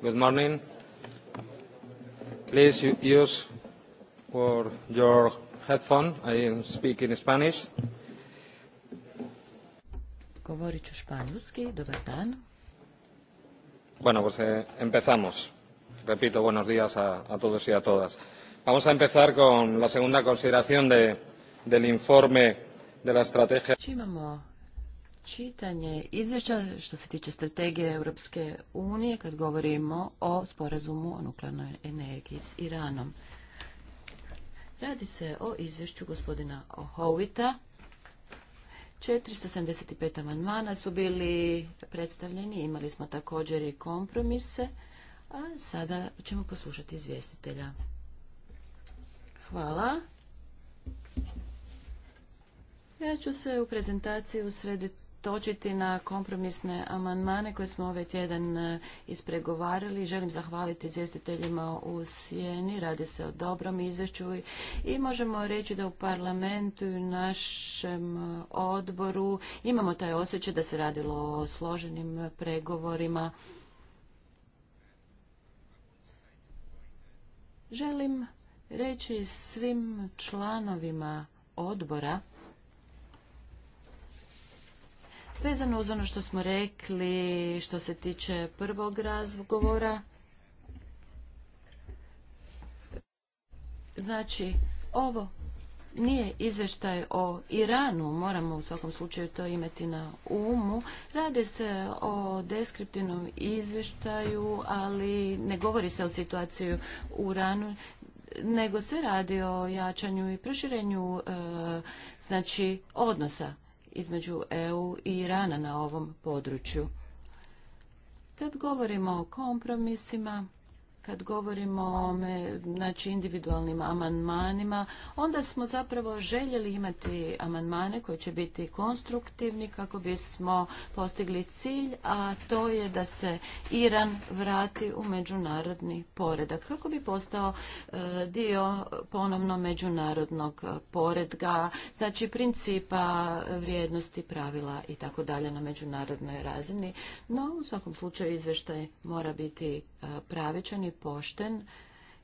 Good morning. Please use for your headphone. I am speaking Spanish. Govorit ću Dobar dan. Bueno, pues eh, empezamos. Repito, buenos días a, a todos y a todas. Vamos a empezar con la segunda consideración de, del informe de la estrategia čitanje izvješća što se tiče strategije Europske unije kad govorimo o sporazumu o nuklearnoj energiji s Iranom. Radi se o izvješću gospodina Ohovita. 475 amandmana su bili predstavljeni, imali smo također i kompromise, a sada ćemo poslušati izvjestitelja. Hvala. Ja ću se u prezentaciji usrediti točiti na kompromisne amandmane koje smo ovaj tjedan e, ispregovarali. Želim zahvaliti izvjestiteljima u Sjeni, radi se o dobrom izvješću i, i možemo reći da u parlamentu i našem e, odboru imamo taj osjećaj da se radilo o složenim pregovorima. Želim reći svim članovima odbora Vezano uz ono što smo rekli što se tiče prvog razgovora, znači ovo nije izvještaj o Iranu, moramo u svakom slučaju to imati na umu. Radi se o deskriptivnom izvještaju, ali ne govori se o situaciji u Iranu, nego se radi o jačanju i proširenju e, znači odnosa između EU i Irana na ovom području. Kad govorimo o kompromisima, kad govorimo o znači, individualnim amandmanima, onda smo zapravo željeli imati amandmane koji će biti konstruktivni kako bismo postigli cilj, a to je da se Iran vrati u međunarodni poredak. Kako bi postao e, dio ponovno međunarodnog poredga, znači principa vrijednosti, pravila i tako dalje na međunarodnoj razini. No, u svakom slučaju izveštaj mora biti e, pravičan i pošten.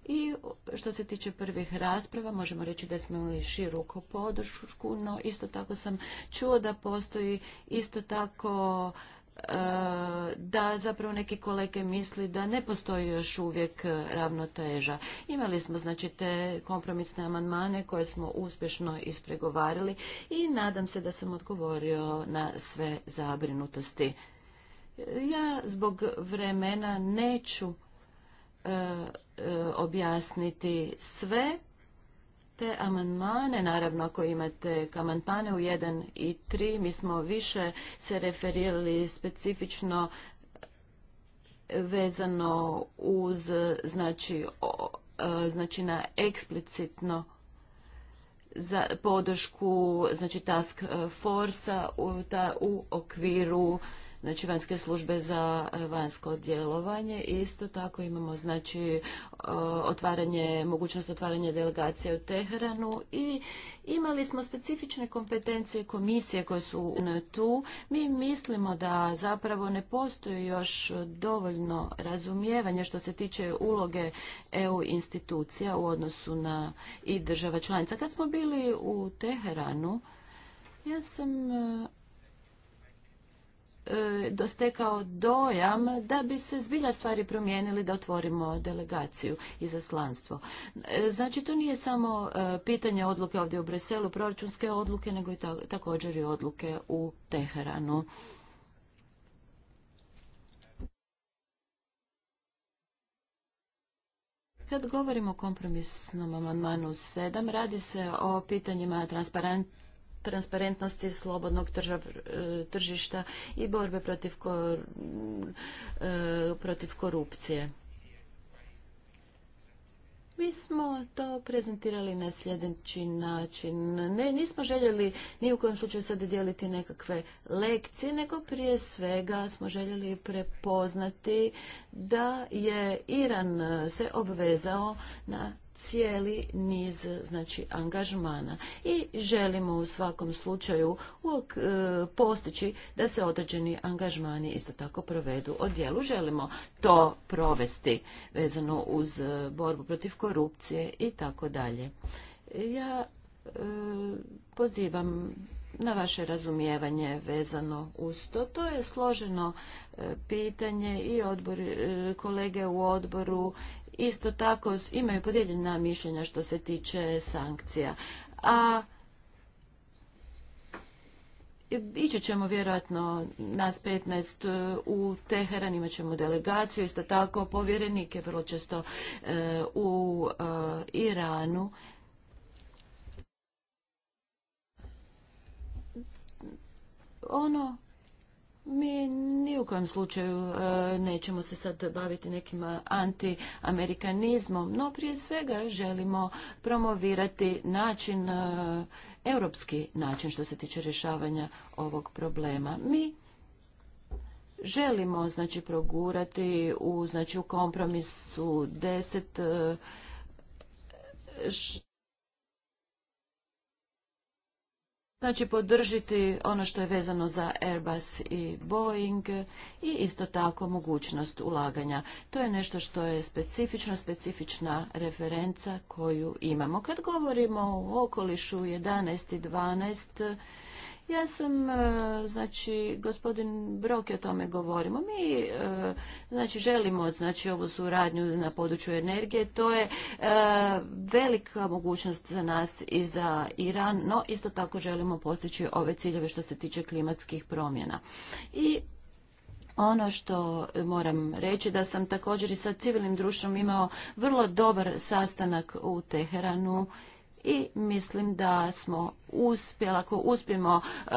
I što se tiče prvih rasprava, možemo reći da smo imali široku podršku, no isto tako sam čuo da postoji isto tako e, da zapravo neki kolege misli da ne postoji još uvijek ravnoteža. Imali smo znači te kompromisne amandmane koje smo uspješno ispregovarili i nadam se da sam odgovorio na sve zabrinutosti. Ja zbog vremena neću E, e, objasniti sve te amandmane, naravno ako imate kamantane u 1 i 3, mi smo više se referirali specifično vezano uz znači, e, znači na eksplicitno za podršku znači task forsa u, u okviru znači vanjske službe za e, vanjsko djelovanje. Isto tako imamo znači e, otvaranje, mogućnost otvaranja delegacije u Teheranu i imali smo specifične kompetencije komisije koje su tu. Mi mislimo da zapravo ne postoji još dovoljno razumijevanje što se tiče uloge EU institucija u odnosu na i država članica. Kad smo bili u Teheranu, ja sam e, E, dostekao dojam da bi se zbilja stvari promijenili da otvorimo delegaciju i zaslanstvo. E, znači to nije samo e, pitanje odluke ovdje u Breselu, proračunske odluke, nego i također i odluke u Teheranu. Kad govorimo o kompromisnom amandmanu 7, radi se o pitanjima transparentnosti transparentnosti slobodnog e, tržišta i borbe protiv, e, protiv korupcije. Mi smo to prezentirali na sljedeći način. Ne, nismo željeli ni u kojem slučaju sad dijeliti nekakve lekcije, nego prije svega smo željeli prepoznati da je Iran se obvezao na cijeli niz znači angažmana i želimo u svakom slučaju uok, e, postići da se određeni angažmani isto tako provedu od djelu. Želimo to provesti vezano uz e, borbu protiv korupcije i tako dalje. Ja e, pozivam na vaše razumijevanje vezano uz to. To je složeno pitanje i odbor, kolege u odboru isto tako imaju podijeljena mišljenja što se tiče sankcija. A ići ćemo vjerojatno nas 15 e, u Teheran, imat ćemo delegaciju, isto tako povjerenike vrlo često e, u e, Iranu. Ono mi ni u kojem slučaju e, nećemo se sad baviti nekim antiamerikanizmom, no prije svega želimo promovirati način, e, europski način što se tiče rješavanja ovog problema. Mi želimo znači progurati u znači u kompromisu deset... E, Znači podržiti ono što je vezano za Airbus i Boeing i isto tako mogućnost ulaganja. To je nešto što je specifično, specifična referenca koju imamo. Kad govorimo o okolišu 11 i 12, ja sam, e, znači, gospodin Brok o tome govorimo. Mi, e, znači, želimo, znači, ovu suradnju na području energije. To je e, velika mogućnost za nas i za Iran, no isto tako želimo postići ove ciljeve što se tiče klimatskih promjena. I ono što moram reći da sam također i sa civilnim društvom imao vrlo dobar sastanak u Teheranu i mislim da smo uspjeli, ako uspijemo e,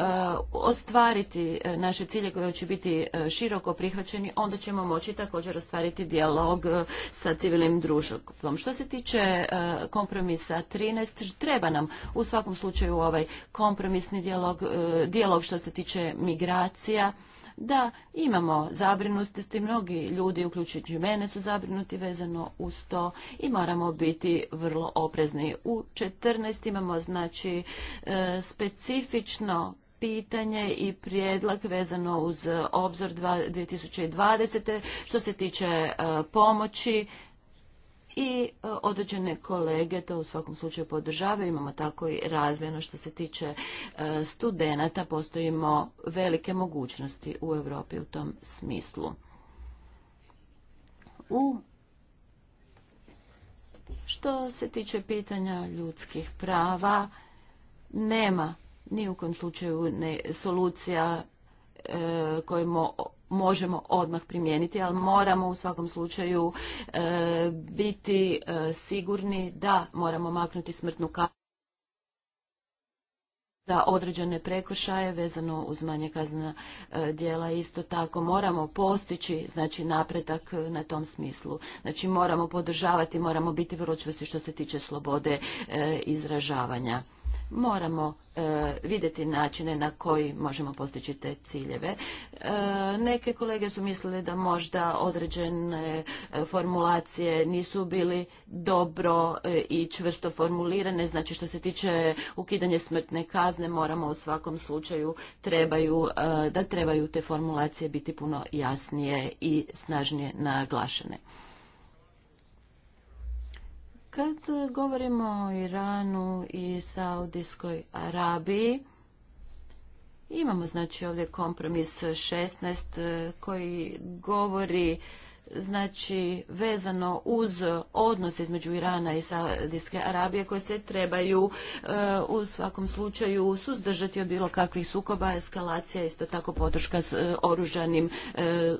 ostvariti e, naše cilje koje će biti e, široko prihvaćeni, onda ćemo moći također ostvariti dijalog sa civilnim društvom. Što se tiče kompromisa 13, treba nam u svakom slučaju ovaj kompromisni dijalog, dijalog što se tiče migracija, da, imamo zabrinutosti, mnogi ljudi, uključujući mene, su zabrinuti vezano uz to i moramo biti vrlo oprezni. U 14 imamo znači e, specifično pitanje i prijedlog vezano uz obzor 2020. što se tiče e, pomoći i e, određene kolege to u svakom slučaju podržavaju. Imamo tako i razmjeno što se tiče e, studenata. Postojimo velike mogućnosti u Europi u tom smislu. U što se tiče pitanja ljudskih prava, nema ni u kom slučaju ne, solucija e, možemo odmah primijeniti, ali moramo u svakom slučaju e, biti e, sigurni da moramo maknuti smrtnu kaznu za određene prekršaje vezano uz manje kaznena e, djela isto tako moramo postići znači napredak na tom smislu znači moramo podržavati moramo biti vrlo čvrsti što se tiče slobode izražavanja moramo e, vidjeti načine na koji možemo postići te ciljeve. E, neke kolege su mislili da možda određene e, formulacije nisu bili dobro e, i čvrsto formulirane, znači što se tiče ukidanja smrtne kazne moramo u svakom slučaju trebaju, da trebaju te formulacije biti puno jasnije i snažnije naglašene. Kad govorimo o Iranu i Saudijskoj Arabiji, imamo znači ovdje kompromis 16 e, koji govori znači vezano uz odnose između Irana i Saudijske Arabije koje se trebaju e, u svakom slučaju suzdržati od bilo kakvih sukoba, eskalacija, isto tako podrška s e, oružanim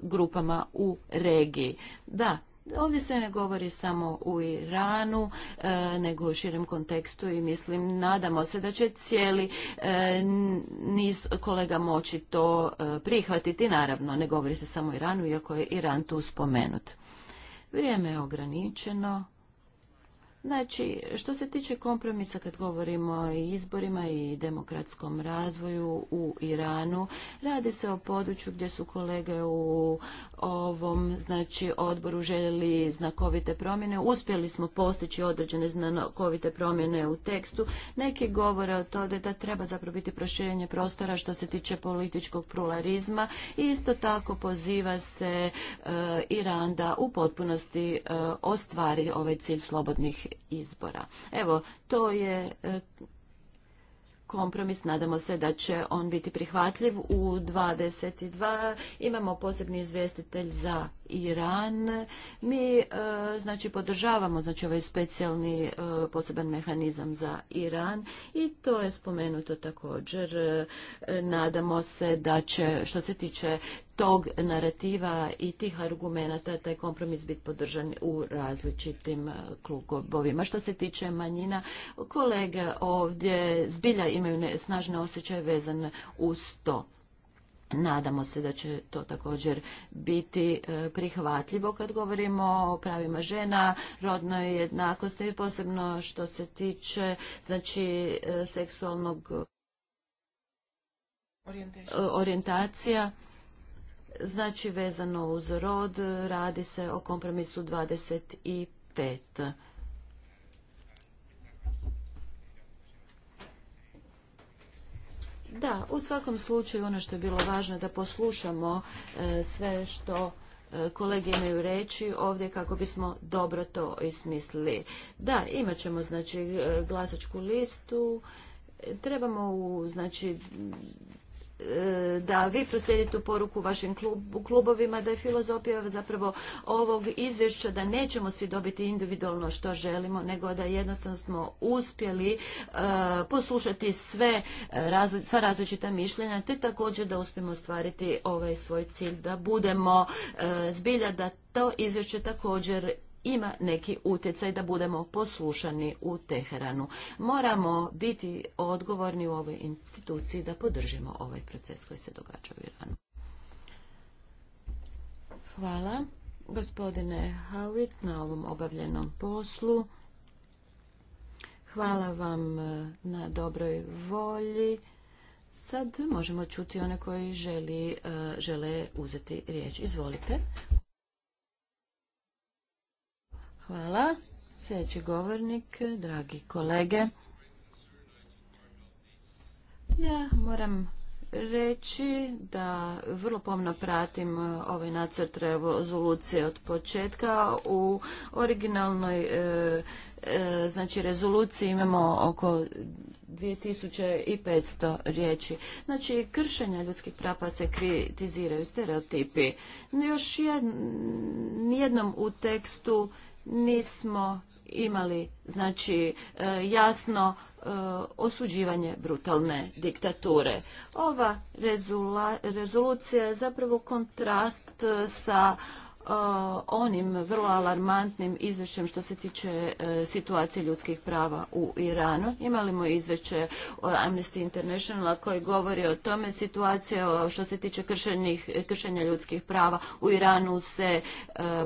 grupama u regiji. Da, Ovdje se ne govori samo u Iranu, e, nego u širem kontekstu i mislim, nadamo se da će cijeli e, niz kolega moći to e, prihvatiti. Naravno, ne govori se samo o Iranu, iako je Iran tu spomenut. Vrijeme je ograničeno. Znači, što se tiče kompromisa kad govorimo o izborima i demokratskom razvoju u Iranu, radi se o području gdje su kolege u ovom znači, odboru željeli znakovite promjene. Uspjeli smo postići određene znakovite promjene u tekstu. Neki govore o to da treba zapravo biti proširenje prostora što se tiče političkog pluralizma i isto tako poziva se e, Iran da u potpunosti e, ostvari ovaj cilj slobodnih izbora. Evo, to je e, kompromis, nadamo se da će on biti prihvatljiv. U 22 imamo posebni izvjestitelj za Iran. Mi e, znači podržavamo znači ovaj specijalni e, poseban mehanizam za Iran i to je spomenuto također. E, nadamo se da će što se tiče tog narativa i tih argumenata taj kompromis biti podržan u različitim klubovima. Što se tiče manjina, kolege ovdje zbilja imaju snažne osjećaje vezane uz to. Nadamo se da će to također biti e, prihvatljivo kad govorimo o pravima žena, rodnoj jednakosti, posebno što se tiče znači, e, seksualnog e, orijentacija. Znači vezano uz rod radi se o kompromisu 25. Da, u svakom slučaju ono što je bilo važno da poslušamo e, sve što e, kolege imaju reći ovdje kako bismo dobro to ismislili. Da, imat ćemo znači glasačku listu, trebamo u, znači E, da vi proslijedite u poruku vašim klubovima da je filozofija zapravo ovog izvješća da nećemo svi dobiti individualno što želimo nego da jednostavno smo uspjeli e, poslušati sve sva različita mišljenja te također da uspijemo ostvariti ovaj svoj cilj da budemo e, zbilja da to izvješće također ima neki utjecaj da budemo poslušani u Teheranu. Moramo biti odgovorni u ovoj instituciji da podržimo ovaj proces koji se događa u Iranu. Hvala gospodine Howitt na ovom obavljenom poslu. Hvala vam eh, na dobroj volji. Sad možemo čuti one koji eh, žele uzeti riječ. Izvolite. Hvala. Sljedeći govornik, dragi kolege. Ja moram reći da vrlo pomno pratim ovaj nacrt rezolucije od početka. U originalnoj e, e, znači rezoluciji imamo oko 2500 riječi. Znači, kršenja ljudskih prava se kritiziraju stereotipi. Još jednom nijednom u tekstu nismo imali znači e, jasno e, osuđivanje brutalne diktature. Ova rezolucija je zapravo kontrast e, sa onim vrlo alarmantnim izvješćem što se tiče e, situacije ljudskih prava u Iranu. Imali smo izvješće Amnesty International koji govori o tome situacija što se tiče kršenja ljudskih prava u Iranu se e,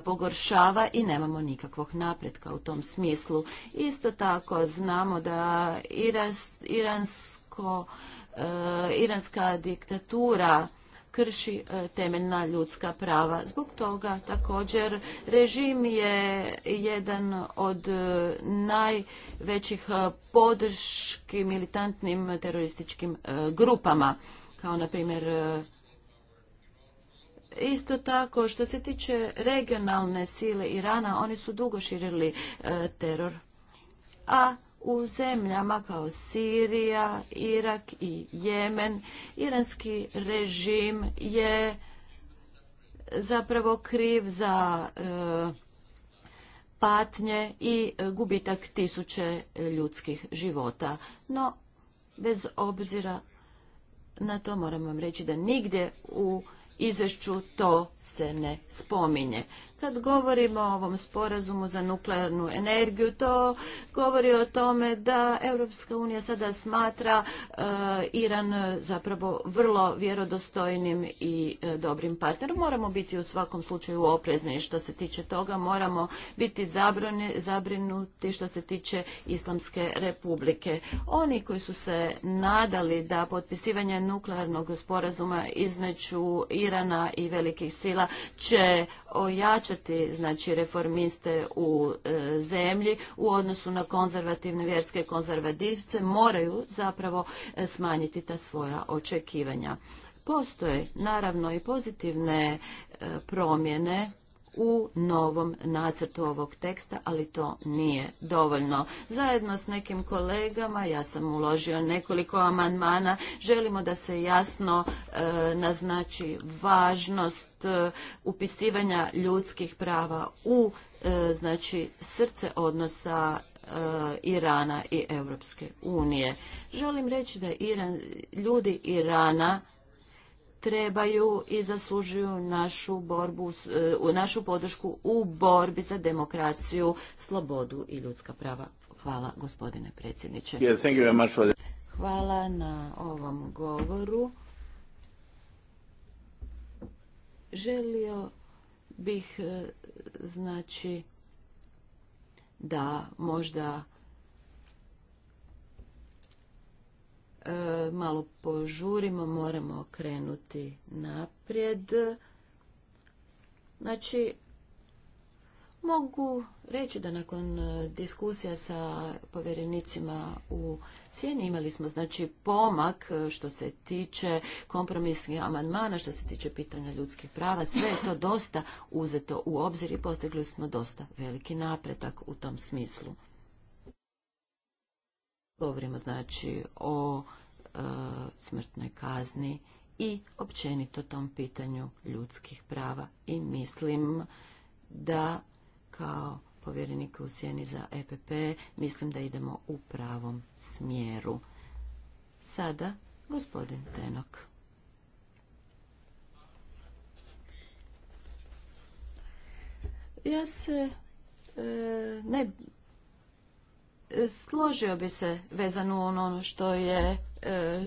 pogoršava i nemamo nikakvog napretka u tom smislu. Isto tako znamo da iransko, e, iranska diktatura krši e, temeljna ljudska prava. Zbog toga također režim je jedan od e, najvećih e, podrški militantnim terorističkim grupama, kao na primjer Isto tako, što se tiče regionalne sile Irana, oni su dugo širili teror. A u zemljama kao Sirija, Irak i Jemen. Iranski režim je zapravo kriv za e, patnje i gubitak tisuće ljudskih života. No, bez obzira na to moram vam reći da nigdje u izvješću to se ne spominje. Kad govorimo o ovom sporazumu za nuklearnu energiju, to govori o tome da Europska unija sada smatra e, Iran zapravo vrlo vjerodostojnim i e, dobrim partnerom. Moramo biti u svakom slučaju oprezni što se tiče toga, moramo biti zabrinuti što se tiče Islamske republike. Oni koji su se nadali da potpisivanje nuklearnog sporazuma između Iran Irana i velikih sila će ojačati znači reformiste u e, zemlji u odnosu na konzervativne vjerske konzervativce moraju zapravo e, smanjiti ta svoja očekivanja. Postoje naravno i pozitivne e, promjene u novom nacrtu ovog teksta, ali to nije dovoljno. Zajedno s nekim kolegama, ja sam uložio nekoliko amandmana, želimo da se jasno e, naznači važnost e, upisivanja ljudskih prava u e, znači srce odnosa Irana i Europske unije. Želim reći da Iran, ljudi Irana trebaju i zaslužuju našu, borbu, e, našu podršku u borbi za demokraciju, slobodu i ljudska prava. Hvala gospodine predsjedniče. Hvala na ovom govoru. Želio bih e, znači da možda E, malo požurimo, moramo krenuti naprijed. Znači, mogu reći da nakon e, diskusija sa povjerenicima u Sjeni imali smo znači pomak e, što se tiče kompromisnih amandmana, što se tiče pitanja ljudskih prava. Sve je to dosta uzeto u obzir i postigli smo dosta veliki napretak u tom smislu. Govorimo znači o e, smrtnoj kazni i općenito tom pitanju ljudskih prava i mislim da kao povjerenik u sjeni za EPP mislim da idemo u pravom smjeru. Sada gospodin Tenok. Ja se e, ne složio bi se vezano ono što je E,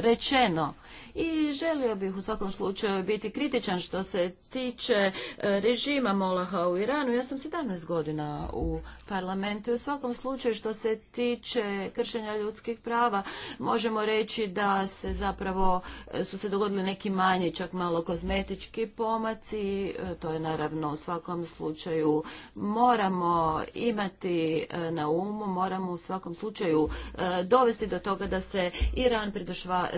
rečeno. I želio bih u svakom slučaju biti kritičan što se tiče e, režima Molaha u Iranu. Ja sam 17 godina u parlamentu i u svakom slučaju što se tiče kršenja ljudskih prava možemo reći da se zapravo e, su se dogodili neki manji, čak malo kozmetički pomaci. To je naravno u svakom slučaju moramo imati na umu, moramo u svakom slučaju dovesti do toga da se Iran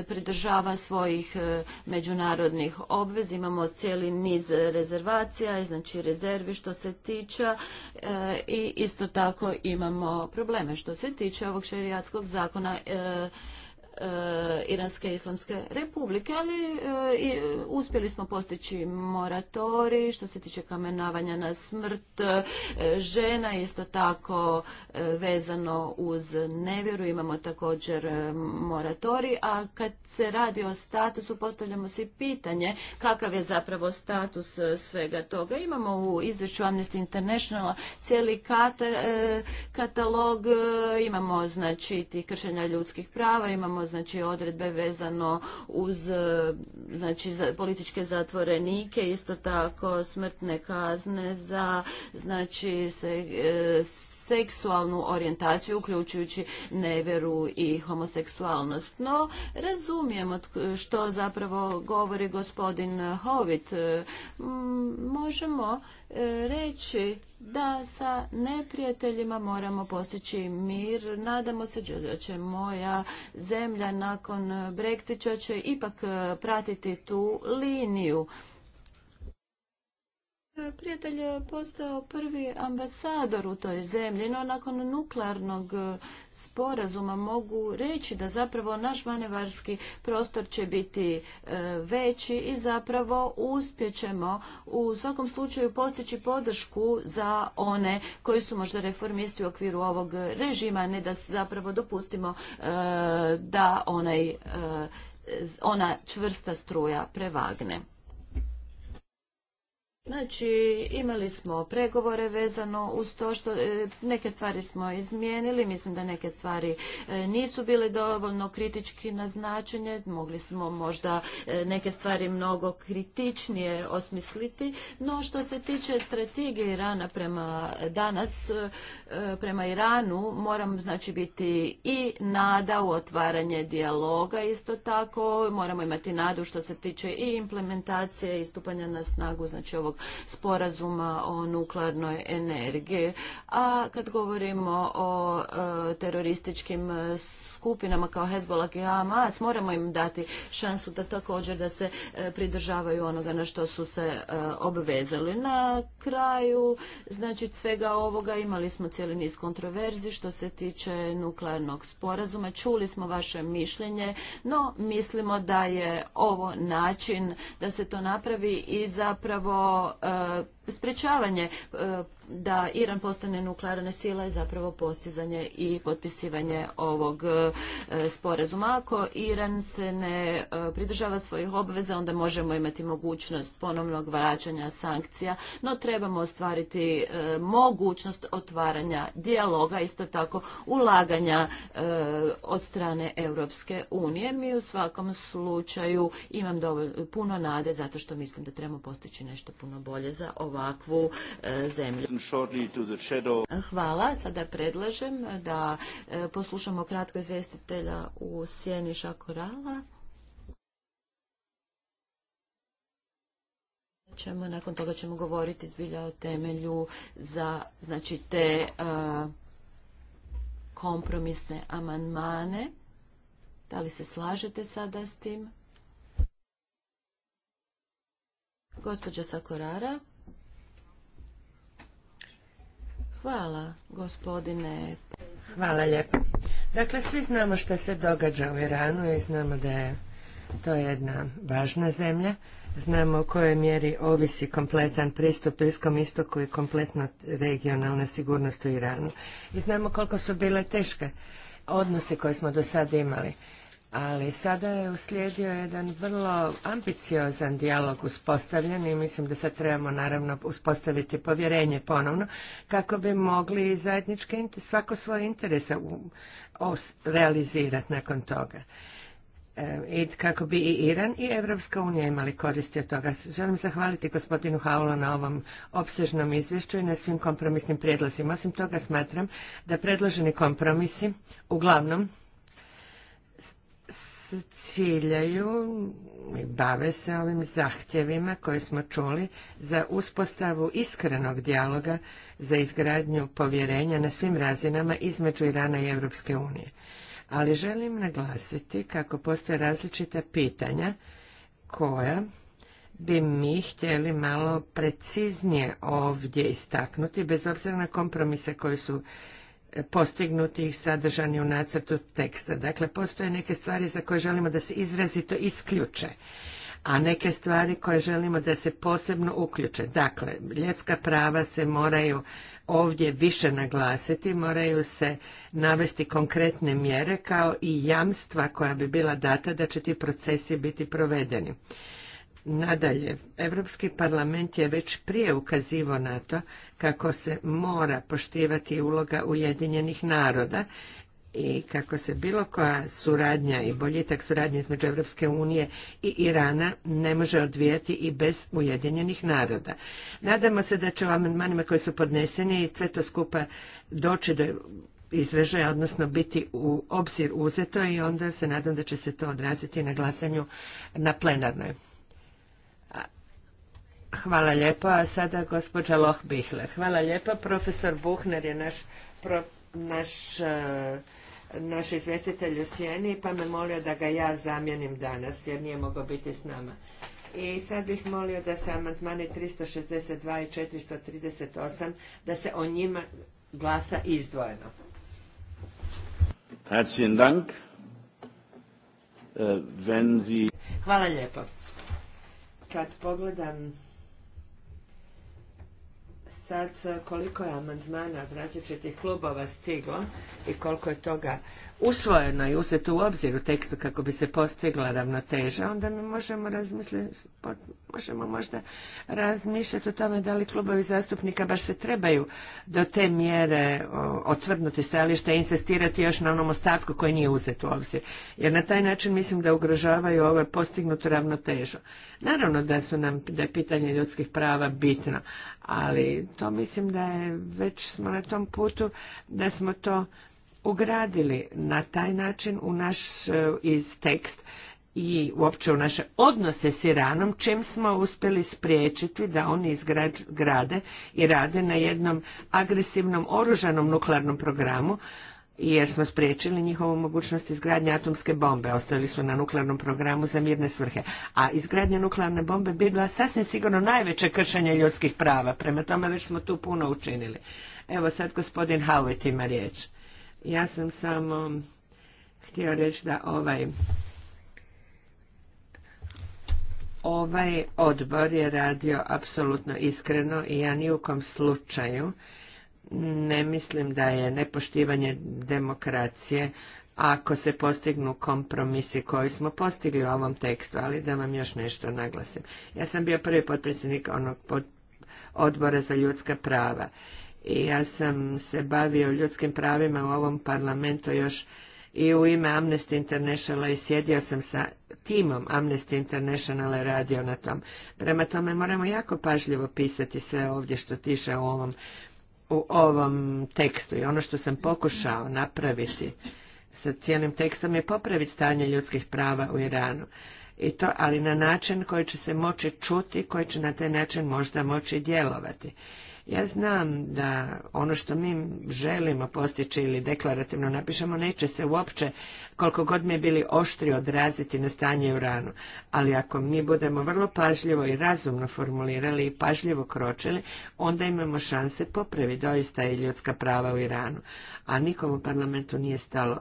pridržava svojih e, međunarodnih obvez, imamo cijeli niz rezervacija, znači rezervi što se tiče e, i isto tako imamo probleme što se tiče ovog šerijatskog zakona e, Eh, Iranske islamske republike, ali eh, i, uspjeli smo postići moratori što se tiče kamenavanja na smrt eh, žena, isto tako vezano uz nevjeru, imamo također moratori, a kad se radi o statusu postavljamo si pitanje kakav je zapravo status svega toga. Imamo u izvješću Amnesty International cijeli katalog, imamo znači tih kršenja ljudskih prava, imamo znači odredbe vezano uz e, znači političke zatvorenike, isto tako smrtne kazne za znači se e, seksualnu orijentaciju, uključujući neveru i homoseksualnost. No, razumijemo što zapravo govori gospodin Hovit. E, možemo e, reći da sa neprijateljima moramo postići mir. Nadamo se da će moja zemlja nakon Brexit će ipak e, pratiti tu liniju. Prijatelj je postao prvi ambasador u toj zemlji, no nakon nuklearnog e, sporazuma mogu reći da zapravo naš manevarski prostor će biti e, veći i zapravo uspjećemo u svakom slučaju postići podršku za one koji su možda reformisti u okviru ovog režima, ne da zapravo dopustimo e, da onaj, ona čvrsta struja prevagne. Znači, imali smo pregovore vezano uz to što e, neke stvari smo izmijenili, mislim da neke stvari e, nisu bile dovoljno kritički značenje. mogli smo možda e, neke stvari mnogo kritičnije osmisliti, no što se tiče strategije Irana prema danas, prema Iranu, moram znači biti i nada u otvaranje dijaloga isto tako, moramo imati nadu što se tiče i implementacije i stupanja na snagu znači ovog sporazuma o nuklearnoj energiji. A kad govorimo o e, terorističkim skupinama kao Hezbollah i Hamas, moramo im dati šansu da također da se e, pridržavaju onoga na što su se e, obvezali. Na kraju, znači svega ovoga imali smo cijeli niz kontroverzi što se tiče nuklearnog sporazuma. Čuli smo vaše mišljenje, no mislimo da je ovo način da se to napravi i zapravo Uh sprečavanje e, da Iran postane nuklearna sila je zapravo postizanje i potpisivanje ovog e, sporazuma. Ako Iran se ne e, pridržava svojih obveza, onda možemo imati mogućnost ponovnog vraćanja sankcija, no trebamo ostvariti mogućnost otvaranja dijaloga, isto tako ulaganja od strane Europske unije. Mi u svakom slučaju imam puno nade zato što mislim da trebamo postići nešto puno bolje za ovo ovakvu e, zemlju. Hvala, sada predlažem da e, poslušamo kratko izvjestitelja u sjeni Šakorala. ćemo, nakon toga ćemo govoriti zbilja o temelju za znači te e, kompromisne amandmane. Da li se slažete sada s tim? Gospođa Sakorara. Hvala, gospodine. Hvala lijepo. Dakle, svi znamo što se događa u Iranu i znamo da je to jedna važna zemlja. Znamo u kojoj mjeri ovisi kompletan pristup Bliskom istoku i kompletno regionalna sigurnost u Iranu. I znamo koliko su bile teške odnose koje smo do sada imali ali sada je uslijedio jedan vrlo ambiciozan dijalog uspostavljen i mislim da sad trebamo naravno uspostaviti povjerenje ponovno kako bi mogli zajednički svako svoje interese realizirati nakon toga. E, I kako bi i Iran i Evropska unija imali koristi od toga. Želim zahvaliti gospodinu Haula na ovom opsežnom izvješću i na svim kompromisnim prijedlozima. Osim toga smatram da predloženi kompromisi uglavnom se ciljaju i bave se ovim zahtjevima koje smo čuli za uspostavu iskrenog dijaloga za izgradnju povjerenja na svim razinama između Irana i Europske unije. Ali želim naglasiti kako postoje različita pitanja koja bi mi htjeli malo preciznije ovdje istaknuti, bez obzira na kompromise koji su postignuti i sadržani u nacrtu teksta. Dakle, postoje neke stvari za koje želimo da se izrazito isključe, a neke stvari koje želimo da se posebno uključe. Dakle, ljudska prava se moraju ovdje više naglasiti, moraju se navesti konkretne mjere kao i jamstva koja bi bila data da će ti procesi biti provedeni. Nadalje, Europski parlament je već prije ukazivao na to kako se mora poštivati uloga Ujedinjenih naroda i kako se bilo koja suradnja i boljitak suradnje između Europske unije i Irana ne može odvijati i bez Ujedinjenih naroda. Nadamo se da će u amandmanima koji su podneseni i sve to skupa doći do izražaja, odnosno biti u obzir uzeto i onda se nadam da će se to odraziti na glasanju na plenarnoj. Hvala lijepo, a sada gospođa Loh Hvala lijepo, profesor Buchner je naš, e, naš izvjestitelj u Sjeni, pa me molio da ga ja zamijenim danas, jer nije mogao biti s nama. I sad bih molio da se amantmani 362 i 438, da se o njima glasa izdvojeno. Äh, Hvala lijepo. Kad pogledam sad koliko je amandmana različitih klubova stiglo i koliko je toga usvojeno i uzeto u obzir u tekstu kako bi se postigla ravnoteža, onda mi možemo razmisliti, možemo možda razmišljati o tome da li klubovi zastupnika baš se trebaju do te mjere otvrnuti stajalište i insistirati još na onom ostatku koji nije uzet u obzir. Jer na taj način mislim da ugrožavaju ovo postignutu ravnotežu. Naravno da su nam, da je pitanje ljudskih prava bitno, ali to mislim da je, već smo na tom putu da smo to ugradili na taj način u naš e, iz tekst i uopće u naše odnose s Iranom, čim smo uspjeli spriječiti da oni izgrade i rade na jednom agresivnom oružanom nuklearnom programu, jer smo spriječili njihovu mogućnost izgradnje atomske bombe. Ostali su na nuklearnom programu za mirne svrhe. A izgradnja nuklearne bombe bi bila sasvim sigurno najveće kršenje ljudskih prava. Prema tome već smo tu puno učinili. Evo sad gospodin Howitt ima riječ. Ja sam samo htio reći da ovaj ovaj odbor je radio apsolutno iskreno i ja ni u kom slučaju ne mislim da je nepoštivanje demokracije ako se postignu kompromisi koji smo postigli u ovom tekstu, ali da vam još nešto naglasim. Ja sam bio prvi potpredsjednik onog odbora za ljudska prava i ja sam se bavio ljudskim pravima u ovom parlamentu još i u ime Amnesty Internationala i sjedio sam sa timom Amnesty Internationala i radio na tom. Prema tome moramo jako pažljivo pisati sve ovdje što tiše u ovom, u ovom tekstu i ono što sam pokušao napraviti sa cijenim tekstom je popraviti stanje ljudskih prava u Iranu. I to, ali na način koji će se moći čuti, koji će na taj način možda moći djelovati. Ja znam da ono što mi želimo postići ili deklarativno napišemo neće se uopće, koliko god mi bili oštri, odraziti na stanje u ranu. Ali ako mi budemo vrlo pažljivo i razumno formulirali i pažljivo kročili, onda imamo šanse popravi doista i ljudska prava u Iranu. A u parlamentu nije stalo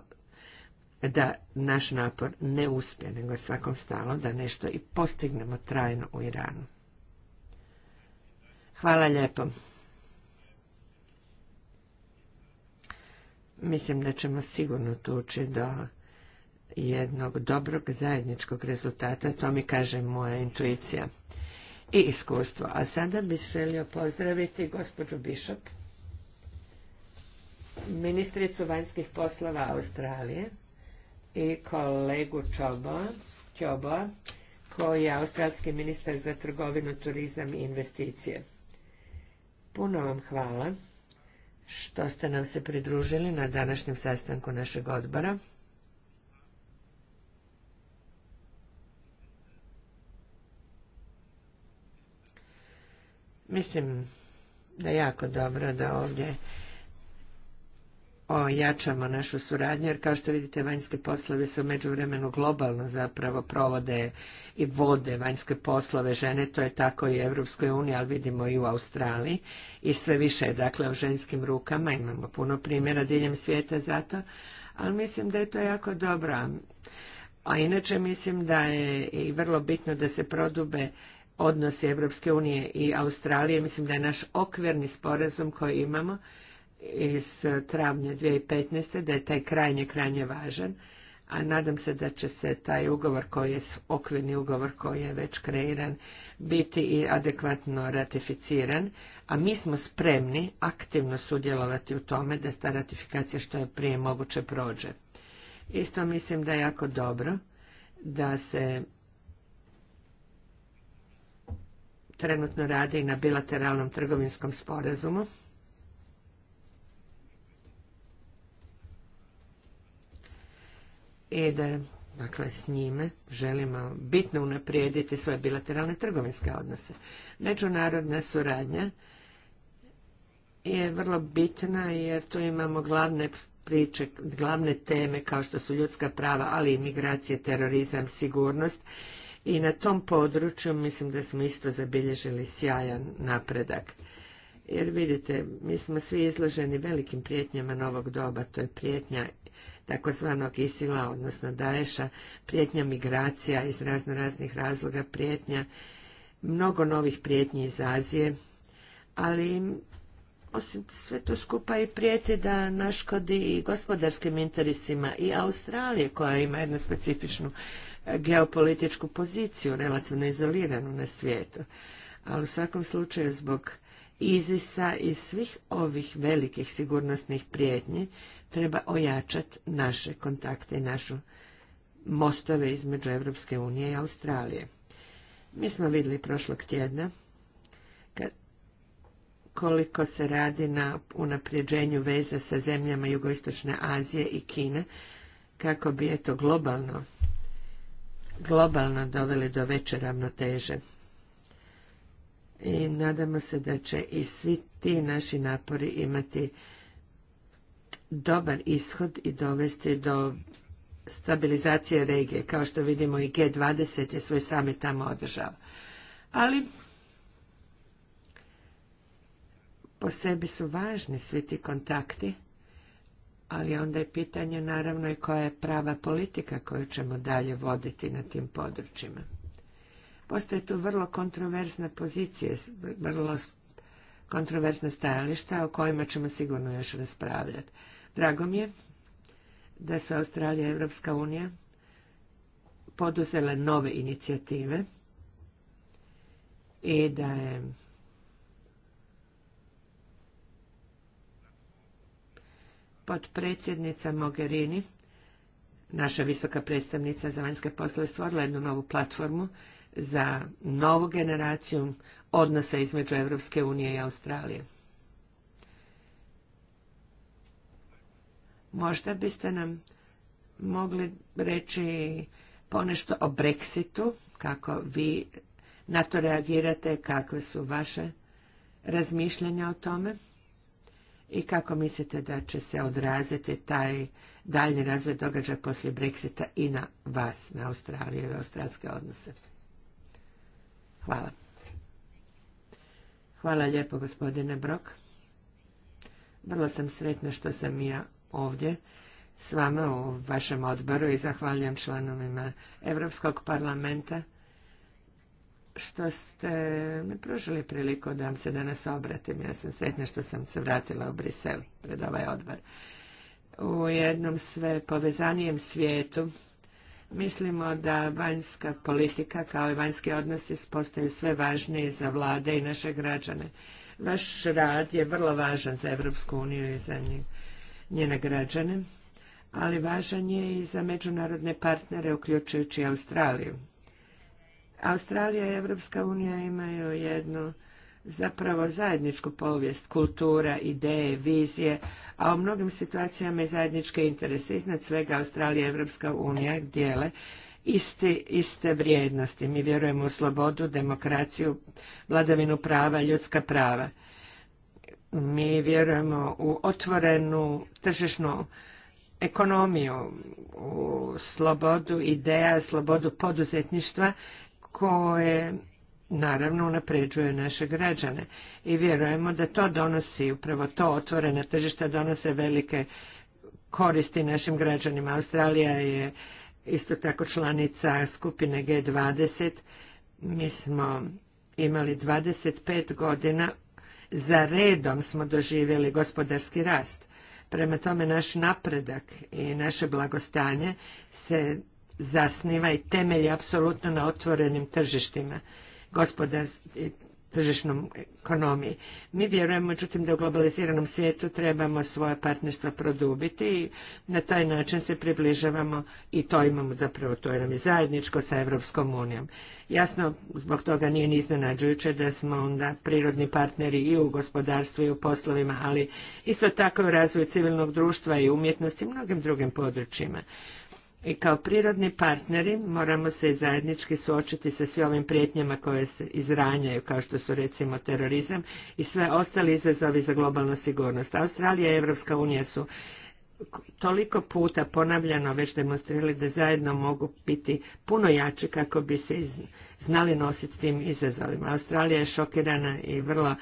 da naš napor ne uspije, nego svakom stalo da nešto i postignemo trajno u Iranu. Hvala lijepo. Mislim da ćemo sigurno tući do jednog dobrog zajedničkog rezultata, to mi kaže moja intuicija i iskustvo. A sada bih želio pozdraviti gospođu Bišop, ministricu vanjskih poslova Australije i kolegu Čobo, koji je australski ministar za trgovinu, turizam i investicije. Puno vam hvala što ste nam se pridružili na današnjem sastanku našeg odbora. Mislim da je jako dobro da ovdje ojačamo našu suradnju, jer kao što vidite vanjske poslove se u međuvremenu globalno zapravo provode i vode vanjske poslove žene, to je tako i u Europskoj uniji, ali vidimo i u Australiji i sve više je dakle u ženskim rukama, imamo puno primjera diljem svijeta za to, ali mislim da je to jako dobro. A inače mislim da je i vrlo bitno da se prodube odnosi Europske unije i Australije, mislim da je naš okvirni sporazum koji imamo iz travnja 2015. da je taj krajnje, krajnje važan, a nadam se da će se taj ugovor koji je, okvirni ugovor koji je već kreiran, biti i adekvatno ratificiran, a mi smo spremni aktivno sudjelovati u tome da ta ratifikacija što je prije moguće prođe. Isto mislim da je jako dobro da se trenutno radi na bilateralnom trgovinskom sporazumu i da dakle s njime želimo bitno unaprijediti svoje bilateralne trgovinske odnose. Međunarodna suradnja je vrlo bitna jer tu imamo glavne priče, glavne teme kao što su ljudska prava, ali i migracije, terorizam, sigurnost i na tom području mislim da smo isto zabilježili sjajan napredak. Jer vidite, mi smo svi izloženi velikim prijetnjama novog doba, to je prijetnja takozvanog Isila, odnosno Daesha, prijetnja migracija iz razno raznih razloga, prijetnja mnogo novih prijetnji iz Azije, ali osim sve to skupa i prijeti da naškodi i gospodarskim interesima i Australije koja ima jednu specifičnu e, geopolitičku poziciju, relativno izoliranu na svijetu. Ali u svakom slučaju zbog Izisa i svih ovih velikih sigurnosnih prijetnji treba ojačati naše kontakte i našu mostove između Evropske unije i Australije. Mi smo vidjeli prošlog tjedna koliko se radi na unapređenju veza sa zemljama Jugoistočne Azije i Kine, kako bi to globalno, globalno doveli do veće ravnoteže. I nadamo se da će i svi ti naši napori imati dobar ishod i dovesti do stabilizacije regije. Kao što vidimo i G20 je svoj sami tamo održava. Ali po sebi su važni svi ti kontakti, ali onda je pitanje naravno i koja je prava politika koju ćemo dalje voditi na tim područjima. Postoje tu vrlo kontroverzna pozicija, vrlo kontroverzna stajališta o kojima ćemo sigurno još raspravljati. Drago mi je da su Australija i Europska unija poduzele nove inicijative i da je potpredsjednica Mogherini, naša visoka predstavnica za vanjske poslove, stvorila jednu novu platformu za novu generaciju odnosa između Europske unije i Australije. Možda biste nam mogli reći ponešto o Brexitu, kako vi na to reagirate, kakve su vaše razmišljanja o tome i kako mislite da će se odraziti taj daljnji razvoj događaja poslije Brexita i na vas, na Australiju i australske odnose. Hvala. Hvala lijepo, gospodine Brok. Vrlo sam sretna što sam ja ovdje s vama u vašem odboru i zahvaljujem članovima Europskog parlamenta što ste mi pružili priliku da vam se danas obratim. Ja sam sretna što sam se vratila u Brisel pred ovaj odbor. U jednom sve povezanijem svijetu mislimo da vanjska politika kao i vanjski odnosi postaju sve važniji za vlade i naše građane. Vaš rad je vrlo važan za Europsku uniju i za njih njene građane, ali važan je i za međunarodne partnere, uključujući Australiju. Australija i Evropska unija imaju jednu zapravo zajedničku povijest, kultura, ideje, vizije, a u mnogim situacijama i zajedničke interese. Iznad svega Australija i Evropska unija dijele iste, iste vrijednosti. Mi vjerujemo u slobodu, demokraciju, vladavinu prava, ljudska prava. Mi vjerujemo u otvorenu tržišnu ekonomiju, u slobodu ideja, slobodu poduzetništva koje naravno unapređuje naše građane i vjerujemo da to donosi, upravo to otvorena tržišta donose velike koristi našim građanima. Australija je isto tako članica skupine G20. Mi smo imali 25 godina za redom smo doživjeli gospodarski rast. Prema tome naš napredak i naše blagostanje se zasniva i temelji apsolutno na otvorenim tržištima. gospodarski tržišnom ekonomiji. Mi vjerujemo, međutim, da u globaliziranom svijetu trebamo svoje partnerstva produbiti i na taj način se približavamo i to imamo zapravo, to je nam i zajedničko sa Evropskom unijom. Jasno, zbog toga nije ni iznenađujuće da smo onda prirodni partneri i u gospodarstvu i u poslovima, ali isto tako i u razvoju civilnog društva i umjetnosti i mnogim drugim područjima. I kao prirodni partneri moramo se i zajednički suočiti sa svim ovim prijetnjama koje se izranjaju, kao što su recimo terorizam i sve ostali izazovi za globalnu sigurnost. Australija i Evropska unija su toliko puta ponavljano već demonstrirali da zajedno mogu biti puno jači kako bi se znali nositi s tim izazovima. Australija je šokirana i vrlo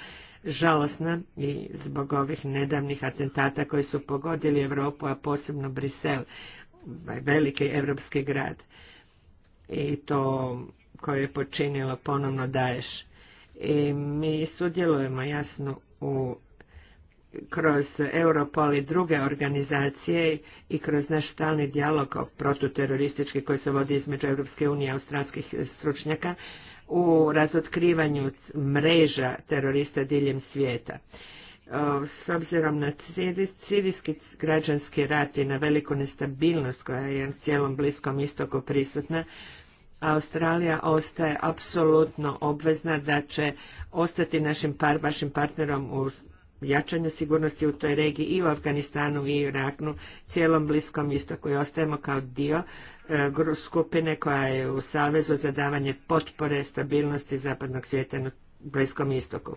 žalosna i zbog ovih nedavnih atentata koji su pogodili Europu, a posebno Brisel Ovaj, veliki europski grad i to koje je počinilo ponovno Daješ. I mi sudjelujemo jasno u kroz Europol i druge organizacije i kroz naš stalni dijalog protuteroristički koji se vodi između Europske unije i australskih stručnjaka u razotkrivanju mreža terorista diljem svijeta s obzirom na sirijski građanski rat i na veliku nestabilnost koja je u cijelom Bliskom istoku prisutna, Australija ostaje apsolutno obvezna da će ostati našim vašim partnerom u jačanju sigurnosti u toj regiji i u Afganistanu i Iraknu, cijelom Bliskom istoku i ostajemo kao dio e, skupine koja je u Savezu za davanje potpore stabilnosti zapadnog svijeta na Bliskom istoku.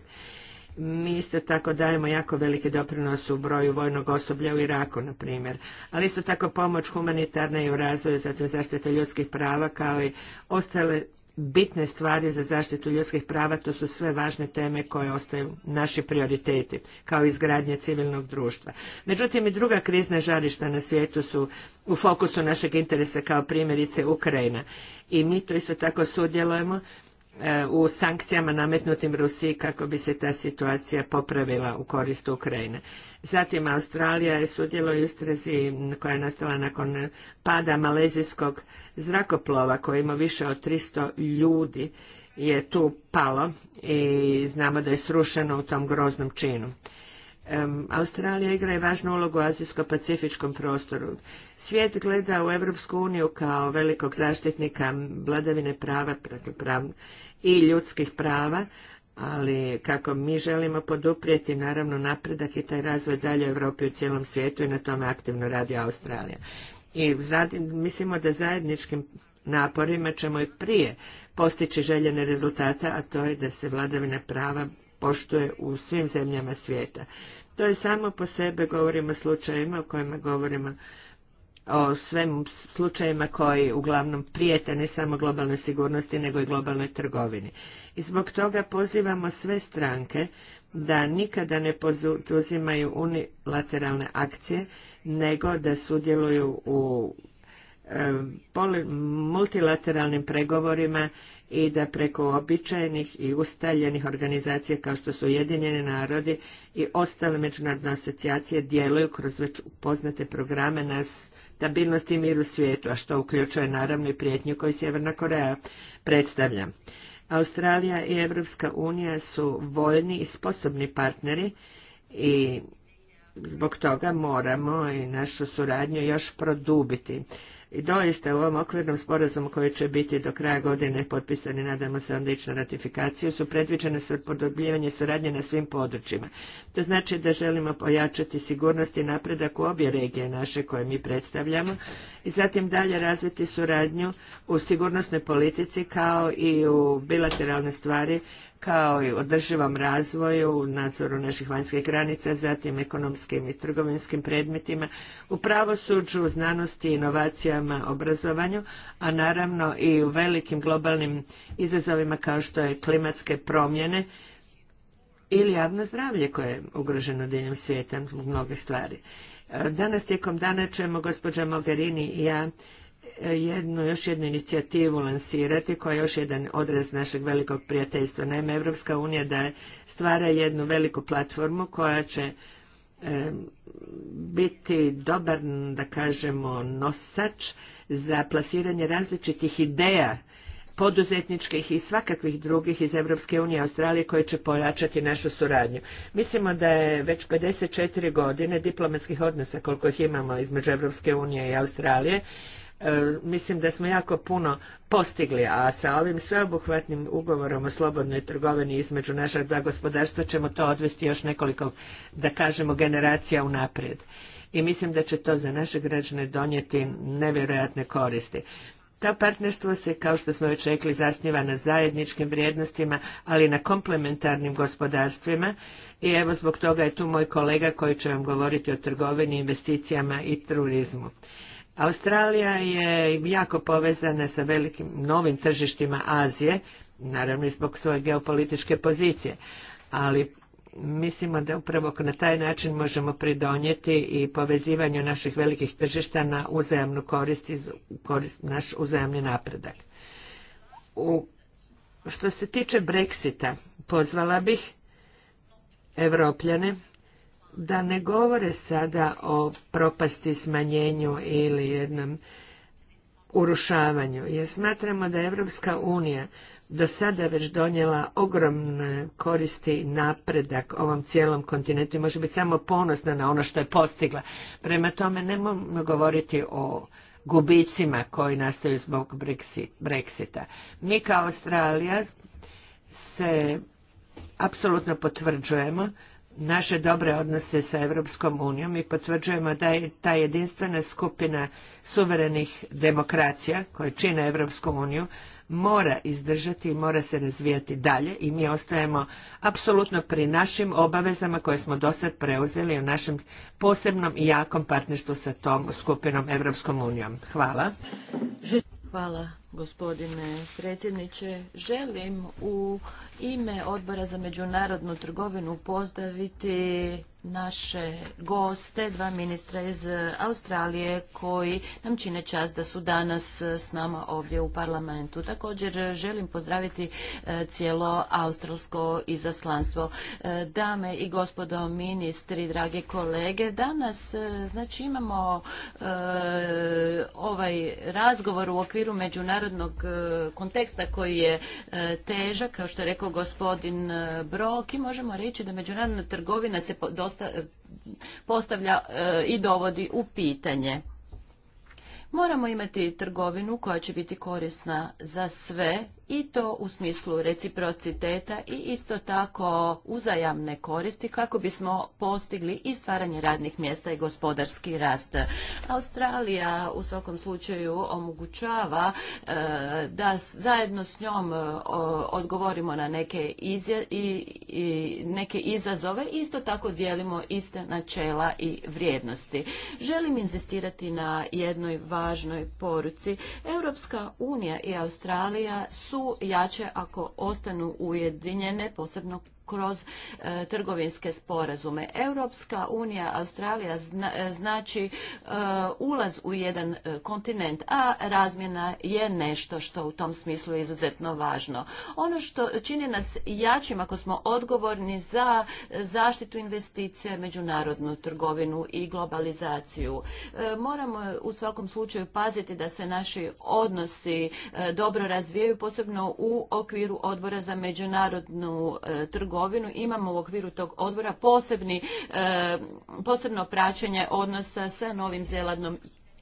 Mi isto tako dajemo jako veliki doprinos u broju vojnog osoblja u Iraku, na primjer. Ali isto tako pomoć humanitarna i u razvoju, zatim ljudskih prava, kao i ostale bitne stvari za zaštitu ljudskih prava, to su sve važne teme koje ostaju naši prioriteti, kao izgradnja civilnog društva. Međutim, i druga krizna žarišta na svijetu su u fokusu našeg interesa, kao primjerice Ukrajina. I mi to isto tako sudjelujemo E, u sankcijama nametnutim Rusiji kako bi se ta situacija popravila u korist Ukrajine. Zatim Australija je sudjeluje u istrazi koja je nastala nakon pada malezijskog zrakoplova koji ima više od 300 ljudi je tu palo i znamo da je srušeno u tom groznom činu. Australija igra i važnu ulogu u azijsko-pacifičkom prostoru. Svijet gleda u Europsku uniju kao velikog zaštitnika vladavine prava, prav, i ljudskih prava, ali kako mi želimo poduprijeti naravno napredak i taj razvoj dalje u Europi i u cijelom svijetu i na tome aktivno radi Australija. I mislimo da zajedničkim naporima ćemo i prije postići željene rezultate, a to je da se vladavina prava poštuje u svim zemljama svijeta. To je samo po sebe govorimo o slučajevima o kojima govorimo o svem slučajevima koji uglavnom prijete ne samo globalne sigurnosti nego i globalnoj trgovini. I zbog toga pozivamo sve stranke da nikada ne poduzimaju unilateralne akcije nego da sudjeluju u e, multilateralnim pregovorima i da preko običajnih i ustaljenih organizacija kao što su Ujedinjeni narodi i ostale međunarodne asocijacije djeluju kroz već poznate programe nas stabilnosti i u svijetu, a što uključuje naravno i prijetnju koju Sjeverna Koreja predstavlja. Australija i Evropska unija su voljni i sposobni partneri i zbog toga moramo i našu suradnju još produbiti i doista u ovom okvirnom sporazumu koji će biti do kraja godine potpisan i nadamo se onda ići na ratifikaciju su predviđene su podobljivanje suradnje na svim područjima. To znači da želimo pojačati sigurnost i napredak u obje regije naše koje mi predstavljamo i zatim dalje razviti suradnju u sigurnosnoj politici kao i u bilateralne stvari kao i održivom razvoju, nadzoru naših vanjskih granica, zatim ekonomskim i trgovinskim predmetima, u pravosuđu, znanosti, inovacijama, obrazovanju, a naravno i u velikim globalnim izazovima kao što je klimatske promjene ili javno zdravlje koje je ugroženo diljem svijeta u stvari. Danas tijekom dana ćemo gospođa Mogherini i ja jednu, još jednu inicijativu lansirati koja je još jedan odraz našeg velikog prijateljstva. Naime, Evropska unija da stvara jednu veliku platformu koja će e, biti dobar, da kažemo, nosač za plasiranje različitih ideja poduzetničkih i svakakvih drugih iz Evropske unije i Australije koje će pojačati našu suradnju. Mislimo da je već 54 godine diplomatskih odnosa koliko ih imamo između Evropske unije i Australije E, mislim da smo jako puno postigli, a sa ovim sveobuhvatnim ugovorom o slobodnoj trgovini između naša dva gospodarstva ćemo to odvesti još nekoliko, da kažemo, generacija unaprijed. I mislim da će to za naše građane donijeti nevjerojatne koristi. Ta partnerstvo se, kao što smo već rekli, zasniva na zajedničkim vrijednostima, ali i na komplementarnim gospodarstvima i evo zbog toga je tu moj kolega koji će vam govoriti o trgovini, investicijama i turizmu. Australija je jako povezana sa velikim novim tržištima Azije, naravno i zbog svoje geopolitičke pozicije, ali mislimo da upravo na taj način možemo pridonijeti i povezivanju naših velikih tržišta na uzajamnu korist, korist naš uzajamni napredak. U, što se tiče Brexita, pozvala bih Evropljane da ne govore sada o propasti, smanjenju ili jednom urušavanju, jer smatramo da Evropska unija do sada već donijela ogromne koristi napredak ovom cijelom kontinentu i može biti samo ponosna na ono što je postigla. Prema tome nemojmo govoriti o gubicima koji nastaju zbog Brexita. Mi kao Australija se apsolutno potvrđujemo naše dobre odnose sa Europskom unijom i potvrđujemo da je ta jedinstvena skupina suverenih demokracija koje čine Europsku uniju mora izdržati i mora se razvijati dalje i mi ostajemo apsolutno pri našim obavezama koje smo do sad preuzeli u našem posebnom i jakom partnerstvu sa tom skupinom Europskom unijom. Hvala. Hvala gospodine predsjedniče. Želim u ime Odbora za međunarodnu trgovinu pozdraviti naše goste, dva ministra iz Australije koji nam čine čast da su danas s nama ovdje u parlamentu. Također želim pozdraviti e, cijelo australsko izaslanstvo. E, dame i gospodo ministri, drage kolege, danas e, znači imamo ovaj razgovor u okviru međunarodnog konteksta koji je težak, kao što je rekao rekao gospodin e, Brok i možemo reći da međunarodna trgovina se e, postavlja e, i dovodi u pitanje. Moramo imati trgovinu koja će biti korisna za sve i to u smislu reciprociteta i isto tako uzajamne koristi kako bismo postigli i stvaranje radnih mjesta i gospodarski rast. Australija u svakom slučaju omogućava e, da zajedno s njom e, odgovorimo na neke, i, neke izazove i isto tako dijelimo iste načela i vrijednosti. Želim inzistirati na jednoj važnoj poruci. Europska unija i Australija su su jače ako ostanu ujedinjene, posebno kroz e, trgovinske sporazume. Europska unija, Australija e, znači e, ulaz u jedan kontinent, a razmjena je nešto što u tom smislu je izuzetno važno. Ono što čini nas jačim ako smo odgovorni za zaštitu investicija, međunarodnu trgovinu i globalizaciju. moramo u svakom slučaju paziti da se naši odnosi dobro razvijaju, posebno u okviru odbora za međunarodnu trgovinu trgovinu imamo u okviru tog odbora posebni, e, posebno praćenje odnosa sa Novim Zelandom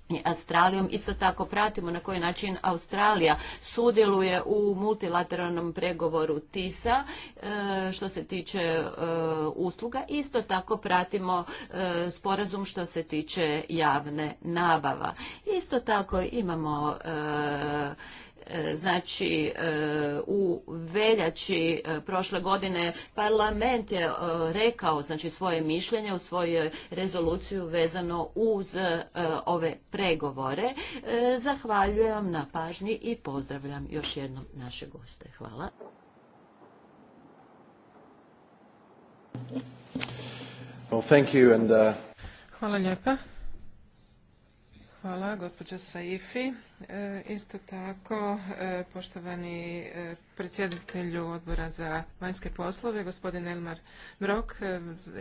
i Australijom. Isto tako pratimo na koji način Australija sudjeluje u multilateralnom pregovoru TISA e, što se tiče e, usluga. Isto tako pratimo sporazum što se tiče javne nabava. Isto tako imamo E, znači, e, u veljači e, prošle godine parlament je rekao znači, svoje mišljenje u svojoj rezoluciju vezano uz ove pregovore. Zahvaljujem na pažnji i pozdravljam još jednom naše goste. Hvala. Well, thank you and, uh, Hvala lijepa. Hvala, gospođa Saifi. E, isto tako, e, poštovani e, predsjedatelju odbora za vanjske poslove, gospodin Elmar Brok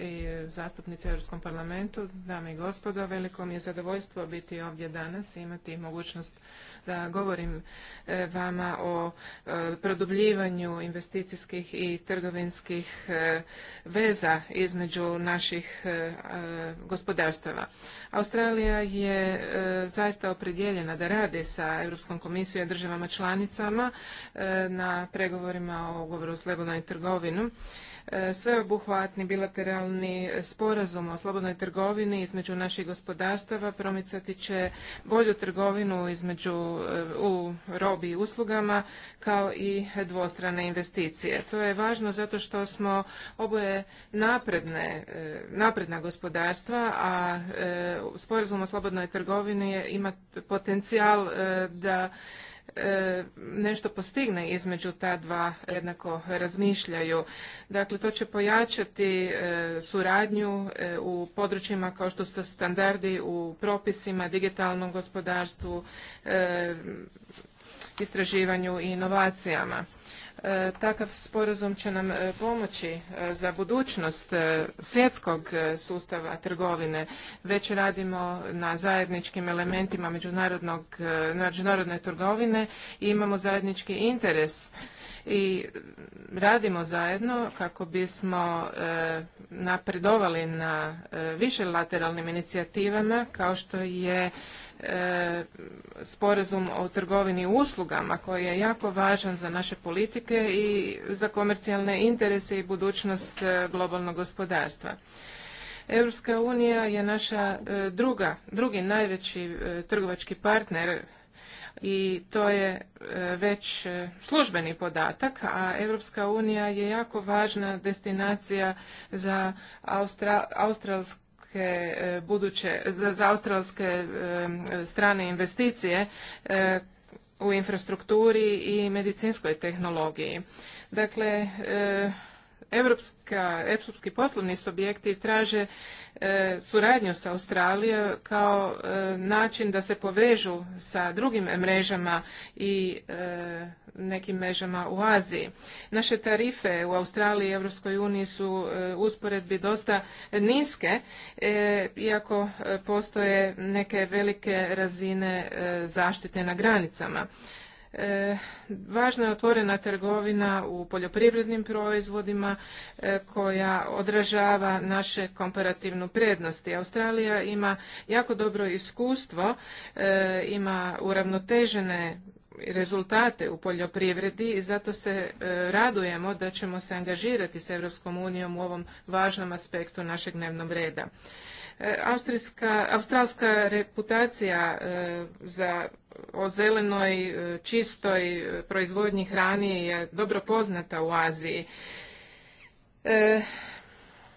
i zastupnici u Europskom parlamentu, dame i gospodo, veliko mi je zadovoljstvo biti ovdje danas i imati mogućnost da govorim vama o produbljivanju investicijskih i trgovinskih veza između naših gospodarstava. Australija je zaista opredjeljena da radi sa Europskom komisijom i državama članicama e, na pregovorima o ugovoru o slobodnoj trgovini. E, sveobuhvatni bilateralni sporazum o slobodnoj trgovini između naših gospodarstava promicati će bolju trgovinu između e, u robi i uslugama kao i dvostrane investicije. To je važno zato što smo oboje napredne, napredna gospodarstva, a sporazum o slobodnoj trgovini ima potencijal E, da e, nešto postigne između ta dva jednako razmišljaju. Dakle, to će pojačati e, suradnju u područjima kao što su standardi u propisima, digitalnom gospodarstvu, istraživanju i inovacijama. E, takav sporazum će nam e, pomoći e, za budućnost svjetskog sustava trgovine. Već radimo na zajedničkim elementima međunarodnog, međunarodne trgovine i imamo zajednički interes i radimo zajedno kako bismo napredovali na više lateralnim inicijativama kao što je E, sporazum o trgovini uslugama koji je jako važan za naše politike i za komercijalne interese i budućnost e, globalnog gospodarstva. Europska unija je naša e, druga, drugi najveći trgovački partner i to je već službeni podatak, a Europska unija je jako važna destinacija za Austra, australske e, buduće, za australske e, strane investicije e, u infrastrukturi i medicinskoj tehnologiji. Dakle, Europski poslovni subjekti traže e, suradnju sa Australijom kao e, način da se povežu sa drugim mrežama i e, nekim mrežama u Aziji. Naše tarife u Australiji i Europskoj uniji su usporedbi dosta niske, iako postoje neke velike razine zaštite na granicama. E, važna je otvorena trgovina u poljoprivrednim proizvodima e, koja odražava naše komparativnu prednosti. Australija ima jako dobro iskustvo, e, ima uravnotežene rezultate u poljoprivredi i zato se e, radujemo da ćemo se angažirati s Europskom unijom u ovom važnom aspektu našeg dnevnog reda. E, australska reputacija e, za o zelenoj, e, čistoj proizvodnji hrani je dobro poznata u Aziji.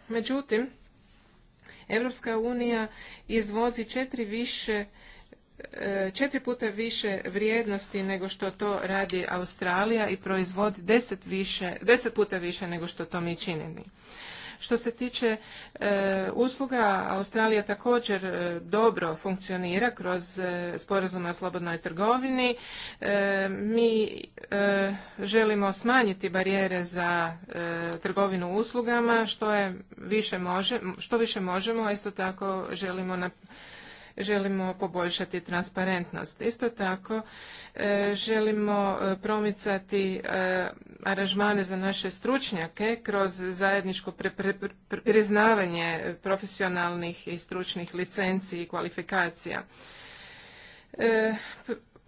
Međutim, Europska unija izvozi četiri više četiri puta više vrijednosti nego što to radi Australija i proizvodi deset, deset puta više nego što to mi činimo. Što se tiče e, usluga, Australija također e, dobro funkcionira kroz e, sporazume o slobodnoj trgovini. mi želimo smanjiti barijere za trgovinu uslugama što je više što više možemo, a isto tako želimo na želimo poboljšati transparentnost. Isto tako e, želimo e, promicati e, aranžmane za naše stručnjake kroz zajedničko priznavanje profesionalnih i stručnih licenci i kvalifikacija.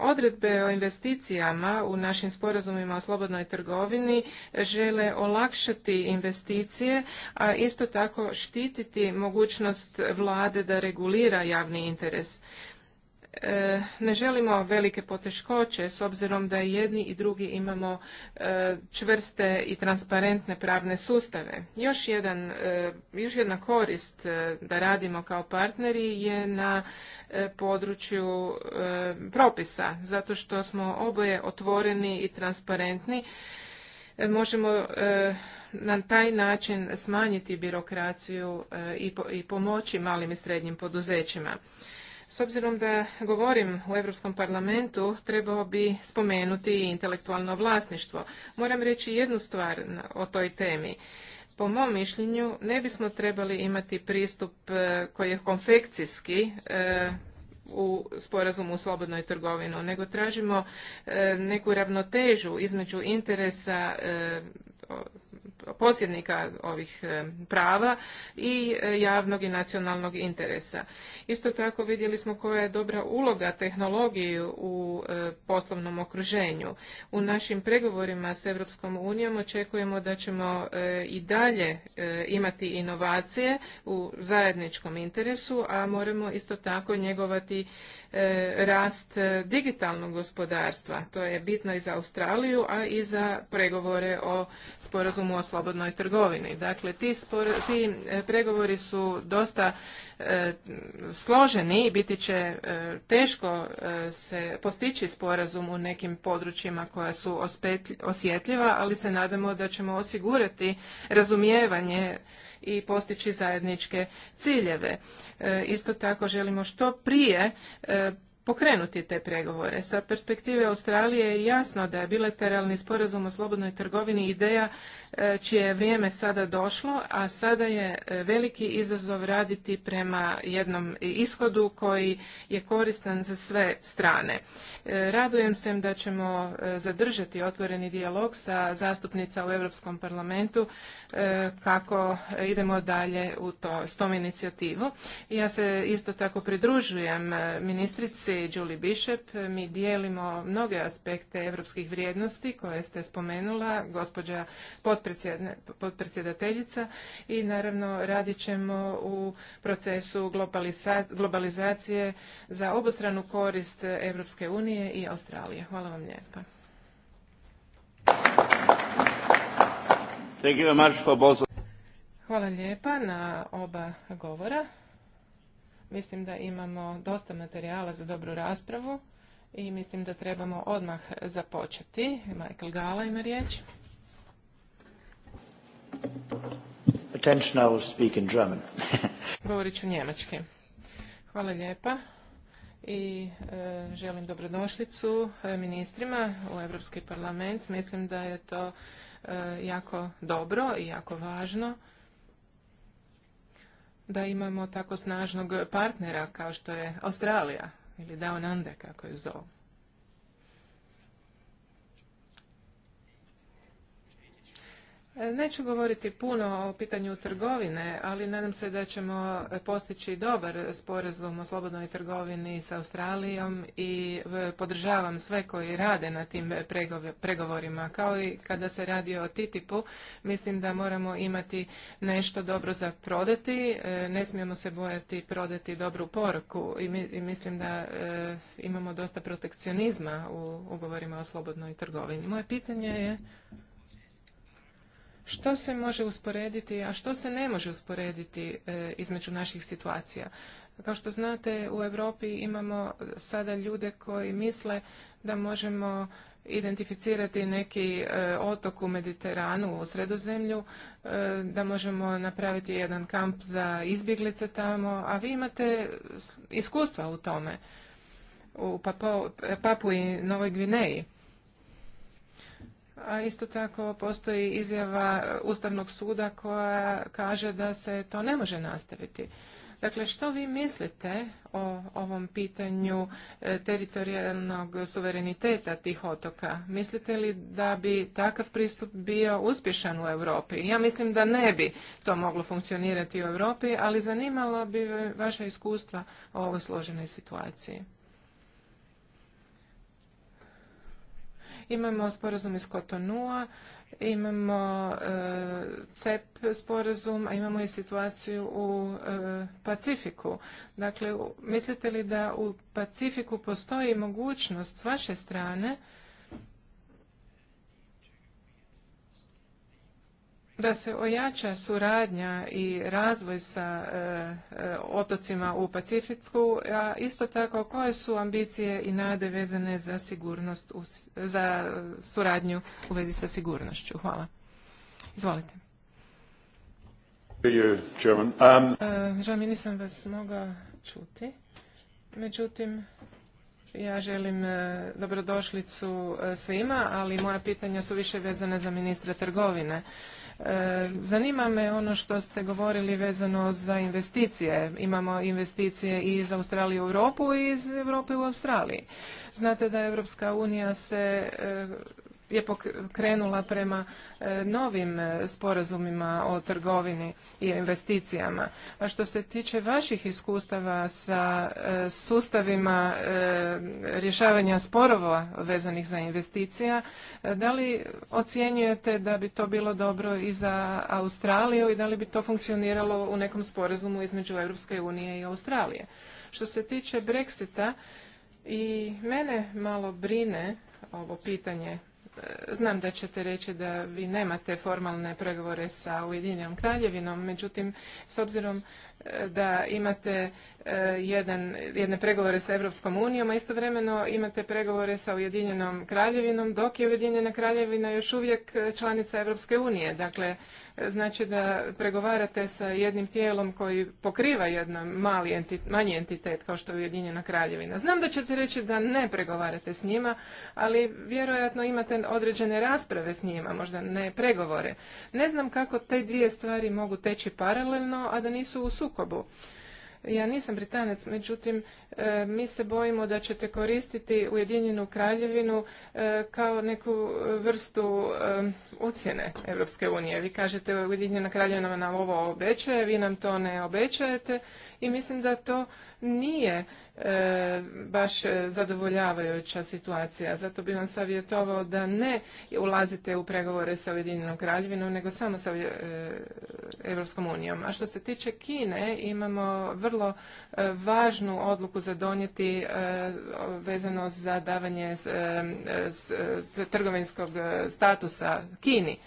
Odredbe o investicijama u našim sporazumima o slobodnoj trgovini žele olakšati investicije, a isto tako štititi mogućnost vlade da regulira javni interes. E, ne želimo velike poteškoće s obzirom da jedni i drugi imamo e, čvrste i transparentne pravne sustave. Još, jedan, e, još jedna korist da radimo kao partneri je na području propisa, zato što smo oboje otvoreni i transparentni. Možemo na taj način smanjiti birokraciju i pomoći malim i srednjim poduzećima. S obzirom da govorim u Europskom parlamentu, trebao bi spomenuti i intelektualno vlasništvo. Moram reći jednu stvar o toj temi. Po mom mišljenju ne bismo trebali imati pristup e, koji je konfekcijski e, u sporazumu u slobodnoj trgovini, nego tražimo e, neku ravnotežu između interesa posjednika ovih e, prava i e, javnog i nacionalnog interesa. Isto tako vidjeli smo koja je dobra uloga tehnologiju u e, poslovnom okruženju. U našim pregovorima s Europskom unijom očekujemo da ćemo i dalje imati inovacije u zajedničkom interesu, a moramo isto tako njegovati rast digitalnog gospodarstva. To je bitno i za Australiju, a i za pregovore o sporazumu o slobodnoj trgovini. Dakle, ti, ti e, pregovori su dosta e, složeni i biti će e, teško se postići sporazum u nekim područjima koja su osjetljiva, ali se nadamo da ćemo osigurati razumijevanje i postići zajedničke ciljeve. isto tako želimo što prije pokrenuti te pregovore. Sa perspektive Australije je jasno da je bilateralni sporazum o slobodnoj trgovini ideja e, čije je vrijeme sada došlo, a sada je e, veliki izazov raditi prema jednom ishodu koji je koristan za sve strane. E, radujem se da ćemo zadržati otvoreni dijalog sa zastupnica u Europskom parlamentu kako idemo dalje u to, s tom inicijativu. Ja se isto tako pridružujem ministrici je Julie Bishop, mi dijelimo mnoge aspekte europskih vrijednosti koje ste spomenula, gospođa potpredsjedateljica i naravno radit ćemo u procesu globalizacije za obostranu korist Europske unije i Australije. Hvala vam lijepa. Hvala lijepa na oba govora. Mislim da imamo dosta materijala za dobru raspravu i mislim da trebamo odmah započeti. Michael Gala ima riječ. Govorit ću njemački. Hvala lijepa i e, želim dobrodošlicu e, ministrima u Europski parlament. Mislim da je to e, jako dobro i jako važno da imamo tako snažnog partnera kao što je Australija ili Down Under kako je zovu. Neću govoriti puno o pitanju trgovine, ali nadam se da ćemo postići dobar sporazum o slobodnoj trgovini sa Australijom i podržavam sve koji rade na tim pregovorima. Kao i kada se radi o TTIP-u, mislim da moramo imati nešto dobro za prodati. E, ne smijemo se bojati prodati dobru poruku i mislim da e, imamo dosta protekcionizma u ugovorima o slobodnoj trgovini. Moje pitanje je što se može usporediti, a što se ne može usporediti e, između naših situacija. Kao što znate, u Europi imamo sada ljude koji misle da možemo identificirati neki e, otok u Mediteranu, u Sredozemlju, e, da možemo napraviti jedan kamp za izbjeglice tamo, a vi imate iskustva u tome u Papu i Novoj Gvineji. A isto tako postoji izjava Ustavnog suda koja kaže da se to ne može nastaviti. Dakle, što vi mislite o ovom pitanju e, teritorijalnog suvereniteta tih otoka? Mislite li da bi takav pristup bio uspješan u Europi? Ja mislim da ne bi to moglo funkcionirati u Europi, ali zanimalo bi vaša iskustva o ovoj složenoj situaciji. Imamo sporazum iz Kotonua, imamo e, CEP sporazum, a imamo i situaciju u e, Pacifiku. Dakle, mislite li da u Pacifiku postoji mogućnost s vaše strane da se ojača suradnja i razvoj sa e, e, otocima u Pacifiku, a isto tako koje su ambicije i nade vezane za sigurnost, za suradnju u vezi sa sigurnošću. Hvala. Izvolite. Um, e, žao mi nisam vas mogao čuti. Međutim, ja želim e, dobrodošlicu e, svima, ali moja pitanja su više vezana za ministra trgovine. E, zanima me ono što ste govorili vezano za investicije. Imamo investicije i iz Australije u Europu i iz Europe u Australiji. Znate da Evropska unija se je pokrenula prema e, novim e, sporazumima o trgovini i investicijama. A što se tiče vaših iskustava sa e, sustavima rješavanja sporova vezanih za investicija, da li ocjenjujete da bi to bilo dobro i za Australiju i da li bi to funkcioniralo u nekom sporazumu između Europske unije i Australije? Što se tiče Brexita, i mene malo brine ovo pitanje znam da ćete reći da vi nemate formalne pregovore sa Ujedinjenom kraljevinom, međutim, s obzirom da imate e, jedan, jedne pregovore sa Europskom unijom, a istovremeno imate pregovore sa Ujedinjenom kraljevinom, dok je Ujedinjena kraljevina još uvijek e, članica Europske unije. Dakle, znači da pregovarate sa jednim tijelom koji pokriva jedan mali manji entitet kao što je Ujedinjena kraljevina. Znam da ćete reći da ne pregovarate s njima, ali vjerojatno imate određene rasprave s njima, možda ne pregovore. Ne znam kako te dvije stvari mogu teći paralelno, a da nisu u sukobu. Ja nisam Britanac, međutim, e, mi se bojimo da ćete koristiti Ujedinjenu kraljevinu e, kao neku vrstu ocjene e, Europske unije. Vi kažete Ujedinjena kraljevina nam ovo obećaje, vi nam to ne obećajete i mislim da to nije e, baš zadovoljavajuća situacija. Zato bih vam savjetovao da ne ulazite u pregovore sa Ujedinjenom kraljevinom, nego samo sa e, Evropskom unijom. A što se tiče Kine, imamo vrlo e, važnu odluku za donijeti vezano za davanje s, trgovinskog statusa Kini.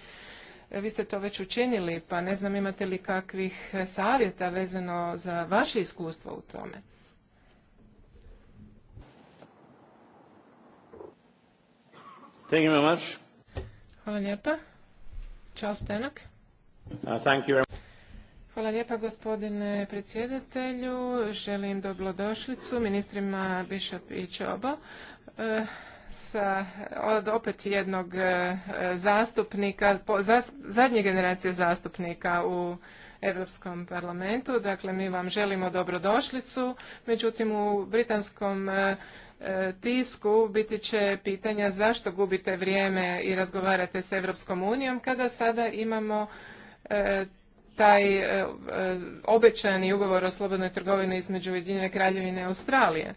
Vi ste to već učinili, pa ne znam imate li kakvih savjeta vezano za vaše iskustvo u tome. Thank you very much. Hvala lijepa. Čao Stenak. Uh, thank you. Hvala lijepa gospodine predsjedatelju. Želim dobrodošlicu ministrima Bishop i Čobo. Uh, od opet jednog e, zastupnika, zadnje generacije zastupnika u Europskom parlamentu. Dakle, mi vam želimo dobrodošlicu, međutim u britanskom e, e, tisku biti će pitanja zašto gubite vrijeme i razgovarate s Europskom unijom kada sada imamo taj obećani ugovor o slobodnoj trgovini između Ujedinjene kraljevine i Australije.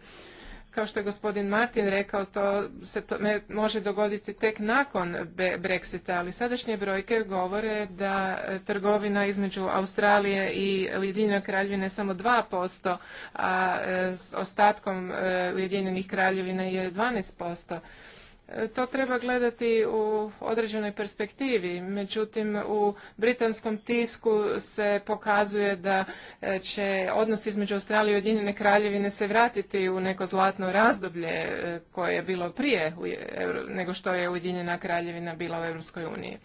Kao što je gospodin Martin rekao, to se to ne može dogoditi tek nakon Brexita, ali sadašnje brojke govore da e, trgovina između Australije i Ujedinjene kraljevine samo samo 2%, a e, s ostatkom e, Ujedinjenih kraljevina je 12% to treba gledati u određenoj perspektivi. Međutim, u britanskom tisku se pokazuje da e, će odnos između Australije i Ujedinjene kraljevine se vratiti u neko zlatno razdoblje e, koje je bilo prije nego što je Ujedinjena kraljevina bila u Europskoj uniji.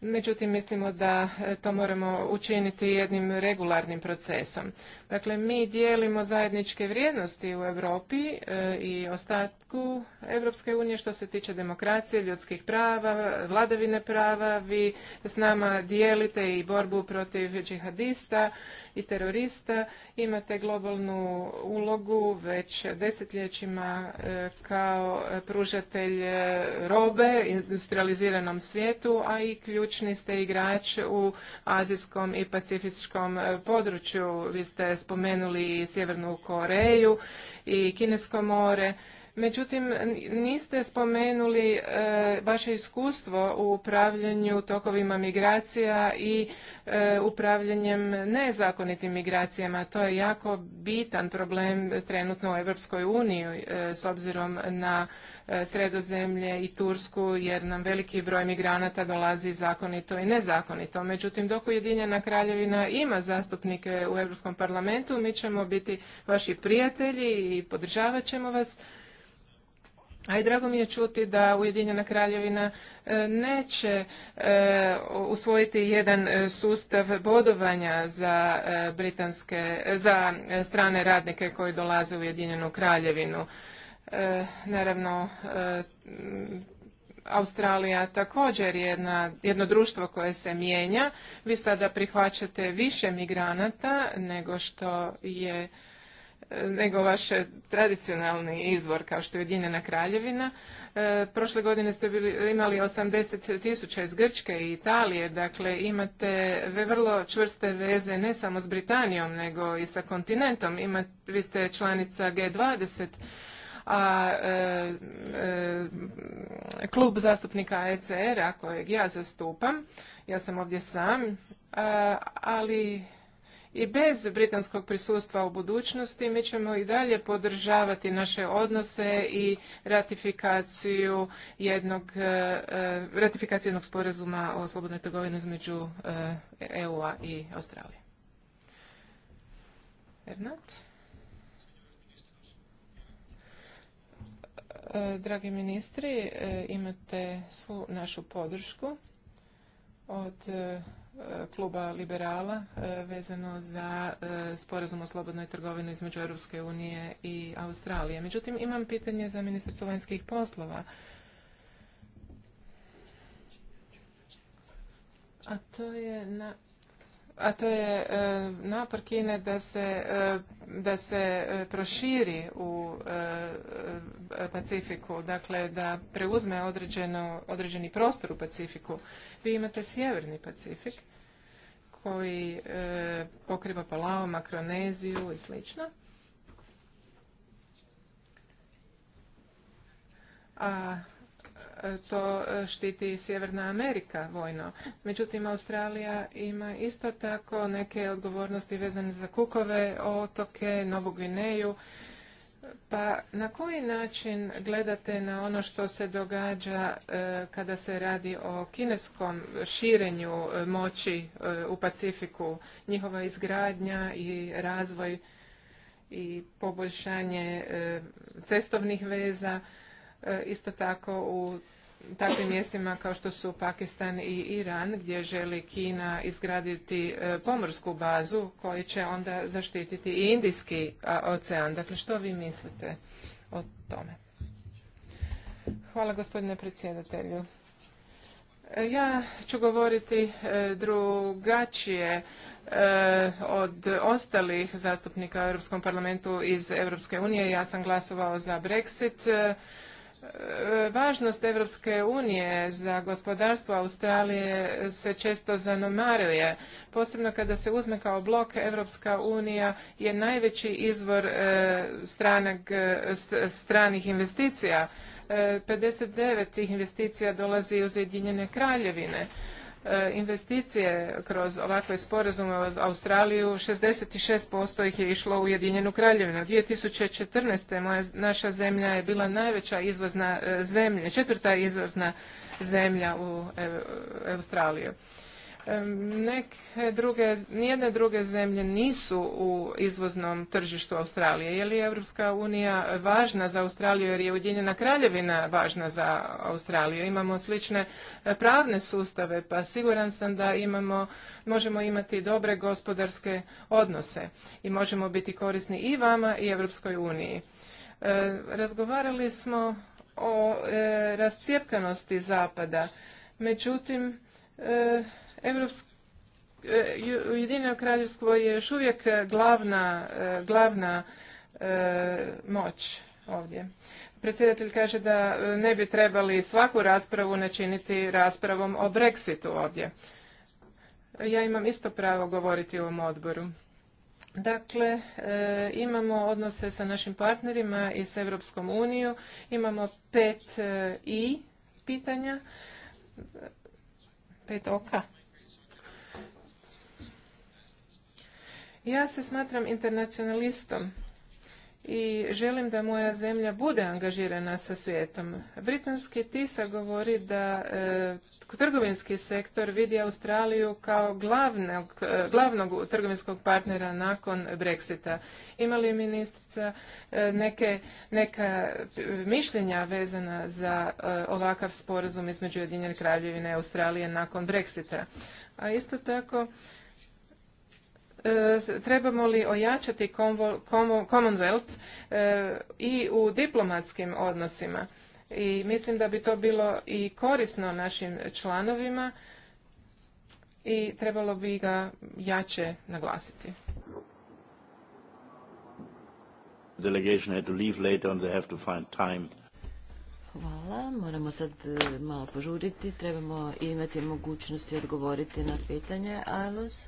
Međutim, mislimo da e, to moramo učiniti jednim regularnim procesom. Dakle, mi dijelimo zajedničke vrijednosti u Europi e, i ostatku Europske unije što se tiče demokracije, ljudskih prava, vladavine prava. Vi s nama dijelite i borbu protiv džihadista i terorista. Imate globalnu ulogu već desetljećima e, kao pružatelj e, robe industrializiranom svijetu, a i ključni ste igrač u azijskom i pacifičkom e, području. Vi ste spomenuli i Sjevernu Koreju i Kinesko more Međutim, niste spomenuli e, vaše iskustvo u upravljanju tokovima migracija i e, upravljanjem nezakonitim migracijama. To je jako bitan problem trenutno u Europskoj uniji e, s obzirom na Sredozemlje i Tursku jer nam veliki broj migranata dolazi zakonito i nezakonito. Međutim, dok Ujedinjena kraljevina ima zastupnike u Europskom parlamentu, mi ćemo biti vaši prijatelji i podržavat ćemo vas a i drago mi je čuti da Ujedinjena kraljevina e, neće e, usvojiti jedan e, sustav bodovanja za britanske, za strane radnike koji dolaze u Ujedinjenu kraljevinu. Naravno, Australija također je jedno društvo koje se mijenja. Vi sada prihvaćate više migranata nego što je nego vaš tradicionalni izvor kao što je Ujedinjena kraljevina. E, prošle godine ste bili, imali 80 tisuća iz Grčke i Italije, dakle imate vrlo čvrste veze ne samo s Britanijom nego i sa kontinentom. Ima, vi ste članica G20 a e, e, klub zastupnika ECR-a kojeg ja zastupam, ja sam ovdje sam, ali i bez britanskog prisustva u budućnosti mi ćemo i dalje podržavati naše odnose i ratifikaciju jednog, e, e, ratifikaciju sporazuma o slobodnoj trgovini između e, EU-a i Australije. Ernat? Dragi ministri, imate svu našu podršku od kluba liberala e, vezano za e, sporazum o slobodnoj trgovini između Europske unije i Australije. Međutim, imam pitanje za ministricu vanjskih poslova. A to je na a to je e, napor Kine da se, e, da se e, proširi u Pacifiku, dakle da preuzme određeno, određeni prostor u Pacifiku. Vi imate sjeverni Pacifik koji pokriva Palao, Makroneziju i slično. A to štiti Sjeverna Amerika vojno. Međutim, Australija ima isto tako neke odgovornosti vezane za kukove, otoke, Novu Gvineju. Pa na koji način gledate na ono što se događa e, kada se radi o kineskom širenju e, moći e, u Pacifiku, njihova izgradnja i razvoj i poboljšanje cestovnih veza, isto tako u takvim mjestima kao što su Pakistan i Iran gdje želi Kina izgraditi e, pomorsku bazu koji će onda zaštititi i Indijski ocean. Dakle, što vi mislite o tome? Hvala gospodine predsjedatelju. E, ja ću govoriti e, drugačije od ostalih zastupnika u Europskom parlamentu iz Europske unije. Ja sam glasovao za Brexit Važnost Evropske unije za gospodarstvo Australije se često zanomaruje, posebno kada se uzme kao blok Evropska unija je najveći izvor e, stranak, e, stranih investicija. 59 e, tih investicija dolazi iz Ujedinjene kraljevine. E, investicije kroz ovakve sporazume u Australiju, 66% ih je išlo u Ujedinjenu kraljevinu. 2014. Moja, naša zemlja je bila najveća izvozna e, zemlja, četvrta izvozna zemlja u e, Australiju. Neke druge, nijedne druge zemlje nisu u izvoznom tržištu Australije. Je li Evropska unija važna za Australiju jer je Ujedinjena kraljevina važna za Australiju? Imamo slične e, pravne sustave pa siguran sam da imamo, možemo imati dobre gospodarske odnose i možemo biti korisni i vama i Evropskoj uniji. E, razgovarali smo o e, razcijepkanosti Zapada. Međutim, E, Ujedinjeno kraljevstvo je još uvijek e, glavna, e, glavna moć ovdje. Predsjedatelj kaže da ne bi trebali svaku raspravu načiniti raspravom o Brexitu ovdje. Ja imam isto pravo govoriti u ovom odboru. Dakle, imamo odnose sa našim partnerima i s Europskom uniju. Imamo pet i pitanja, pet oka Ja se smatram internacionalistom i želim da moja zemlja bude angažirana sa svijetom. Britanski TISA govori da e, trgovinski sektor vidi Australiju kao e, glavnog, trgovinskog partnera nakon Brexita. Ima li ministrica e, neka mišljenja vezana za ovakav sporazum između Ujedinjene kraljevine i Australije nakon Brexita? A isto tako E, trebamo li ojačati Commonwealth e, i u diplomatskim odnosima. I mislim da bi to bilo i korisno našim članovima i trebalo bi ga jače naglasiti. Hvala. Moramo sad e, malo požuriti. Trebamo imati mogućnosti odgovoriti na pitanje. Alos?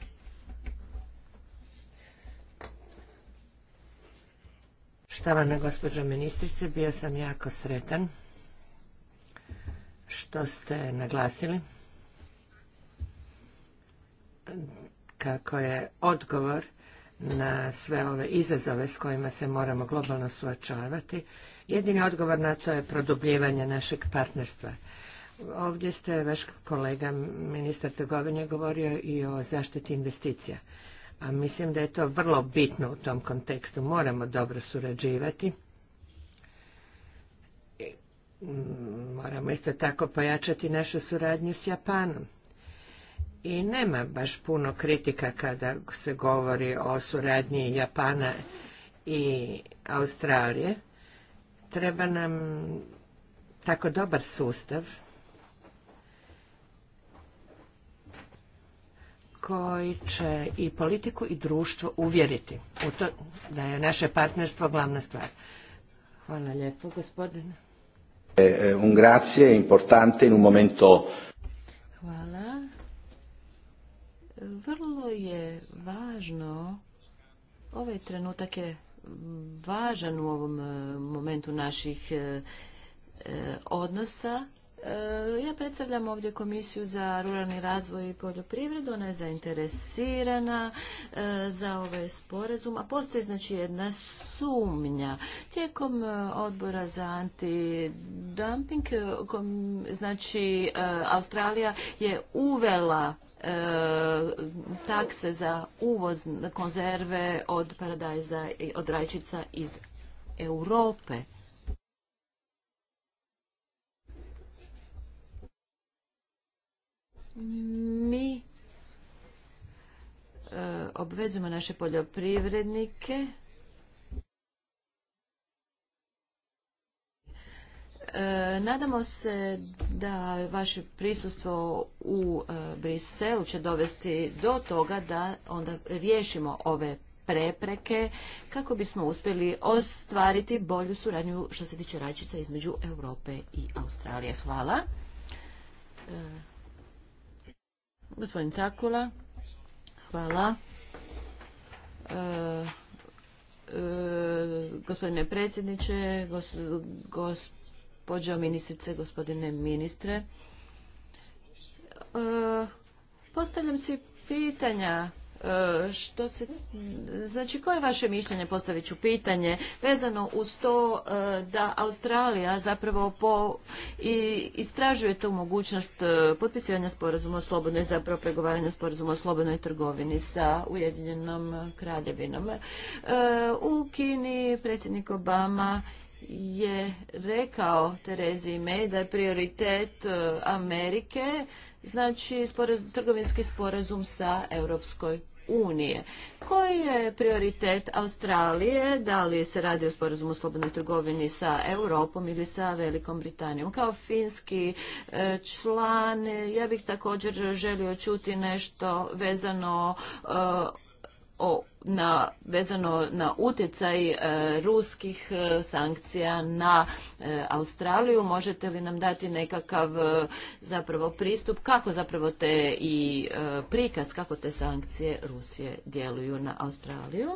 Štovana gospođo ministrice, bio sam jako sretan što ste naglasili kako je odgovor na sve ove izazove s kojima se moramo globalno suočavati. Jedini odgovor na to je produbljivanje našeg partnerstva. Ovdje ste vaš kolega ministar trgovine govorio i o zaštiti investicija a mislim da je to vrlo bitno u tom kontekstu. Moramo dobro surađivati. Mm, moramo isto tako pojačati našu suradnju s Japanom. I nema baš puno kritika kada se govori o suradnji Japana i Australije. Treba nam tako dobar sustav koji će i politiku i društvo uvjeriti u to da je naše partnerstvo glavna stvar. Hvala lijepo, gospodine. E, e, un grazie importante in un momento... Hvala. Vrlo je važno, ovaj trenutak je važan u ovom e, momentu naših odnosa E, ja predstavljam ovdje Komisiju za ruralni razvoj i poljoprivredu, ona je zainteresirana e, za ovaj sporazum, a postoji znači jedna sumnja. Tijekom e, odbora za antidumping, znači Australija je uvela takse za uvoz konzerve od paradajza i od rajčica iz Europe. Mi e, obvezujemo naše poljoprivrednike e, Nadamo se da vaše prisustvo u e, Briselu će dovesti do toga da onda riješimo ove prepreke kako bismo uspjeli ostvariti bolju suradnju što se tiče račica između Europe i Australije. Hvala. Gospodin Cakula, hvala. E, e, gospodine predsjedniče, gospođo ministrice, gospodine ministre, e, postavljam si pitanja E, što se, znači, koje je vaše mišljenje, postavit ću pitanje, vezano uz to e, da Australija zapravo po, i, istražuje tu mogućnost e, potpisivanja sporazuma o slobodnoj, zapravo pregovaranja sporazuma o slobodnoj trgovini sa Ujedinjenom kraljevinom. U Kini predsjednik Obama je rekao Terezi May da je prioritet Amerike znači trgovinski sporazum sa Europskoj unije. Koji je prioritet Australije, da li se radi o sporazumu slobodnoj trgovini sa Europom ili sa Velikom Britanijom? Kao finski e, član, ja bih također želio čuti nešto vezano e, o, na, vezano na utjecaj e, ruskih e, sankcija na e, Australiju. Možete li nam dati nekakav zapravo pristup kako zapravo te i prikaz kako te sankcije Rusije djeluju na Australiju?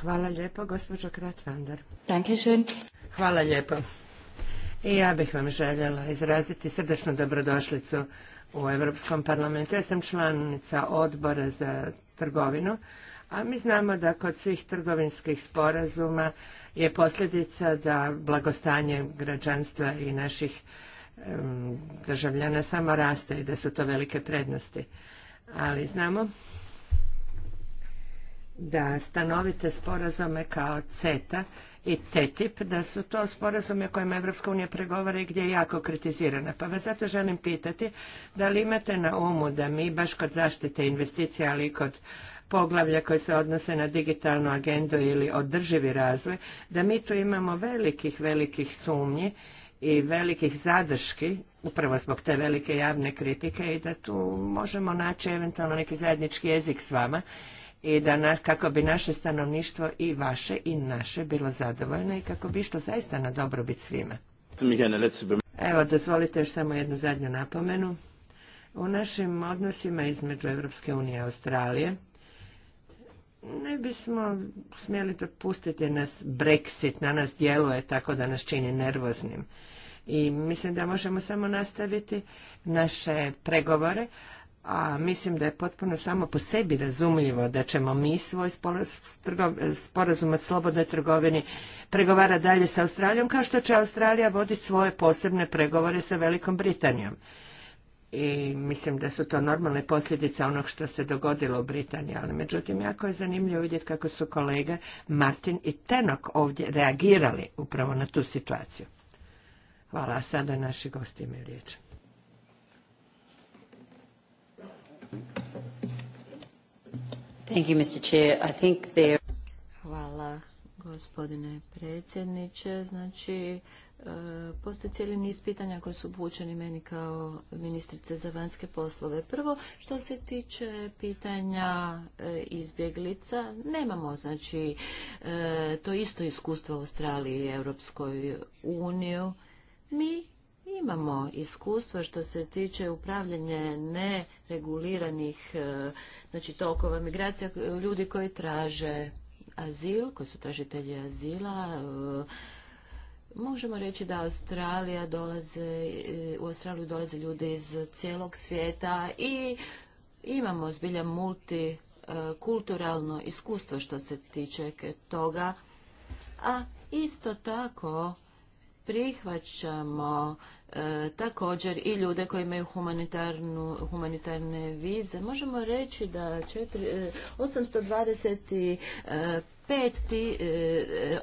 Hvala lijepo, gospođo Kratvander. Hvala lijepo. I ja bih vam željela izraziti srdečnu dobrodošlicu u Europskom parlamentu. Ja sam članica odbora za trgovinu, a mi znamo da kod svih trgovinskih sporazuma je posljedica da blagostanje građanstva i naših državljana samo raste i da su to velike prednosti. Ali znamo da stanovite sporazume kao CETA i TTIP, da su to sporazume kojima Evropska unija pregovara i gdje je jako kritizirana. Pa vas zato želim pitati da li imate na umu da mi baš kod zaštite investicija, ali i kod poglavlja koje se odnose na digitalnu agendu ili održivi razvoj, da mi tu imamo velikih, velikih sumnji i velikih zadrški, upravo zbog te velike javne kritike i da tu možemo naći eventualno neki zajednički jezik s vama i da kako bi naše stanovništvo i vaše i naše bilo zadovoljno i kako bi išlo zaista na dobrobit svima. Evo, dozvolite još samo jednu zadnju napomenu. U našim odnosima između Europske unije i Australije ne bismo smjeli dopustiti nas Brexit, na nas djeluje tako da nas čini nervoznim. I mislim da možemo samo nastaviti naše pregovore, a mislim da je potpuno samo po sebi razumljivo da ćemo mi svoj sporazum od slobodnoj trgovini pregovara dalje sa Australijom, kao što će Australija voditi svoje posebne pregovore sa Velikom Britanijom. I mislim da su to normalne posljedice onog što se dogodilo u Britaniji, ali međutim jako je zanimljivo vidjeti kako su kolege Martin i Tenok ovdje reagirali upravo na tu situaciju. Hvala, a sada naši gosti imaju riječ. Hvala gospodine predsjedniče. Znači, e, postoji cijeli niz pitanja koje su upućeni meni kao ministrice za vanjske poslove. Prvo, što se tiče pitanja e, izbjeglica, nemamo znači e, to isto iskustvo u i Europskoj uniju. Mi Imamo iskustvo što se tiče upravljanja nereguliranih e, znači, tokova migracija e, ljudi koji traže azil, koji su tražitelji azila. E, možemo reći da Australija dolaze, u Australiju dolaze ljudi iz cijelog svijeta i imamo zbilja multikulturalno iskustvo što se tiče toga. A isto tako prihvaćamo e, također i ljude koji imaju humanitarne vize. Možemo reći da četiri, e, 825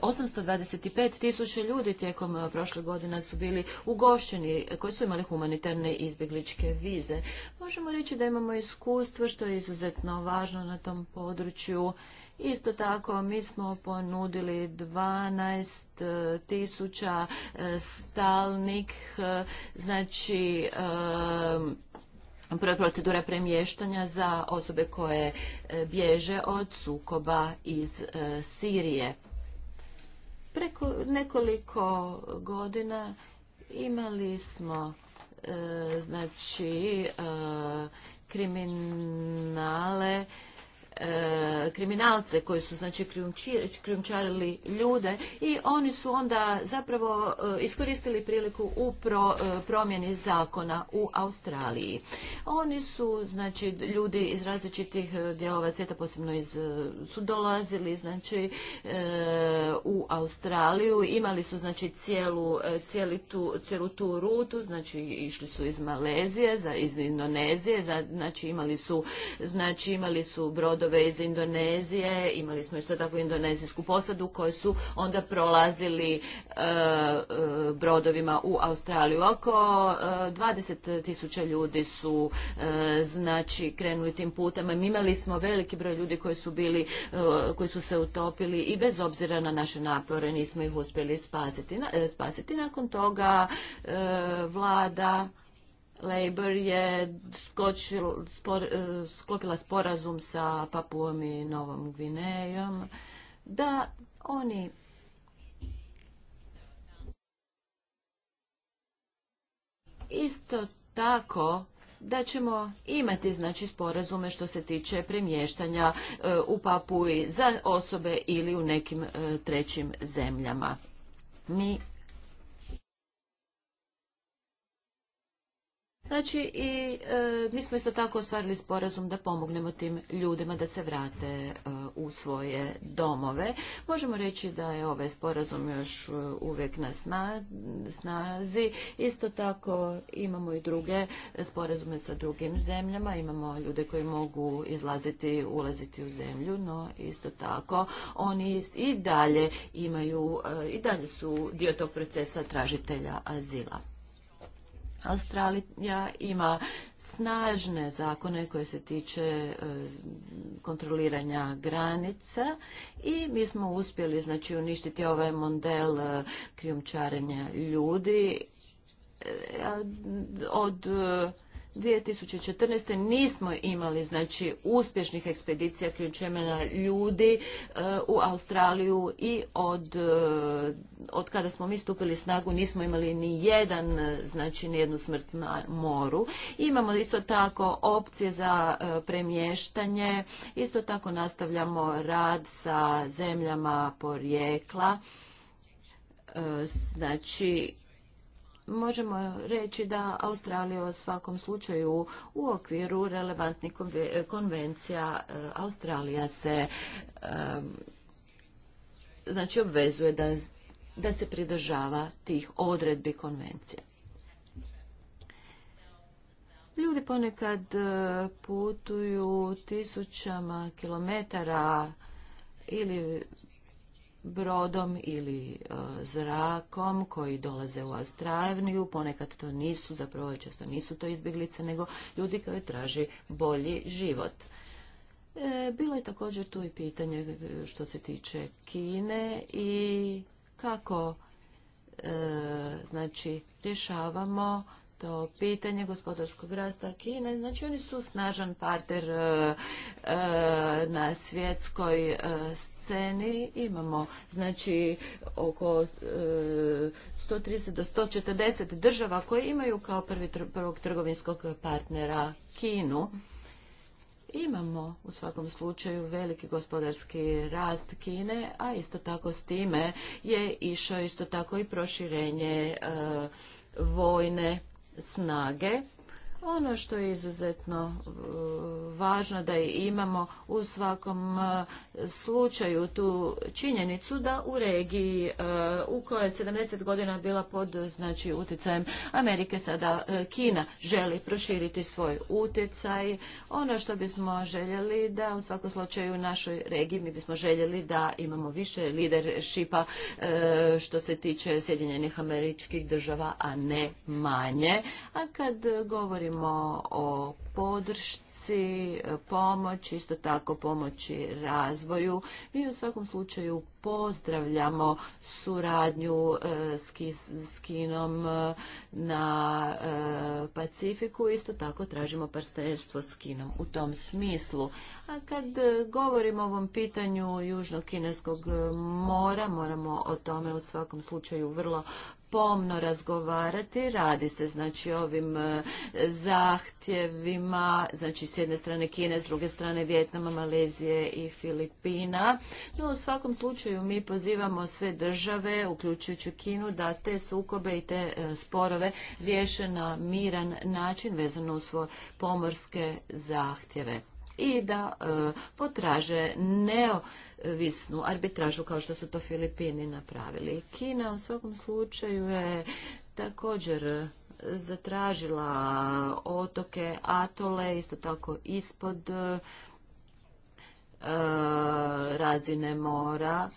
825 e, tisuća ljudi tijekom e, prošle godine su bili ugošćeni koji su imali humanitarne izbjegličke vize. Možemo reći da imamo iskustvo što je izuzetno važno na tom području Isto tako mi smo ponudili 12 e, tisuća e, stalnih e, znači procedura premještanja za osobe koje bježe od sukoba iz Sirije. Preko nekoliko godina imali smo znači kriminale E, kriminalce koji su znači krijumčarili ljude i oni su onda zapravo e, iskoristili priliku u e, promjeni zakona u Australiji. Oni su znači ljudi iz različitih dijelova svijeta posebno iz su dolazili znači u Australiju, imali su znači cijelu cijeli tu rutu, znači išli su iz Malezije, za iz Indonezije, znači imali su znači imali su brodo iz Indonezije, imali smo isto tako indonezijsku posadu koju su onda prolazili e, e, brodovima u Australiju. Oko 20 e, tisuća ljudi su znači krenuli tim putem. Imali smo veliki broj ljudi koji su bili, koji su se utopili i bez obzira na naše napore nismo ih uspjeli spasiti. Nakon toga vlada Labour je e, sklopila sporazum sa Papuom i Novom Gvinejom da oni isto tako da ćemo imati znači sporazume što se tiče premještanja e, u Papuji za osobe ili u nekim e, trećim zemljama. Mi Znači, i e, mi smo isto tako ostvarili sporazum da pomognemo tim ljudima da se vrate e, u svoje domove. Možemo reći da je ovaj sporazum još e, uvijek na snazi. Isto tako imamo i druge sporazume sa drugim zemljama. Imamo ljude koji mogu izlaziti, ulaziti u zemlju, no isto tako oni i dalje imaju, i dalje su dio tog procesa tražitelja azila. Australija ima snažne zakone koje se tiče e, kontroliranja granica i mi smo uspjeli znači uništiti ovaj model e, krijumčarenja ljudi e, od 2014. nismo imali znači uspješnih ekspedicija ključemena ljudi eh, u Australiju i od, eh, od kada smo mi stupili snagu nismo imali ni jedan eh, znači ni jednu smrt na moru. Imamo isto tako opcije za premještanje, isto tako nastavljamo rad sa zemljama porijekla. Znači možemo reći da Australija u svakom slučaju u okviru relevantnih konvencija eh, Australija se eh, znači obvezuje da, da se pridržava tih odredbi konvencija. Ljudi ponekad eh, putuju tisućama kilometara ili brodom ili e, zrakom koji dolaze u Azdravniju. ponekad to nisu, zapravo i često nisu to izbjeglice, nego ljudi koji traži bolji život. E, bilo je također tu i pitanje što se tiče Kine i kako e, znači rješavamo to pitanje gospodarskog rasta Kine. Znači oni su snažan partner e, e, na svjetskoj e, sceni. Imamo znači oko 130 do 140 država koje imaju kao prvi prvog trgovinskog partnera Kinu. Imamo u svakom slučaju veliki gospodarski rast Kine, a isto tako s time je išao isto tako i proširenje vojne snage ono što je izuzetno e, važno da imamo u svakom e, slučaju tu činjenicu da u regiji e, u kojoj je 70 godina bila pod znači, utjecajem Amerike, sada Kina želi proširiti svoj utjecaj. Ono što bismo željeli da u svakom slučaju u našoj regiji mi bismo željeli da imamo više šipa što se tiče Sjedinjenih američkih država, a ne manje. A kad govorimo govorimo o podršci, pomoći, isto tako pomoći razvoju. Mi u svakom slučaju pozdravljamo suradnju e, s, Kinom e, na e, Pacifiku. Isto tako tražimo partnerstvo s Kinom u tom smislu. A kad govorimo o ovom pitanju Južnog Kineskog mora, moramo o tome u svakom slučaju vrlo pomno razgovarati. Radi se znači ovim e, zahtjevima, znači s jedne strane Kine, s druge strane Vjetnama, Malezije i Filipina. No u svakom slučaju mi pozivamo sve države, uključujući Kinu, da te sukobe i te e, sporove riješe na miran način vezano u svoje pomorske zahtjeve i da e, potraže neo visnu arbitražu kao što su to Filipini napravili. Kina u svakom slučaju je također zatražila otoke, atole, isto tako ispod e, razine mora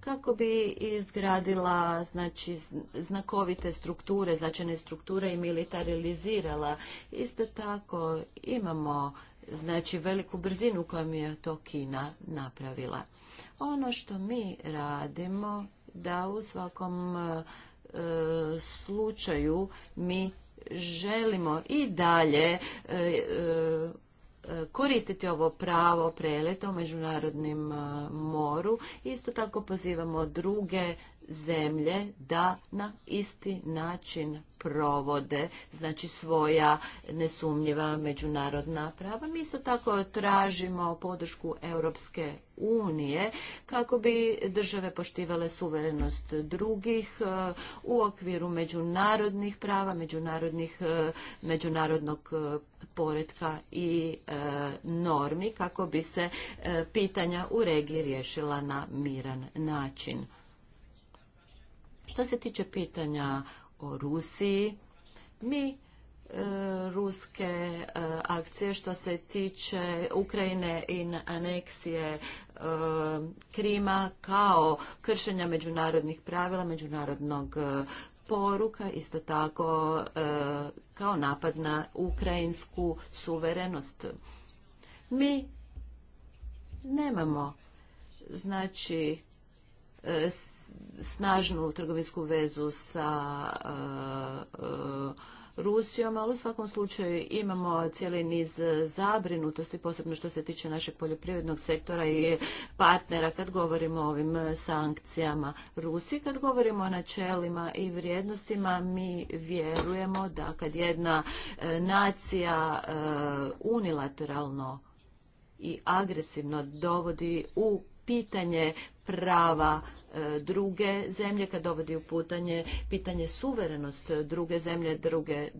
kako bi izgradila znači znakovite strukture, značajne strukture i militarizirala. Isto tako imamo znači veliku brzinu kojom je to Kina napravila. Ono što mi radimo da u svakom e, e, slučaju mi želimo i dalje e, koristiti ovo pravo preleta u međunarodnim moru. Isto tako pozivamo druge zemlje da na isti način provode znači svoja nesumnjiva međunarodna prava. Mi isto tako tražimo podršku Europske unije kako bi države poštivale suverenost drugih e, u okviru međunarodnih prava, međunarodnih, e, međunarodnog e, poretka i normi kako bi se pitanja u regiji riješila na miran način. Što se tiče pitanja o Rusiji, mi e, ruske e, akcije što se tiče Ukrajine i aneksije e, Krima kao kršenja međunarodnih pravila, međunarodnog poruka, isto tako kao napad na ukrajinsku suverenost. Mi nemamo znači E, snažnu trgovinsku vezu sa e, e, Rusijom, ali u svakom slučaju imamo cijeli niz zabrinutosti, posebno što se tiče našeg poljoprivrednog sektora i partnera kad govorimo o ovim sankcijama Rusiji. Kad govorimo o načelima i vrijednostima, mi vjerujemo da kad jedna nacija unilateralno i agresivno dovodi u pitanje prava e, druge zemlje, kad dovodi u putanje pitanje suverenost druge zemlje, druge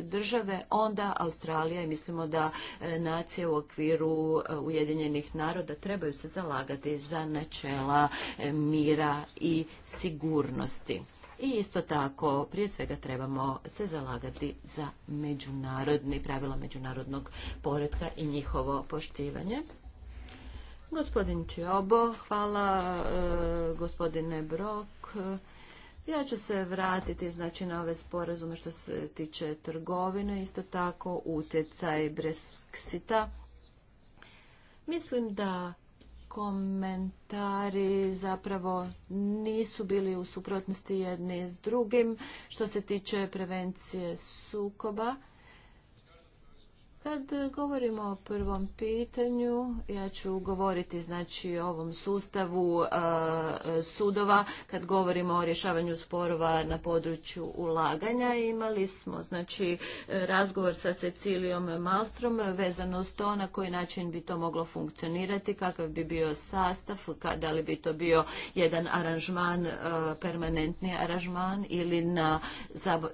države, onda Australija i mislimo da e, nacije u okviru e, Ujedinjenih naroda trebaju se zalagati za načela mira i sigurnosti. I isto tako, prije svega trebamo se zalagati za međunarodni pravila međunarodnog poretka i njihovo poštivanje. Gospodin Čiobo, hvala e, gospodine Brok. Ja ću se vratiti znači, na ove sporazume što se tiče trgovine, isto tako utjecaj Brexita. Mislim da komentari zapravo nisu bili u suprotnosti jedni s drugim što se tiče prevencije sukoba. Kad govorimo o prvom pitanju, ja ću govoriti znači o ovom sustavu e, sudova, kad govorimo o rješavanju sporova na području ulaganja, imali smo znači razgovor sa Cecilijom Malstrom vezano s to na koji način bi to moglo funkcionirati, kakav bi bio sastav, da li bi to bio jedan aranžman, e, permanentni aranžman ili na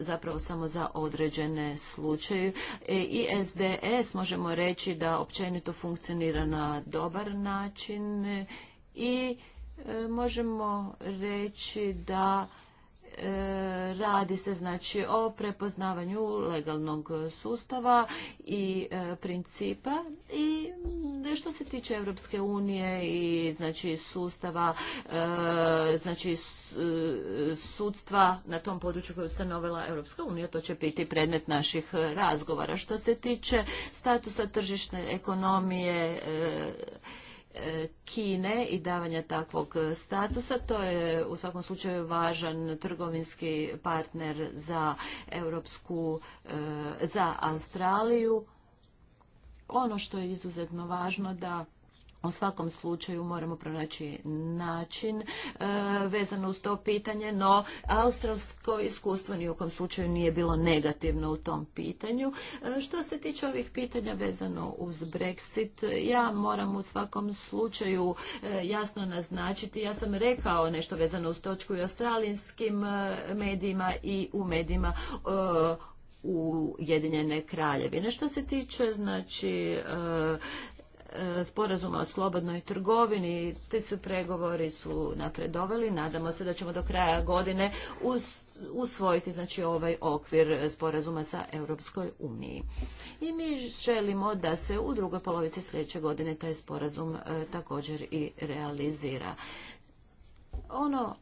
zapravo samo za određene slučaje. E, I SD E S. možemo reći da općenito funkcionira na dobar način i e, možemo reći da E, radi se znači o prepoznavanju legalnog sustava i e, principa i što se tiče Europske unije i znači sustava e, znači sudstva na tom području koje je ustanovila Europska unija to će biti predmet naših razgovora što se tiče statusa tržišne ekonomije Kine i davanja takvog statusa. To je u svakom slučaju važan trgovinski partner za Europsku, e, za Australiju. Ono što je izuzetno važno da u svakom slučaju moramo pronaći način e, vezano uz to pitanje, no australsko iskustvo ni u kom slučaju nije bilo negativno u tom pitanju. E, što se tiče ovih pitanja vezano uz Brexit, ja moram u svakom slučaju e, jasno naznačiti, ja sam rekao nešto vezano uz točku i australijskim e, medijima i u medijima u Jedinjene kraljevine. Što se tiče znači sporazuma o slobodnoj trgovini. te su pregovori su napredovali. Nadamo se da ćemo do kraja godine usvojiti znači ovaj okvir sporazuma sa Europskoj uniji. I mi želimo da se u drugoj polovici sljedeće godine taj sporazum e, također i realizira. Ono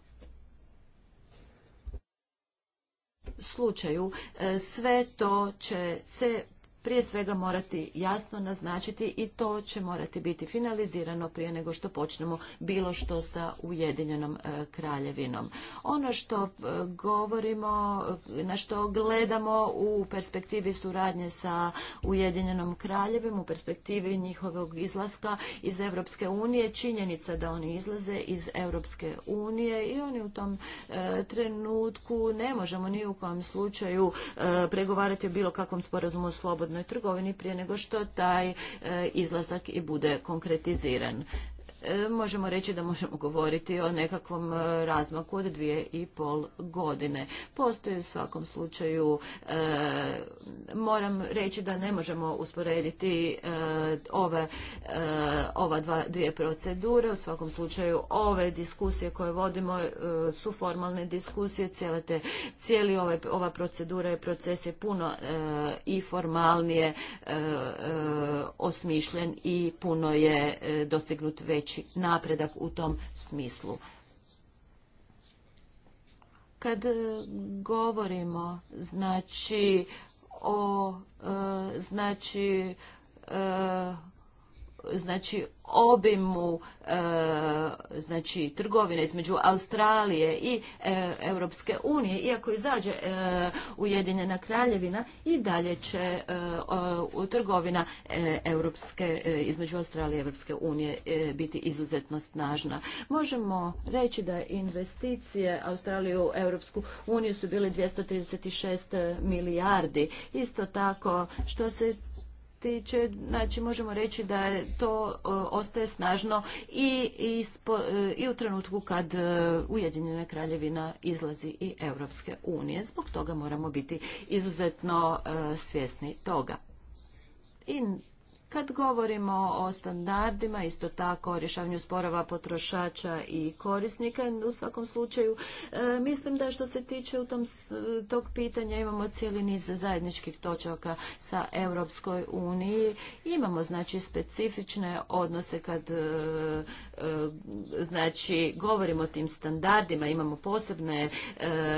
slučaju e, sve to će se prije svega morati jasno naznačiti i to će morati biti finalizirano prije nego što počnemo bilo što sa Ujedinjenom e, kraljevinom. Ono što e, govorimo, e, na što gledamo u perspektivi suradnje sa Ujedinjenom kraljevim, u perspektivi njihovog izlaska iz Europske unije, činjenica da oni izlaze iz Europske unije i oni u tom trenutku ne možemo ni u kojem slučaju pregovarati o bilo kakvom sporazumu o slobodnoj trgovini prije nego što taj e, izlazak i bude konkretiziran. E, možemo reći da možemo govoriti o nekakvom e, razmaku od dvije i pol godine. Postoji u svakom slučaju, e, moram reći da ne možemo usporediti ove, ova dva, dvije procedure. U svakom slučaju ove diskusije koje vodimo su formalne diskusije, te, cijeli ovaj, ova procedura i proces je puno i formalnije osmišljen i puno je dostignut već napredak u tom smislu. Kad e, govorimo znači o e, znači e, znači obimu e, znači trgovine između Australije i e, Europske unije, iako izađe e, Ujedinjena kraljevina i dalje će e, trgovina Europske, između Australije i Europske unije biti izuzetno snažna. Možemo reći da investicije Australije u Europsku uniju su bile 236 milijardi. Isto tako što se tiče, znači možemo reći da je to e, ostaje snažno i, e, i u trenutku kad e, Ujedinjena kraljevina izlazi i Europske unije. Zbog toga moramo biti izuzetno svjesni toga. I kad govorimo o standardima, isto tako o rješavanju sporova potrošača i korisnika, u svakom slučaju e, mislim da što se tiče u tom, tog pitanja imamo cijeli niz zajedničkih točaka sa Europskoj uniji. Imamo znači specifične odnose kad e, e, znači govorimo o tim standardima, imamo posebne,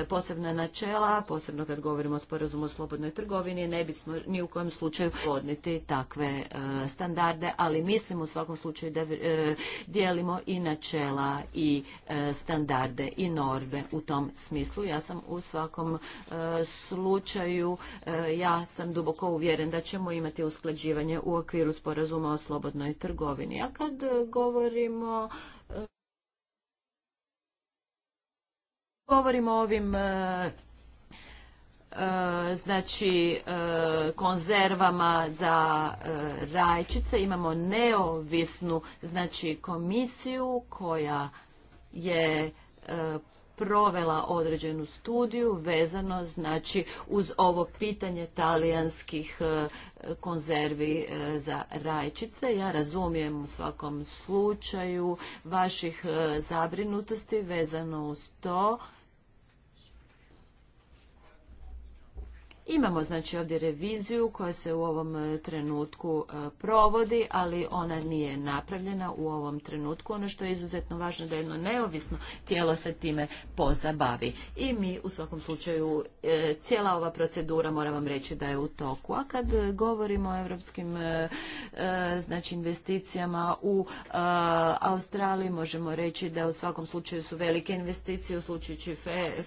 posebna načela, posebno kad govorimo o sporazumu o slobodnoj trgovini, ne bismo ni u kojem slučaju podniti takve E, standarde, ali mislim u svakom slučaju da e, dijelimo i načela i e, standarde i norme u tom smislu. Ja sam u svakom slučaju, ja sam duboko uvjeren da ćemo imati usklađivanje u okviru sporazuma o slobodnoj trgovini. A kad govorimo govorimo o ovim E, znači e, konzervama za e, rajčice. Imamo neovisnu znači komisiju koja je provela određenu studiju vezano znači uz ovo pitanje talijanskih konzervi za rajčice. Ja razumijem u svakom slučaju vaših zabrinutosti vezano uz to Imamo znači ovdje reviziju koja se u ovom e, trenutku e, provodi, ali ona nije napravljena u ovom trenutku. Ono što je izuzetno važno da jedno neovisno tijelo se time pozabavi. I mi u svakom slučaju e, cijela ova procedura moram vam reći da je u toku. A kad govorimo o europskim znači investicijama u Australiji možemo reći da u svakom slučaju su velike investicije, u slučaju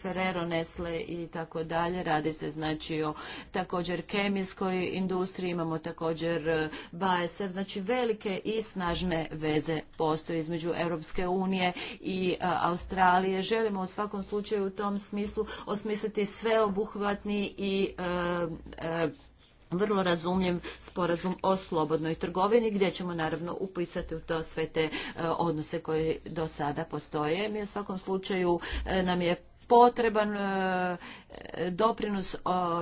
Ferrero, Nestle i tako dalje. Radi se znači također kemijskoj industriji, imamo također e, BASF, znači velike i snažne veze postoje između Europske unije i e, Australije. Želimo u svakom slučaju u tom smislu osmisliti sveobuhvatni i e, vrlo razumljiv sporazum o slobodnoj trgovini gdje ćemo naravno upisati u to sve te odnose koje do sada postoje. Mi u svakom slučaju nam je potreban e, doprinos e,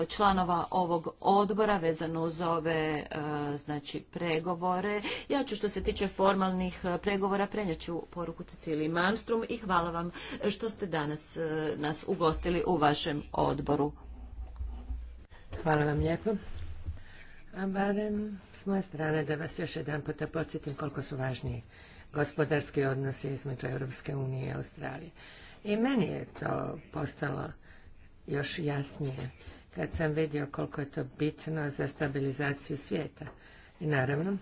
članova ovog odbora vezano uz ove e, znači, pregovore. Ja ću što se tiče formalnih pregovora prenjaću poruku Ceciliji Malmstrom i hvala vam što ste danas nas ugostili u vašem odboru. Hvala vam lijepo. A barem s moje strane da vas još jedan puta podsjetim koliko su važni gospodarski odnosi između Europske unije i Australije. I meni je to postalo još jasnije kad sam vidio koliko je to bitno za stabilizaciju svijeta. I naravno,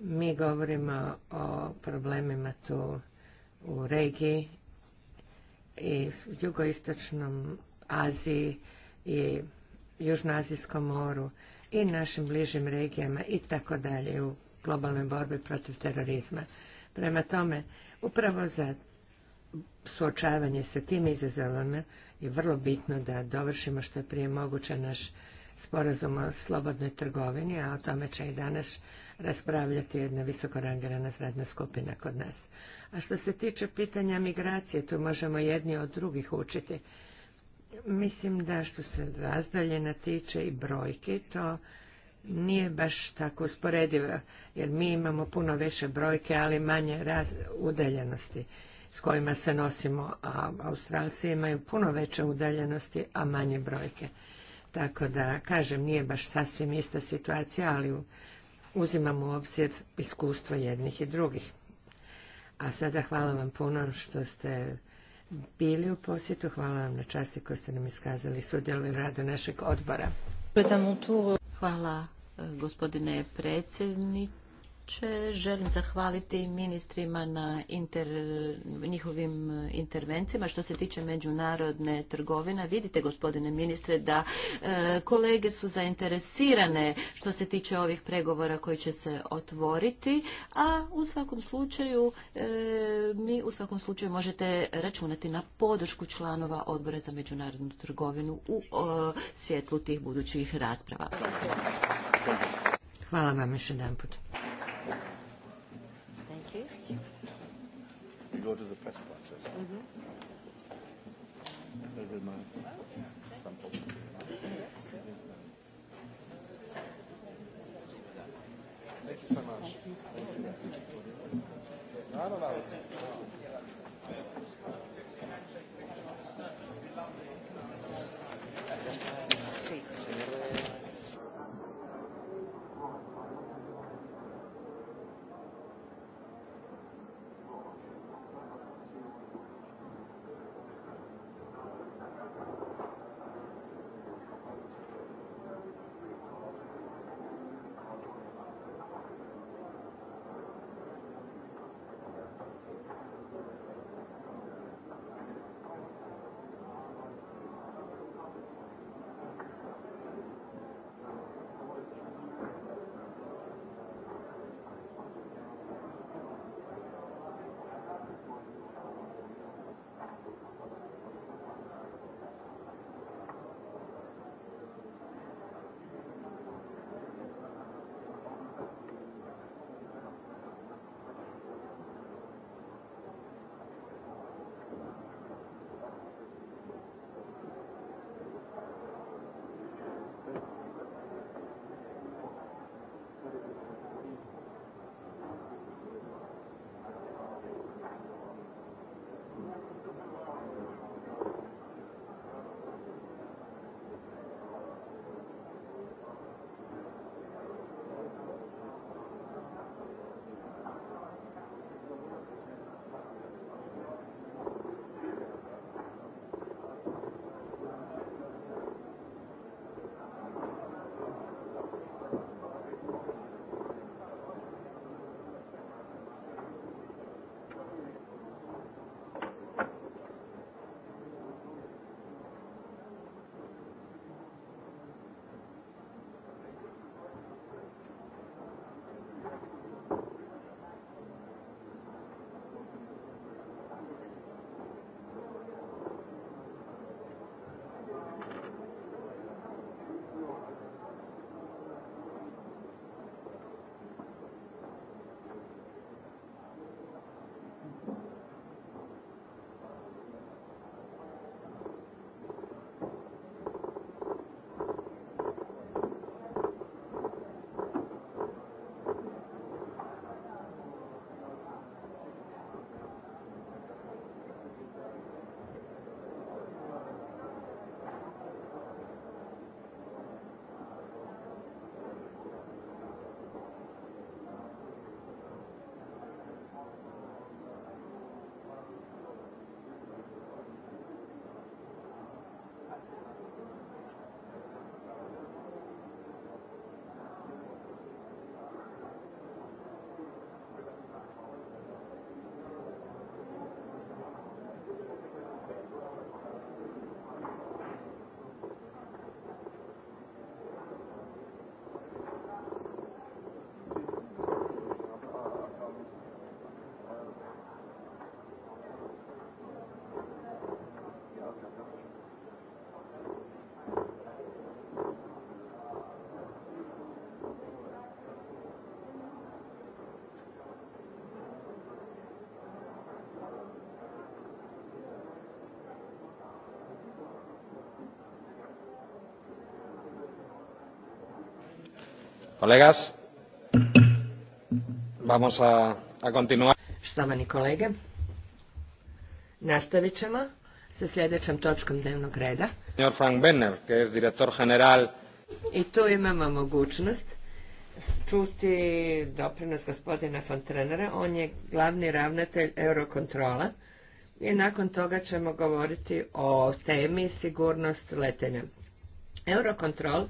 mi govorimo o problemima tu u regiji i jugoistočnom Aziji i Južnoazijskom moru i našim bližim regijama i tako dalje u globalnoj borbi protiv terorizma. Prema tome, upravo za suočavanje sa tim izazovama je vrlo bitno da dovršimo što je prije moguće naš sporazum o slobodnoj trgovini, a o tome će i danas raspravljati jedna visoko rangirana radna skupina kod nas. A što se tiče pitanja migracije, tu možemo jedni od drugih učiti. Mislim da što se razdaljena tiče i brojki, to nije baš tako usporedivo, jer mi imamo puno više brojke, ali manje udaljenosti s kojima se nosimo, a Australci imaju puno veće udaljenosti, a manje brojke. Tako da, kažem, nije baš sasvim ista situacija, ali uzimamo u obzir iskustvo jednih i drugih. A sada hvala vam puno što ste bili u posjetu, hvala vam na časti koju ste nam iskazali sudjelu i radu našeg odbora. Hvala e, gospodine predsjednik Želim zahvaliti ministrima na njihovim e, intervencijama. Što se tiče međunarodne trgovine, vidite gospodine ministre da e, kolege su zainteresirane što se tiče ovih pregovora koji će se otvoriti, a u svakom slučaju e, mi u svakom slučaju možete računati na podršku članova odbora za međunarodnu trgovinu u o, svjetlu tih budućih rasprava. Hvala vam još jedan put. go to the press boxes. Mm -hmm. Thank you so much. Thank you. I don't know. Kolegas, vamos Štovani kolege, nastavit ćemo sa sljedećom točkom dnevnog reda. Frank Benner, koji je general. I tu imamo mogućnost čuti doprinos gospodina Trenera. On je glavni ravnatelj Eurokontrola i nakon toga ćemo govoriti o temi sigurnost letenja. Eurokontrol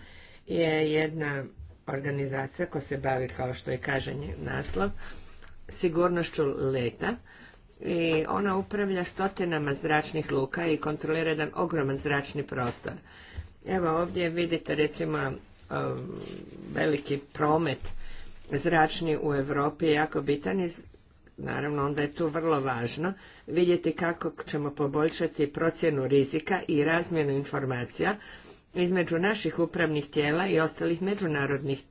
je jedna organizacija koja se bavi, kao što je kaže naslov, sigurnošću leta i ona upravlja stotinama zračnih luka i kontrolira jedan ogroman zračni prostor. Evo ovdje vidite recimo um, veliki promet zračni u Europi je jako bitan i naravno onda je tu vrlo važno vidjeti kako ćemo poboljšati procjenu rizika i razmjenu informacija između naših upravnih tijela i ostalih međunarodnih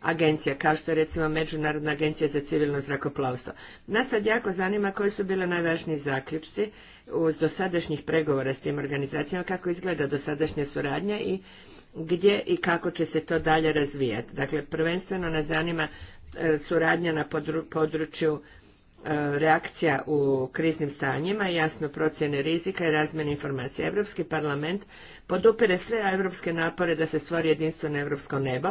agencija, kao što je recimo Međunarodna agencija za civilno zrakoplavstvo. Nas sad jako zanima koji su bile najvažniji zaključci uz dosadašnjih pregovora s tim organizacijama, kako izgleda dosadašnja suradnja i gdje i kako će se to dalje razvijati. Dakle, prvenstveno nas zanima e, suradnja na području E, reakcija u kriznim stanjima, jasno procjene rizika i razmjene informacija. Europski parlament podupire sve europske napore da se stvori jedinstveno europsko nebo,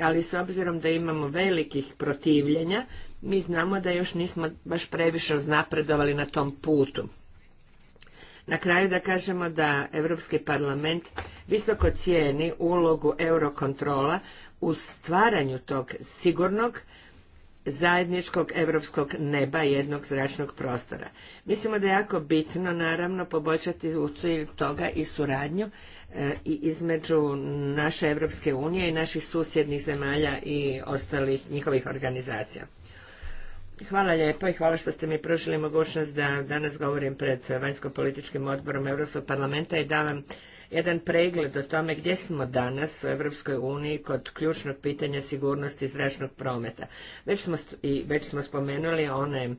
ali s obzirom da imamo velikih protivljenja, mi znamo da još nismo baš previše uznapredovali na tom putu. Na kraju da kažemo da Europski parlament visoko cijeni ulogu eurokontrola u stvaranju tog sigurnog zajedničkog europskog neba i jednog zračnog prostora. Mislimo da je jako bitno, naravno, poboljšati u cilju toga i suradnju e, i između naše Evropske unije i naših susjednih zemalja i ostalih njihovih organizacija. Hvala lijepo i hvala što ste mi pružili mogućnost da danas govorim pred vanjsko-političkim odborom Europskog parlamenta i da vam jedan pregled o tome gdje smo danas u Europskoj uniji kod ključnog pitanja sigurnosti zračnog prometa. Već smo, i već smo spomenuli one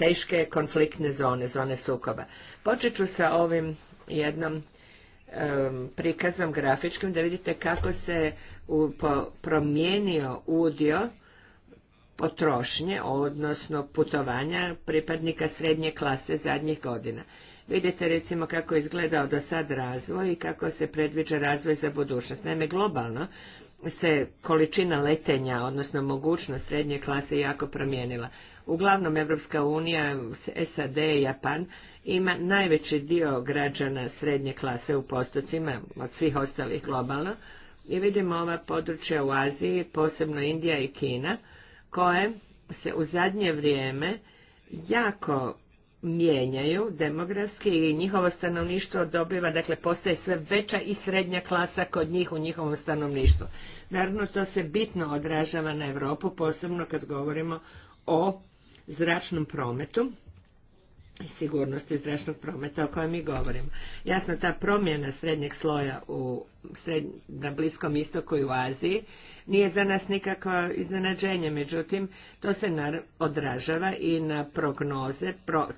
teške konfliktne zone, zone sukoba. Počet ću sa ovim jednom um, prikazom grafičkim da vidite kako se u, promijenio udio potrošnje, odnosno putovanja pripadnika srednje klase zadnjih godina vidite recimo kako je izgledao do sad razvoj i kako se predviđa razvoj za budućnost. Naime, globalno se količina letenja, odnosno mogućnost srednje klase jako promijenila. Uglavnom Evropska unija, SAD i Japan ima najveći dio građana srednje klase u postocima od svih ostalih globalno i vidimo ova područja u Aziji, posebno Indija i Kina, koje se u zadnje vrijeme jako mijenjaju demografski i njihovo stanovništvo dobiva, dakle postaje sve veća i srednja klasa kod njih u njihovom stanovništvu. Naravno to se bitno odražava na Europu, posebno kad govorimo o zračnom prometu i sigurnosti zračnog prometa o kojem mi govorimo. Jasno, ta promjena srednjeg sloja u, na Bliskom istoku i u Aziji nije za nas nikakvo iznenađenje, međutim, to se odražava i na prognoze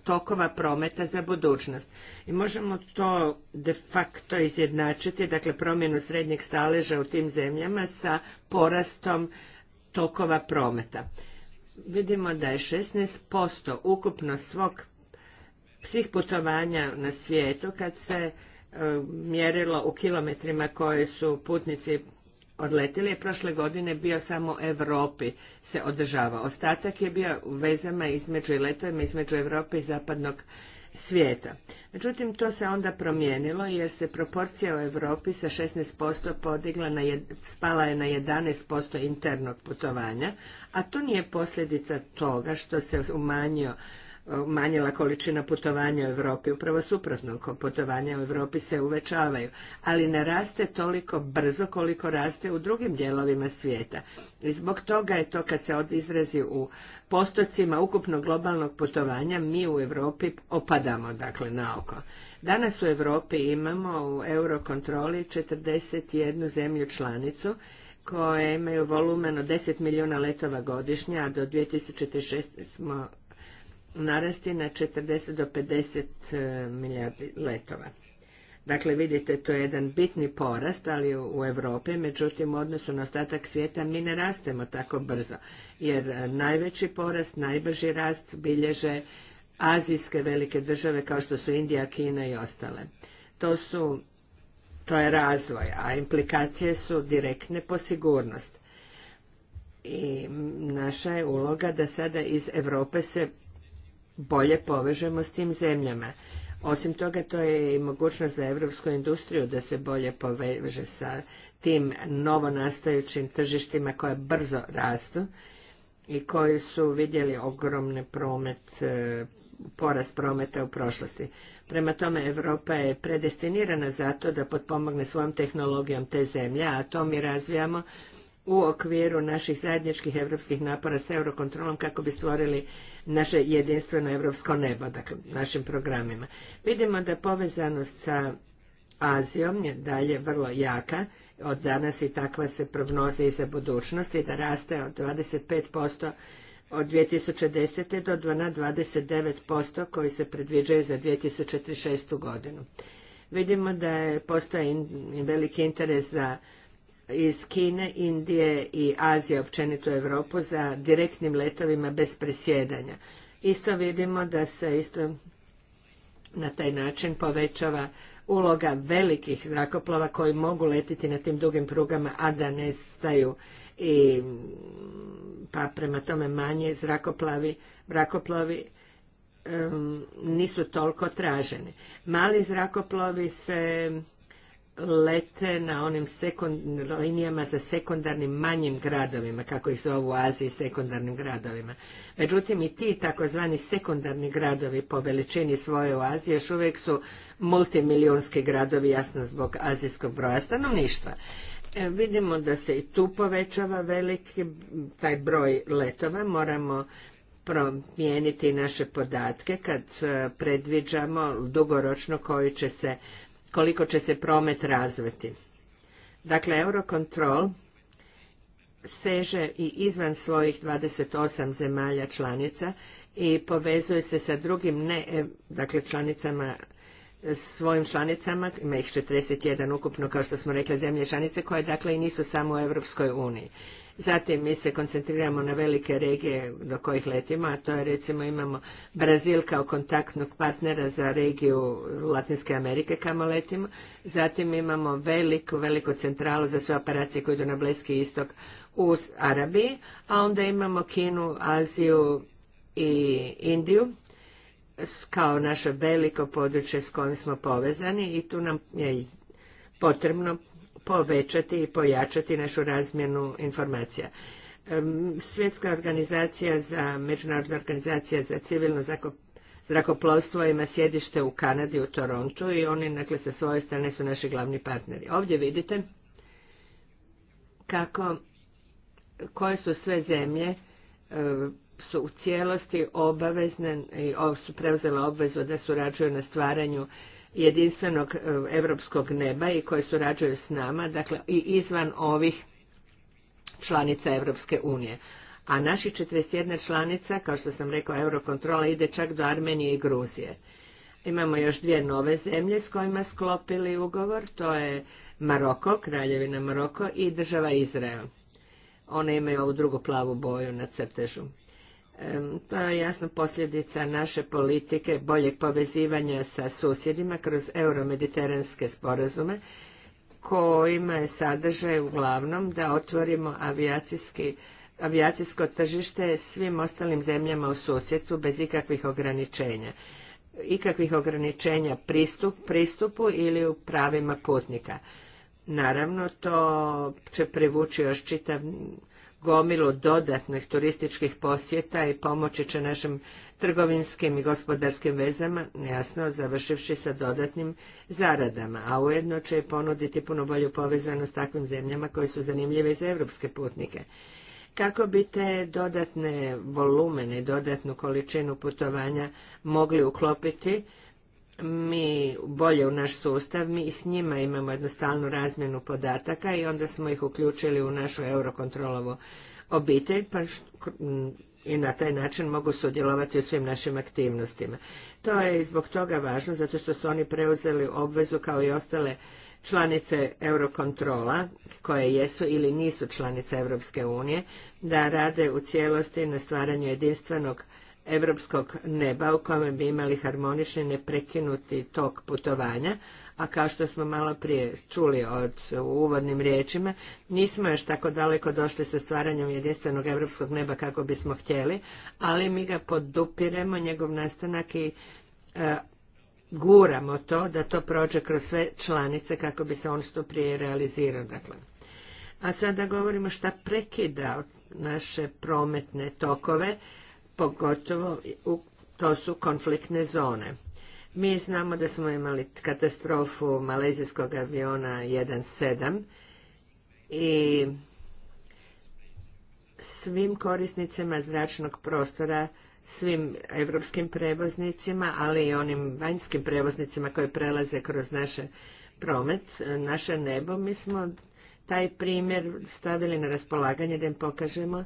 tokova prometa za budućnost. I možemo to de facto izjednačiti, dakle promjenu srednjeg staleža u tim zemljama sa porastom tokova prometa. Vidimo da je 16% ukupno svog svih putovanja na svijetu kad se e, mjerilo u kilometrima koje su putnici odletili je prošle godine bio samo Europi se održavao. Ostatak je bio u vezama između i letovima između Europe i zapadnog svijeta. Međutim, to se onda promijenilo jer se proporcija u Europi sa 16% podigla na spala je na 11% internog putovanja, a to nije posljedica toga što se umanjio umanjila količina putovanja u Europi. Upravo suprotno, putovanja u Europi se uvećavaju, ali ne raste toliko brzo koliko raste u drugim dijelovima svijeta. I zbog toga je to kad se izrazi u postocima ukupnog globalnog putovanja, mi u Europi opadamo, dakle, na oko. Danas u Europi imamo u eurokontroli 41 zemlju članicu koje imaju volumen od 10 milijuna letova godišnje, a do šest smo narasti na 40 do 50 e, milijardi letova. Dakle, vidite, to je jedan bitni porast, ali u Europi, međutim, u odnosu na ostatak svijeta mi ne rastemo tako brzo, jer e, najveći porast, najbrži rast bilježe azijske velike države kao što su Indija, Kina i ostale. To su, to je razvoj, a implikacije su direktne po sigurnost. I naša je uloga da sada iz Europe se bolje povežemo s tim zemljama. Osim toga, to je i mogućnost za evropsku industriju da se bolje poveže sa tim novonastajućim tržištima koje brzo rastu i koji su vidjeli ogromni promet, e, porast prometa u prošlosti. Prema tome, Europa je predestinirana zato da potpomogne svojom tehnologijom te zemlje, a to mi razvijamo u okviru naših zajedničkih europskih napora sa eurokontrolom kako bi stvorili naše jedinstveno europsko nebo, dakle našim programima. Vidimo da povezanost sa Azijom je dalje vrlo jaka, od danas i takva se prognoze i za budućnost i da raste od 25% od 2010. do na 29% koji se predviđaju za 2036. godinu. Vidimo da je postoji veliki interes za iz Kine, Indije i Azije općenito Europu za direktnim letovima bez presjedanja. Isto vidimo da se isto na taj način povećava uloga velikih zrakoplova koji mogu letiti na tim dugim prugama, a da nestaju staju i pa prema tome manje zrakoplavi, zrakoplovi nisu toliko traženi. Mali zrakoplovi se lete na onim linijama za sekundarnim manjim gradovima, kako ih zovu u Aziji sekundarnim gradovima. Međutim, i ti takozvani sekundarni gradovi po veličini svoje u Aziji još uvijek su multimilijonski gradovi, jasno zbog azijskog broja stanovništva. E, vidimo da se i tu povećava veliki taj broj letova, moramo promijeniti naše podatke kad e, predviđamo dugoročno koji će se koliko će se promet razviti. Dakle, Eurocontrol seže i izvan svojih 28 zemalja članica i povezuje se sa drugim ne, e, dakle članicama svojim članicama, ima ih 41 ukupno, kao što smo rekli, zemlje članice koje dakle i nisu samo u Europskoj uniji. Zatim mi se koncentriramo na velike regije do kojih letimo, a to je recimo imamo Brazil kao kontaktnog partnera za regiju Latinske Amerike kamo letimo. Zatim imamo veliku, veliku centralu za sve operacije koje idu na Bleski istok u Arabiji, a onda imamo Kinu, Aziju i Indiju kao naše veliko područje s kojim smo povezani i tu nam je potrebno povećati i pojačati našu razmjenu informacija. Svjetska organizacija za, međunarodna organizacija za civilno zrakoplovstvo ima sjedište u Kanadi, u Torontu i oni dakle sa svoje strane su naši glavni partneri. Ovdje vidite kako, koje su sve zemlje e, su u cijelosti obavezne i su preuzele obvezu da surađuju na stvaranju jedinstvenog europskog neba i koje surađuju s nama, dakle i izvan ovih članica Europske unije. A naših 41 članica, kao što sam rekla, Eurokontrola ide čak do Armenije i Gruzije. Imamo još dvije nove zemlje s kojima sklopili ugovor, to je Maroko, Kraljevina Maroko i država Izrael. One imaju ovu drugu plavu boju na crtežu. To je jasno posljedica naše politike boljeg povezivanja sa susjedima kroz euromediteranske sporazume kojima je sadržaj uglavnom da otvorimo avijacijski avijacijsko tržište svim ostalim zemljama u susjedstvu bez ikakvih ograničenja. Ikakvih ograničenja pristup, pristupu ili u pravima putnika. Naravno, to će privući još čitav gomilu dodatnih turističkih posjeta i pomoći će našim trgovinskim i gospodarskim vezama, nejasno završivši sa dodatnim zaradama, a ujedno će ponuditi puno bolju povezanost s takvim zemljama koje su zanimljive za evropske putnike. Kako bi te dodatne volumene, dodatnu količinu putovanja mogli uklopiti mi bolje u naš sustav, mi s njima imamo jednostavnu razmjenu podataka i onda smo ih uključili u našu eurokontrolovu obitelj pa i na taj način mogu sudjelovati u svim našim aktivnostima. To je i zbog toga važno, zato što su oni preuzeli obvezu kao i ostale članice Eurokontrola, koje jesu ili nisu članice Europske unije, da rade u cijelosti na stvaranju jedinstvenog europskog neba u kome bi imali harmonični neprekinuti tok putovanja, a kao što smo malo prije čuli od uvodnim riječima, nismo još tako daleko došli sa stvaranjem jedinstvenog europskog neba kako bismo htjeli, ali mi ga podupiremo, njegov nastanak i e, guramo to da to prođe kroz sve članice kako bi se on što prije realizirao. Dakle. A sada govorimo šta prekida naše prometne tokove pogotovo u, to su konfliktne zone. Mi znamo da smo imali katastrofu malezijskog aviona 1.7 i svim korisnicima zračnog prostora, svim evropskim prevoznicima, ali i onim vanjskim prevoznicima koji prelaze kroz naše promet, naše nebo, mi smo taj primjer stavili na raspolaganje da im pokažemo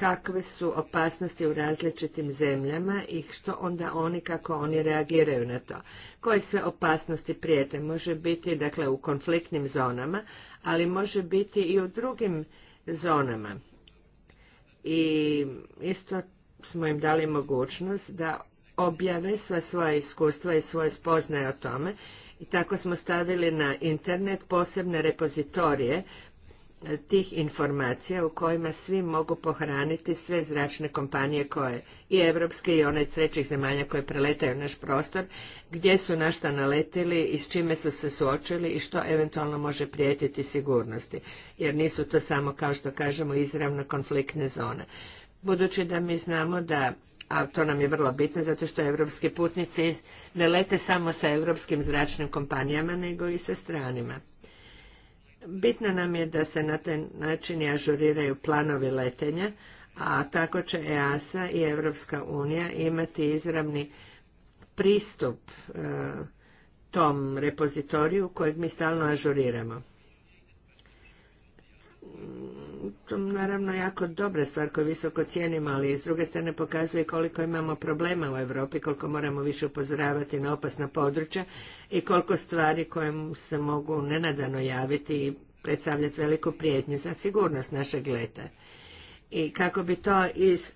kakve su opasnosti u različitim zemljama i što onda oni, kako oni reagiraju na to. Koje sve opasnosti prijete? Može biti, dakle, u konfliktnim zonama, ali može biti i u drugim zonama. I isto smo im dali mogućnost da objave sva svoja iskustva i svoje spoznaje o tome i tako smo stavili na internet posebne repozitorije tih informacija u kojima svi mogu pohraniti sve zračne kompanije koje i evropske i one trećih zemalja koje preletaju naš prostor, gdje su našta naletili i s čime su se suočili i što eventualno može prijetiti sigurnosti, jer nisu to samo, kao što kažemo, izravno konfliktne zone. Budući da mi znamo da a to nam je vrlo bitno zato što evropski putnici ne lete samo sa evropskim zračnim kompanijama nego i sa stranima. Bitno nam je da se na taj način ažuriraju planovi letenja, a tako će EASA i Europska unija imati izravni pristup e, tom repozitoriju kojeg mi stalno ažuriramo to naravno jako dobra stvar koju visoko cijenimo, ali s druge strane pokazuje koliko imamo problema u Europi, koliko moramo više upozoravati na opasna područja i koliko stvari koje se mogu nenadano javiti i predstavljati veliku prijetnju za sigurnost našeg leta. I kako bi to iz,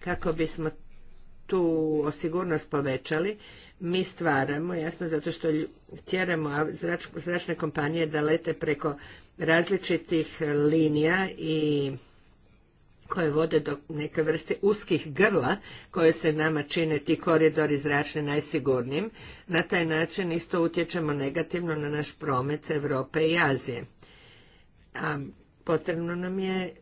kako bismo tu osigurnost povećali, mi stvaramo, jasno, zato što tjeramo zračne kompanije da lete preko različitih linija i koje vode do neke vrste uskih grla koje se nama čine ti koridori zračni najsigurnijim. Na taj način isto utječemo negativno na naš promet Europe i Azije. A potrebno nam je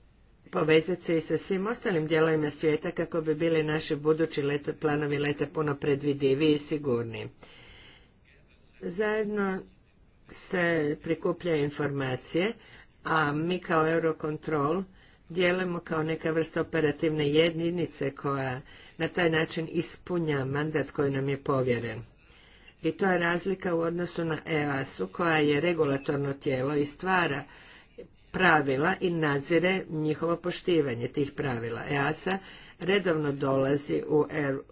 povezati se i sa svim ostalim dijelovima svijeta kako bi bili naši budući planovi leta puno predvidiviji i sigurniji. Zajedno se prikupljaju informacije, a mi kao Eurocontrol dijelimo kao neka vrsta operativne jedinice koja na taj način ispunja mandat koji nam je povjeren. I to je razlika u odnosu na EAS-u koja je regulatorno tijelo i stvara pravila i nadzire njihovo poštivanje tih pravila. EASA redovno dolazi u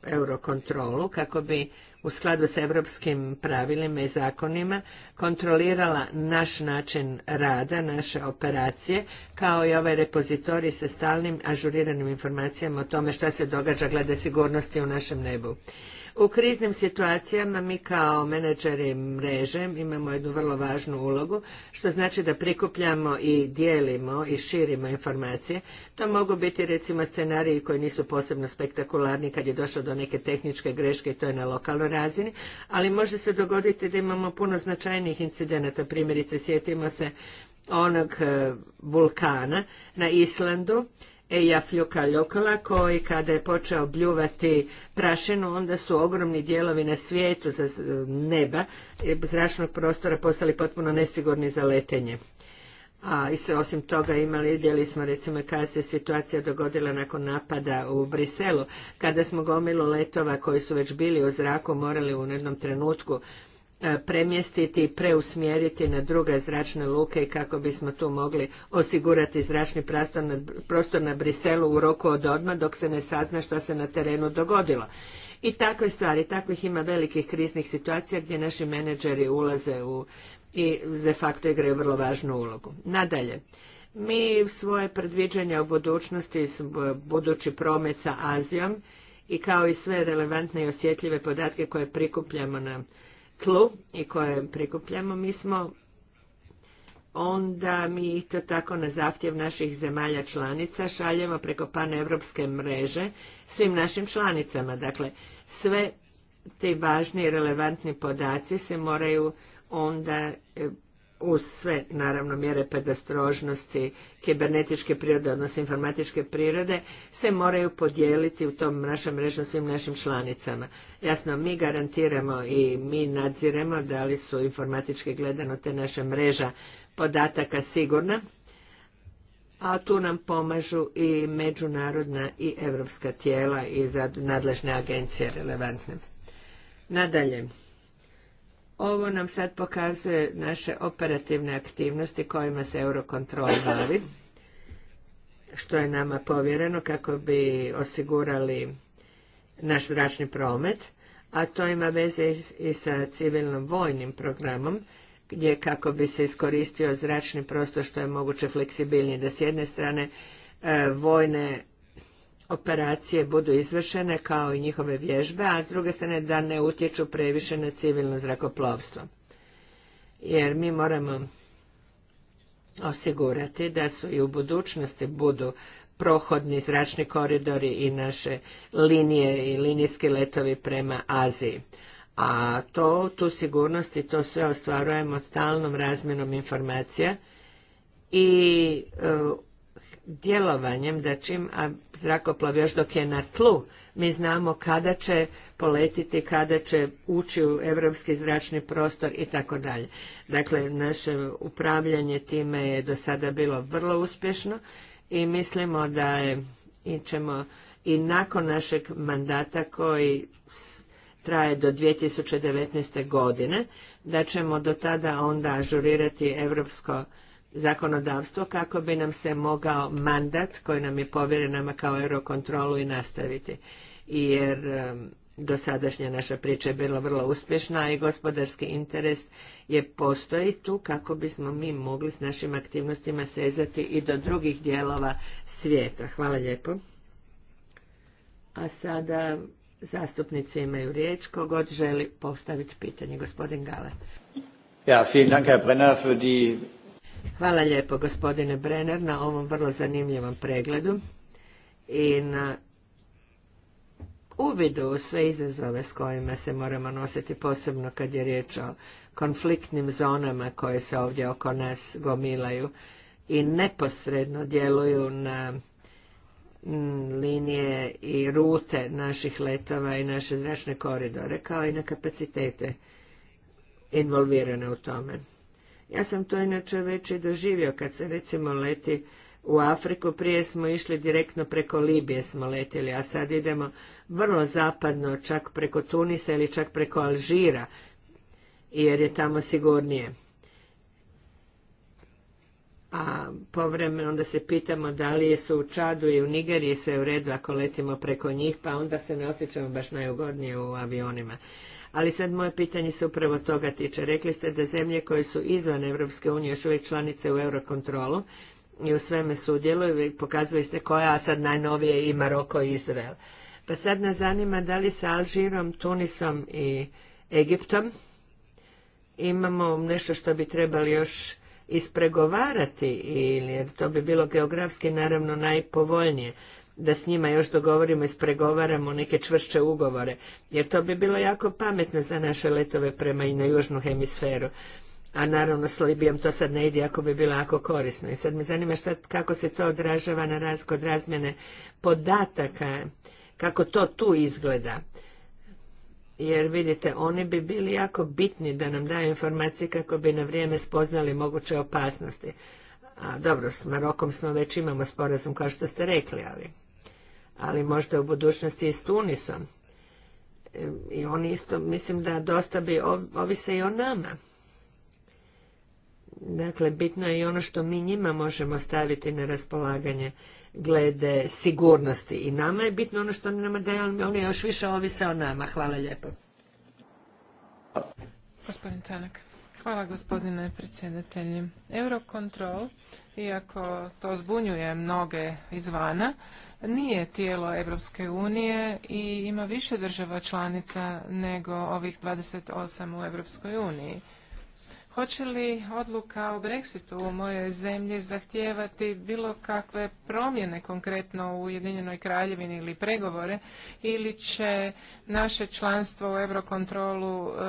eurocontrolu kako bi u skladu s europskim pravilima i zakonima kontrolirala naš način rada, naše operacije, kao i ovaj repozitorij sa stalnim ažuriranim informacijama o tome što se događa glede sigurnosti u našem nebu. U kriznim situacijama mi kao menadžeri mreže imamo jednu vrlo važnu ulogu, što znači da prikupljamo i dijelimo i širimo informacije. To mogu biti recimo scenariji koji nisu posebno spektakularni kad je došlo do neke tehničke greške i to je na lokalnoj razini, ali može se dogoditi da imamo puno značajnih incidenata. Primjerice, sjetimo se onog e, vulkana na Islandu Eja Fljuka Ljokola koji kada je počeo bljuvati prašinu onda su ogromni dijelovi na svijetu za neba i zračnog prostora postali potpuno nesigurni za letenje. A i sve osim toga imali, vidjeli smo recimo kada se situacija dogodila nakon napada u Briselu, kada smo gomilu letova koji su već bili u zraku morali u jednom trenutku E, premjestiti i preusmjeriti na druge zračne luke i kako bismo tu mogli osigurati zračni prostor na Briselu u roku od odmah dok se ne sazna što se na terenu dogodilo. I takve stvari, takvih ima velikih kriznih situacija gdje naši menadžeri ulaze u i de facto igraju vrlo važnu ulogu. Nadalje, mi svoje predviđanja u budućnosti, budući promet sa Azijom i kao i sve relevantne i osjetljive podatke koje prikupljamo na tlu i koje prikupljamo, mi smo onda mi to tako na zahtjev naših zemalja članica šaljemo preko paneuropske mreže svim našim članicama. Dakle, sve ti važni i relevantni podaci se moraju onda uz sve naravno mjere pedastrožnosti kibernetičke prirode, odnosno informatičke prirode, se moraju podijeliti u tom našem mrežu svim našim članicama. Jasno, mi garantiramo i mi nadziremo da li su informatički gledano te naše mreža podataka sigurna, a tu nam pomažu i međunarodna i evropska tijela i nadležne agencije relevantne. Nadalje, ovo nam sad pokazuje naše operativne aktivnosti kojima se Eurokontrol bavi, što je nama povjereno kako bi osigurali naš zračni promet, a to ima veze i sa civilnom vojnim programom, gdje kako bi se iskoristio zračni prostor što je moguće fleksibilnije, da s jedne strane e, vojne operacije budu izvršene kao i njihove vježbe, a s druge strane da ne utječu previše na civilno zrakoplovstvo. Jer mi moramo osigurati da su i u budućnosti budu prohodni zračni koridori i naše linije i linijski letovi prema Aziji. A to, tu sigurnost i to sve ostvarujemo stalnom razmjenom informacija i e, djelovanjem da čim a zrakoplov još dok je na tlu, mi znamo kada će poletiti, kada će ući u europski zračni prostor i tako dalje. Dakle, naše upravljanje time je do sada bilo vrlo uspješno i mislimo da je, i ćemo i nakon našeg mandata koji traje do 2019. godine, da ćemo do tada onda ažurirati europsko zakonodavstvo kako bi nam se mogao mandat koji nam je povjeren nama kao eurokontrolu i nastaviti. Jer dosadašnja naša priča je bila vrlo uspješna i gospodarski interes je postoji tu kako bismo mi mogli s našim aktivnostima sezati i do drugih dijelova svijeta. Hvala lijepo. A sada zastupnici imaju riječ. Kogod želi postaviti pitanje, gospodin Gale. Ja, vielen Dank, Herr Brenner, für die Hvala lijepo gospodine Brenner na ovom vrlo zanimljivom pregledu i na uvidu u sve izazove s kojima se moramo nositi posebno kad je riječ o konfliktnim zonama koje se ovdje oko nas gomilaju i neposredno djeluju na mm, linije i rute naših letova i naše zračne koridore, kao i na kapacitete involvirane u tome. Ja sam to inače već i doživio kad se recimo leti u Afriku. Prije smo išli direktno preko Libije smo letjeli, a sad idemo vrlo zapadno, čak preko Tunisa ili čak preko Alžira, jer je tamo sigurnije. A povremeno onda se pitamo da li su u Čadu i u Nigeriji sve u redu ako letimo preko njih, pa onda se ne osjećamo baš najugodnije u avionima. Ali sad moje pitanje se upravo toga tiče. Rekli ste da zemlje koje su izvan Europske unije još uvijek članice u eurokontrolu i u sveme sudjeluju i pokazali ste koja, a sad najnovije i Maroko i Izrael. Pa sad nas zanima da li sa Alžirom, Tunisom i Egiptom imamo nešto što bi trebali još ispregovarati ili jer to bi bilo geografski naravno najpovoljnije da s njima još dogovorimo, i spregovaramo neke čvršće ugovore, jer to bi bilo jako pametno za naše letove prema i na južnu hemisferu. A naravno s Libijom to sad ne ide, ako bi bilo jako korisno. I sad me zanima kako se to odražava na raz, kod razmjene podataka, kako to tu izgleda. Jer vidite, oni bi bili jako bitni da nam daju informacije kako bi na vrijeme spoznali moguće opasnosti. A dobro, s Marokom smo već imamo sporazum kao što ste rekli, ali ali možda u budućnosti i s Tunisom. E, I oni isto, mislim da dosta bi ovise i o nama. Dakle, bitno je i ono što mi njima možemo staviti na raspolaganje glede sigurnosti. I nama je bitno ono što oni nama daje, ali oni još više ovise o nama. Hvala lijepo. Gospodin Canak. Hvala gospodine predsjedatelji. Eurocontrol, iako to zbunjuje mnoge izvana, nije tijelo Europske unije i ima više država članica nego ovih 28 u Europskoj uniji. Hoće li odluka o Brexitu u mojoj zemlji zahtijevati bilo kakve promjene konkretno u Ujedinjenoj kraljevini ili pregovore ili će naše članstvo u Eurokontrolu e,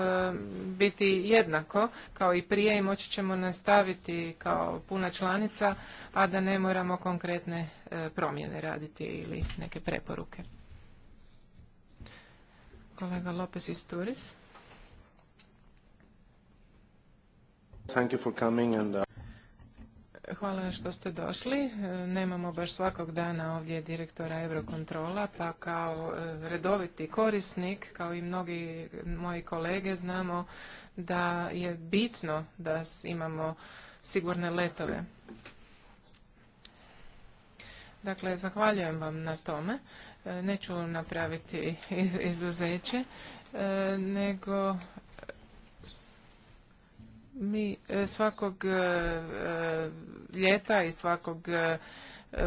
biti jednako kao i prije i moći ćemo nastaviti kao puna članica, a da ne moramo konkretne e, promjene raditi ili neke preporuke. Kolega Lopez iz Turis. Thank you for coming and, uh, Hvala što ste došli. E, nemamo baš svakog dana ovdje direktora Eurokontrola, pa kao e, redoviti korisnik, kao i mnogi moji kolege, znamo da je bitno da imamo sigurne letove. Dakle, zahvaljujem vam na tome. E, neću napraviti izuzeće, nego mi e, svakog e, e, ljeta i svakog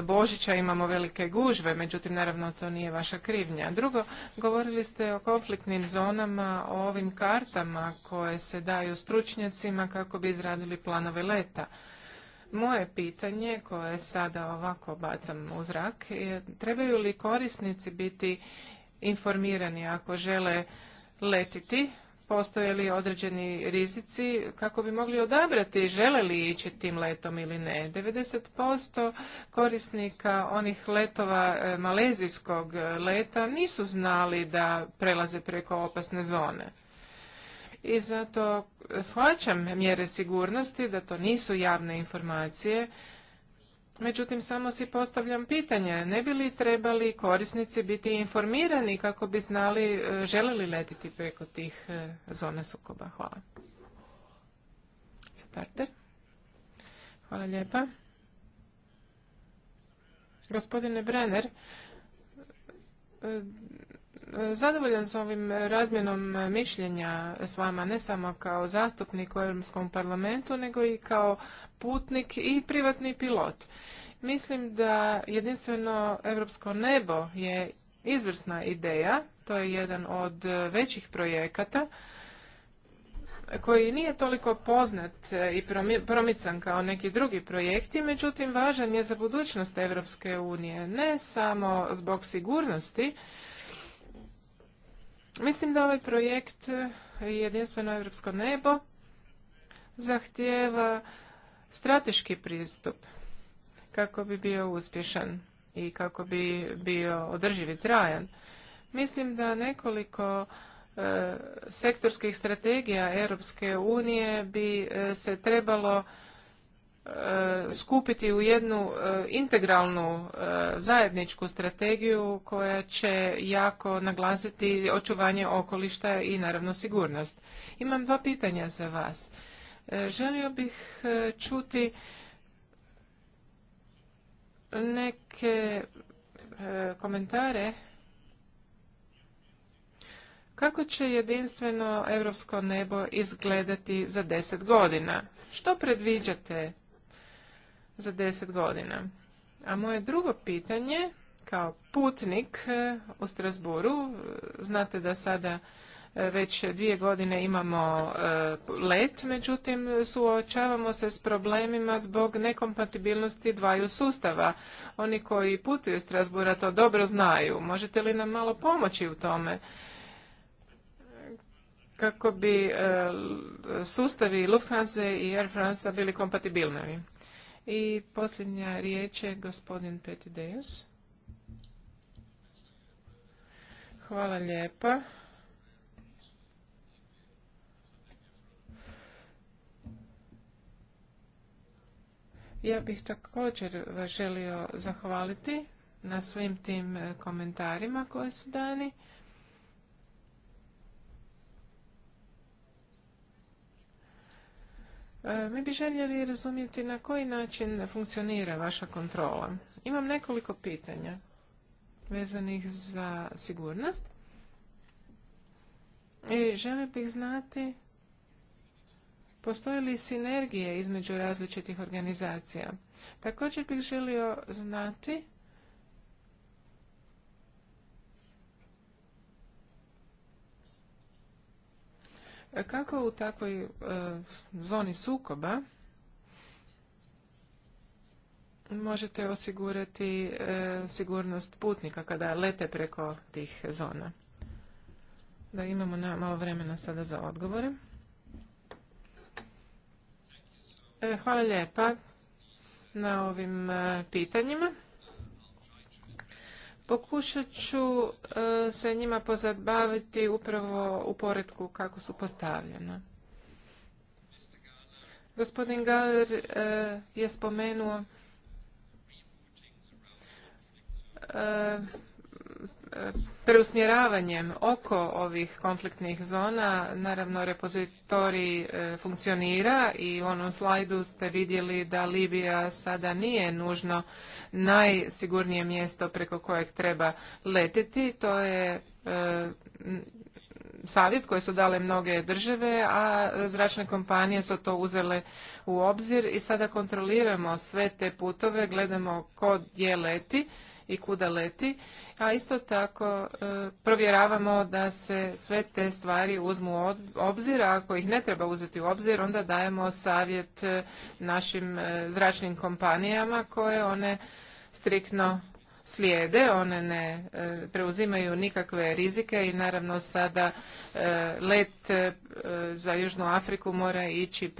Božića imamo velike gužve, međutim naravno to nije vaša krivnja. Drugo, govorili ste o konfliktnim zonama, o ovim kartama koje se daju stručnjacima kako bi izradili planove leta. Moje pitanje koje sada ovako bacam u zrak je trebaju li korisnici biti informirani ako žele letiti postoje li određeni rizici kako bi mogli odabrati žele li ići tim letom ili ne. 90% korisnika onih letova e, malezijskog e, leta nisu znali da prelaze preko opasne zone. I zato shvaćam mjere sigurnosti da to nisu javne informacije Međutim, samo si postavljam pitanje, ne bi li trebali korisnici biti informirani kako bi znali e, žele li letiti preko tih e, zona sukoba? Hvala. Starter. Hvala lijepa. Gospodine Brenner, e, zadovoljan s ovim razmjenom mišljenja s vama, ne samo kao zastupnik u Europskom parlamentu, nego i kao putnik i privatni pilot. Mislim da jedinstveno europsko nebo je izvrsna ideja, to je jedan od većih projekata koji nije toliko poznat i promican kao neki drugi projekti, međutim važan je za budućnost Europske unije, ne samo zbog sigurnosti, Mislim da ovaj projekt eh, Jedinstveno europsko nebo zahtijeva strateški pristup kako bi bio uspješan i kako bi bio održiv i trajan. Mislim da nekoliko eh, sektorskih strategija Europske unije bi eh, se trebalo E, skupiti u jednu e, integralnu e, zajedničku strategiju koja će jako naglasiti očuvanje okolišta i naravno sigurnost. Imam dva pitanja za vas. Želio bih čuti neke komentare kako će jedinstveno europsko nebo izgledati za deset godina? Što predviđate za deset godina. A moje drugo pitanje, kao putnik e, u Strasburu, e, znate da sada e, već dvije godine imamo let, međutim suočavamo se s problemima zbog nekompatibilnosti dvaju sustava. Oni koji putuju iz Strasbura to dobro znaju. Možete li nam malo pomoći u tome? kako bi sustavi Lufthansa i Air France bili kompatibilni. I posljednja riječ je gospodin Petideus. Hvala lijepa. Ja bih također želio zahvaliti na svim tim komentarima koje su dani. E, mi bi željeli razumjeti na koji način funkcionira vaša kontrola. Imam nekoliko pitanja vezanih za sigurnost. I želim bih znati postoje li sinergije između različitih organizacija. Također bih želio znati Kako u takvoj e, zoni sukoba možete osigurati e, sigurnost putnika kada lete preko tih zona? Da imamo na malo vremena sada za odgovore. E, hvala lijepa na ovim pitanjima. Pokušat ću e, se njima pozabaviti upravo u poretku kako su postavljena. Gospodin Galer e, je spomenuo e, preusmjeravanjem oko ovih konfliktnih zona, naravno repozitorij e, funkcionira i u onom slajdu ste vidjeli da Libija sada nije nužno najsigurnije mjesto preko kojeg treba letiti. To je e, savjet koje su dale mnoge države, a zračne kompanije su to uzele u obzir i sada kontroliramo sve te putove, gledamo ko gdje leti i kuda leti a isto tako e, provjeravamo da se sve te stvari uzmu u obzir, a ako ih ne treba uzeti u obzir, onda dajemo savjet e, našim e, zračnim kompanijama koje one striktno slijede, one ne preuzimaju nikakve rizike i naravno sada let za Južnu Afriku mora ići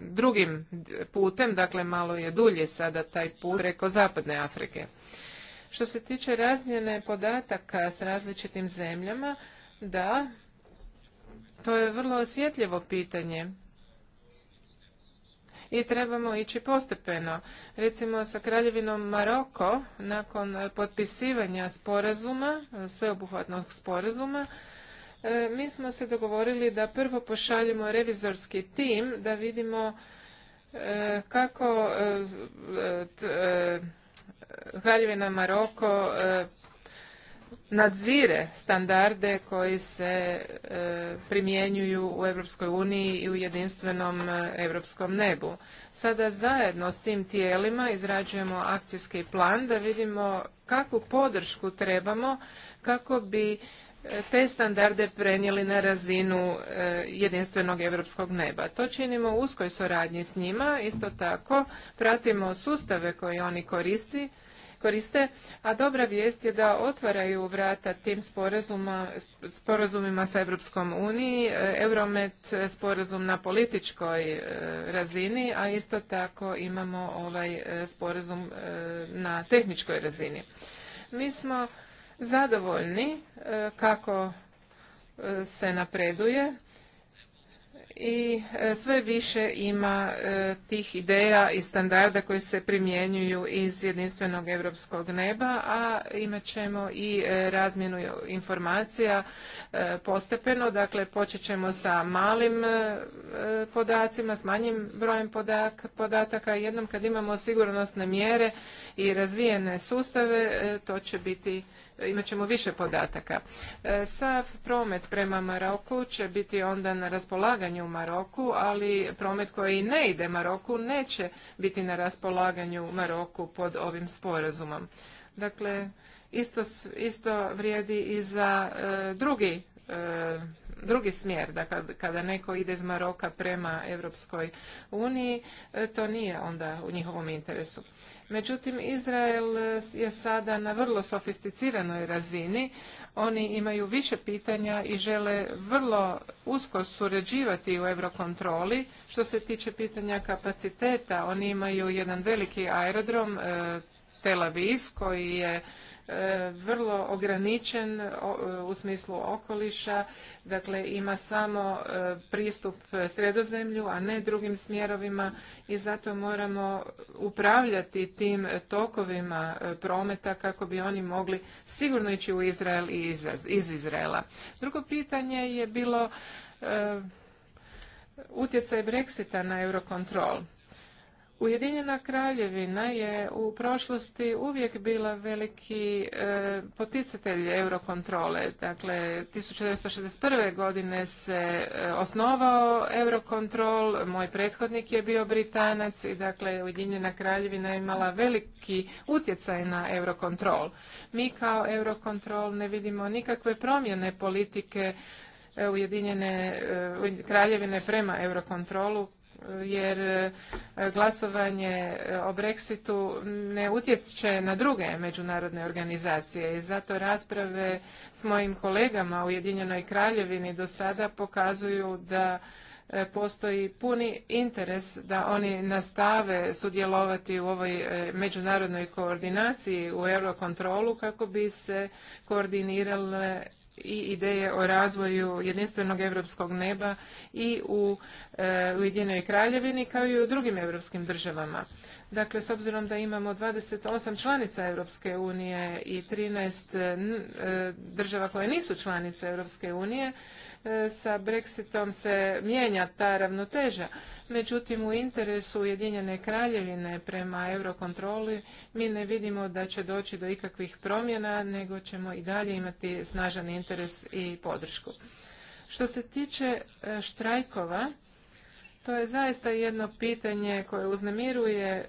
drugim putem, dakle malo je dulje sada taj put preko Zapadne Afrike. Što se tiče razmjene podataka s različitim zemljama, da, to je vrlo osjetljivo pitanje i trebamo ići postepeno. Recimo sa kraljevinom Maroko, nakon potpisivanja sporazuma, sveobuhvatnog sporazuma, e, mi smo se dogovorili da prvo pošaljemo revizorski tim da vidimo e, kako e, Kraljevina Maroko e, nadzire standarde koji se e, primjenjuju u Europskoj uniji i u jedinstvenom europskom nebu. Sada zajedno s tim tijelima izrađujemo akcijski plan da vidimo kakvu podršku trebamo kako bi E, te standarde prenijeli na razinu e, jedinstvenog europskog neba. To činimo u uskoj suradnji s njima, isto tako pratimo sustave koje oni koristi, koriste, a dobra vijest je da otvaraju vrata tim sporazumima sa Europskom uniji, e, Euromet sporazum na političkoj razini, a isto tako imamo ovaj sporazum na tehničkoj razini. Mi smo zadovoljni e, kako e, se napreduje i e, sve više ima tih ideja i standarda koji se primjenjuju iz jedinstvenog evropskog neba, a imat ćemo i razmjenu informacija postepeno. Dakle, počet ćemo sa malim podacima, s manjim brojem podataka. Jednom kad imamo sigurnosne mjere i razvijene sustave, to će biti imat ćemo više podataka. E, sav promet prema Maroku će biti onda na raspolaganju u Maroku, ali promet koji ne ide Maroku neće biti na raspolaganju Maroku pod ovim sporazumom. Dakle, isto, isto vrijedi i za e, drugi e, drugi smjer, da kada neko ide iz Maroka prema Europskoj uniji, to nije onda u njihovom interesu. Međutim, Izrael e, je sada na vrlo sofisticiranoj razini. Oni imaju više pitanja i žele vrlo usko surađivati u eurokontroli. Što se tiče pitanja kapaciteta, oni imaju jedan veliki aerodrom e, Tel Aviv koji je E, vrlo ograničen e, u smislu okoliša, dakle ima samo e, pristup sredozemlju, a ne drugim smjerovima i zato moramo upravljati tim tokovima prometa kako bi oni mogli sigurno ići u Izrael i iz Izraela. Drugo pitanje je bilo utjecaj Brexita na Eurocontrol. Ujedinjena kraljevina je u prošlosti uvijek bila veliki e, poticatelj eurokontrole. Dakle, 1961. godine se e, osnovao eurokontrol, moj prethodnik je bio Britanac i dakle Ujedinjena kraljevina je imala veliki utjecaj na eurokontrol. Mi kao eurokontrol ne vidimo nikakve promjene politike e, Ujedinjene kraljevine prema eurokontrolu jer e, glasovanje e, o Brexitu ne utječe na druge međunarodne organizacije i zato rasprave s mojim kolegama u Ujedinjenoj Kraljevini do sada pokazuju da e, postoji puni interes da oni nastave sudjelovati u ovoj međunarodnoj koordinaciji u eurokontrolu kako bi se koordinirale i ideje o razvoju jedinstvenog europskog neba i u e, kraljevini kao i u drugim europskim državama. Dakle, s obzirom da imamo 28 članica Europske unije i 13 e, e, država koje nisu članice Europske unije, e, sa Brexitom se mijenja ta ravnoteža. Međutim, u interesu Ujedinjene kraljevine prema eurokontroli mi ne vidimo da će doći do ikakvih promjena, nego ćemo i dalje imati snažan interes i podršku. Što se tiče e, štrajkova, to je zaista jedno pitanje koje uznemiruje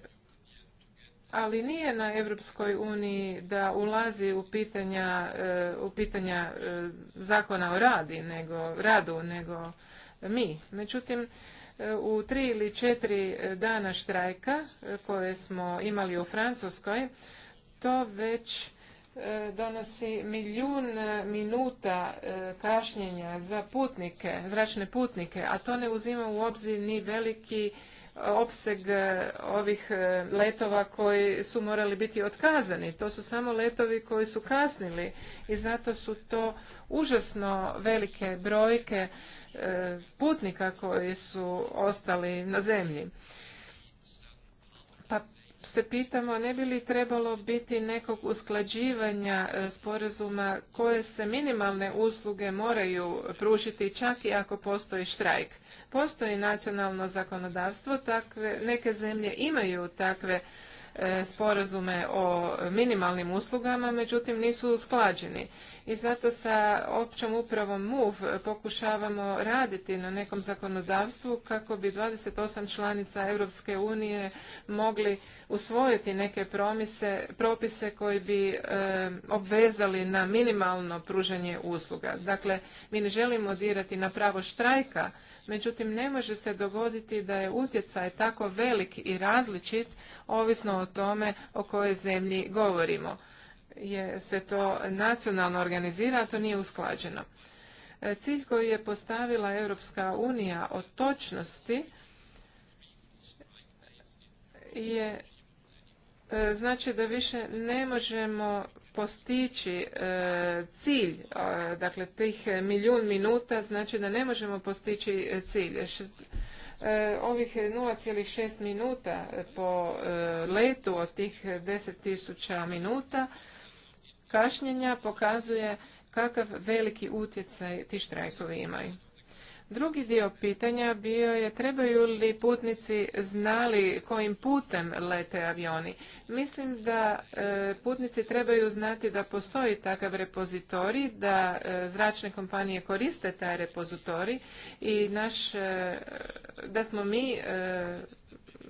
ali nije na Europskoj uniji da ulazi u pitanja, e, u pitanja e, zakona o radi, nego, radu, nego mi. Međutim, u tri ili četiri dana štrajka e, koje smo imali u Francuskoj, to već e, donosi milijun e, minuta kašnjenja za putnike, zračne putnike, a to ne uzima u obzir ni veliki opseg ovih letova koji su morali biti otkazani. To su samo letovi koji su kasnili i zato su to užasno velike brojke putnika koji su ostali na zemlji. Pa se pitamo ne bi li trebalo biti nekog usklađivanja e, sporazuma koje se minimalne usluge moraju pružiti čak i ako postoji štrajk. Postoji nacionalno zakonodavstvo, takve, neke zemlje imaju takve e, sporazume o minimalnim uslugama, međutim nisu usklađeni i zato sa općom upravom MUV pokušavamo raditi na nekom zakonodavstvu kako bi 28 članica Europske unije mogli usvojiti neke promise, propise koji bi e, obvezali na minimalno pružanje usluga. Dakle, mi ne želimo dirati na pravo štrajka, međutim ne može se dogoditi da je utjecaj tako velik i različit ovisno o tome o kojoj zemlji govorimo je se to nacionalno organizira, a to nije usklađeno. E, cilj koji je postavila Europska unija o točnosti je e, znači da više ne možemo postići e, cilj, dakle tih milijun minuta, znači da ne možemo postići cilj. ovih 0,6 minuta po letu od tih 10.000 minuta kašnjenja pokazuje kakav veliki utjecaj ti štrajkovi imaju. Drugi dio pitanja bio je trebaju li putnici znali kojim putem lete avioni. Mislim da e, putnici trebaju znati da postoji takav repozitorij, da e, zračne kompanije koriste taj repozitorij i naš, e, da smo mi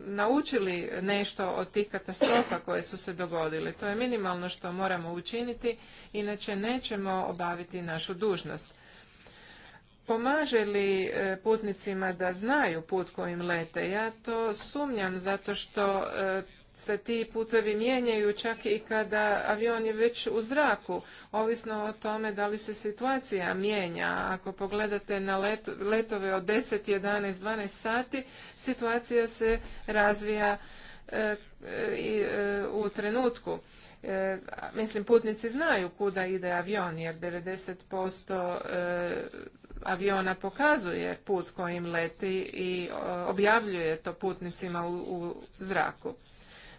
naučili nešto od tih katastrofa koje su se dogodile. To je minimalno što moramo učiniti, inače nećemo obaviti našu dužnost. Pomaže li e, putnicima da znaju put kojim lete? Ja to sumnjam zato što e, se ti putovi mijenjaju čak i kada avion je već u zraku, ovisno o tome da li se situacija mijenja. Ako pogledate na letove od 10, 11, 12 sati, situacija se razvija e, e, u trenutku. E, mislim, putnici znaju kuda ide avion, jer 90% aviona pokazuje put kojim leti i objavljuje to putnicima u zraku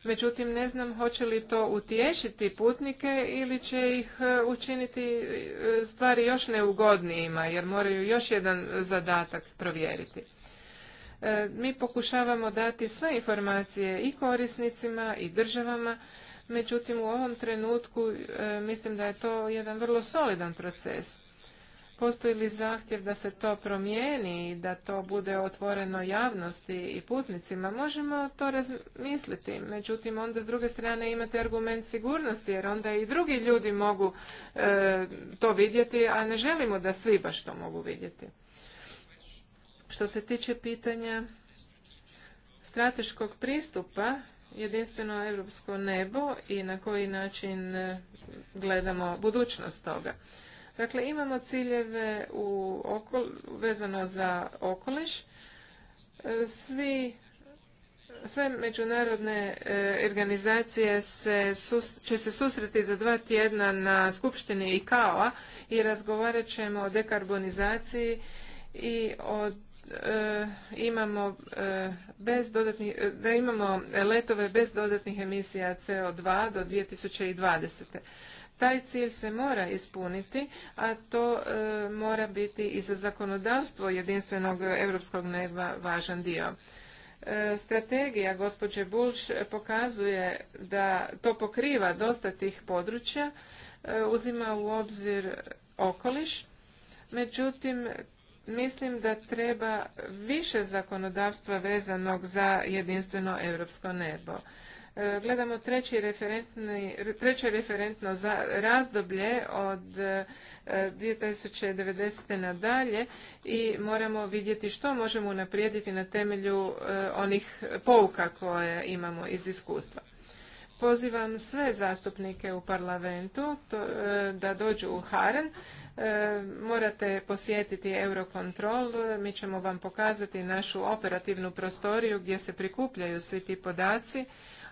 međutim ne znam hoće li to utješiti putnike ili će ih e, učiniti e, stvari još neugodnijima jer moraju još jedan zadatak provjeriti. E, mi pokušavamo dati sve informacije i korisnicima i državama, međutim u ovom trenutku mislim da je to jedan vrlo solidan proces Postoji li zahtjev da se to promijeni i da to bude otvoreno javnosti i putnicima? Možemo to razmisliti. Međutim, onda s druge strane imate argument sigurnosti, jer onda i drugi ljudi mogu e, to vidjeti, a ne želimo da svi baš to mogu vidjeti. Što se tiče pitanja strateškog pristupa, jedinstveno europsko nebo i na koji način e, gledamo budućnost toga. Dakle, imamo ciljeve u okol, vezano za okoliš. E, svi sve međunarodne e, organizacije se će se susreti za dva tjedna na skupštini i a i razgovarat ćemo o dekarbonizaciji i e, imamo bez dodatnih, da imamo letove bez dodatnih emisija CO2 do 2020. Taj cilj se mora ispuniti, a to e, mora biti i za zakonodavstvo jedinstvenog europskog neba važan dio. E, strategija gospođe Bulš pokazuje da to pokriva dosta tih područja, e, uzima u obzir okoliš, međutim mislim da treba više zakonodavstva vezanog za jedinstveno europsko nebo. E, gledamo treće referentno razdoblje od 2090. E, nadalje i moramo vidjeti što možemo naprijediti na temelju e, onih pouka koje imamo iz iskustva. Pozivam sve zastupnike u parlamentu da dođu u Haren. morate posjetiti Eurocontrol. Mi ćemo vam pokazati našu operativnu prostoriju gdje se prikupljaju svi ti podaci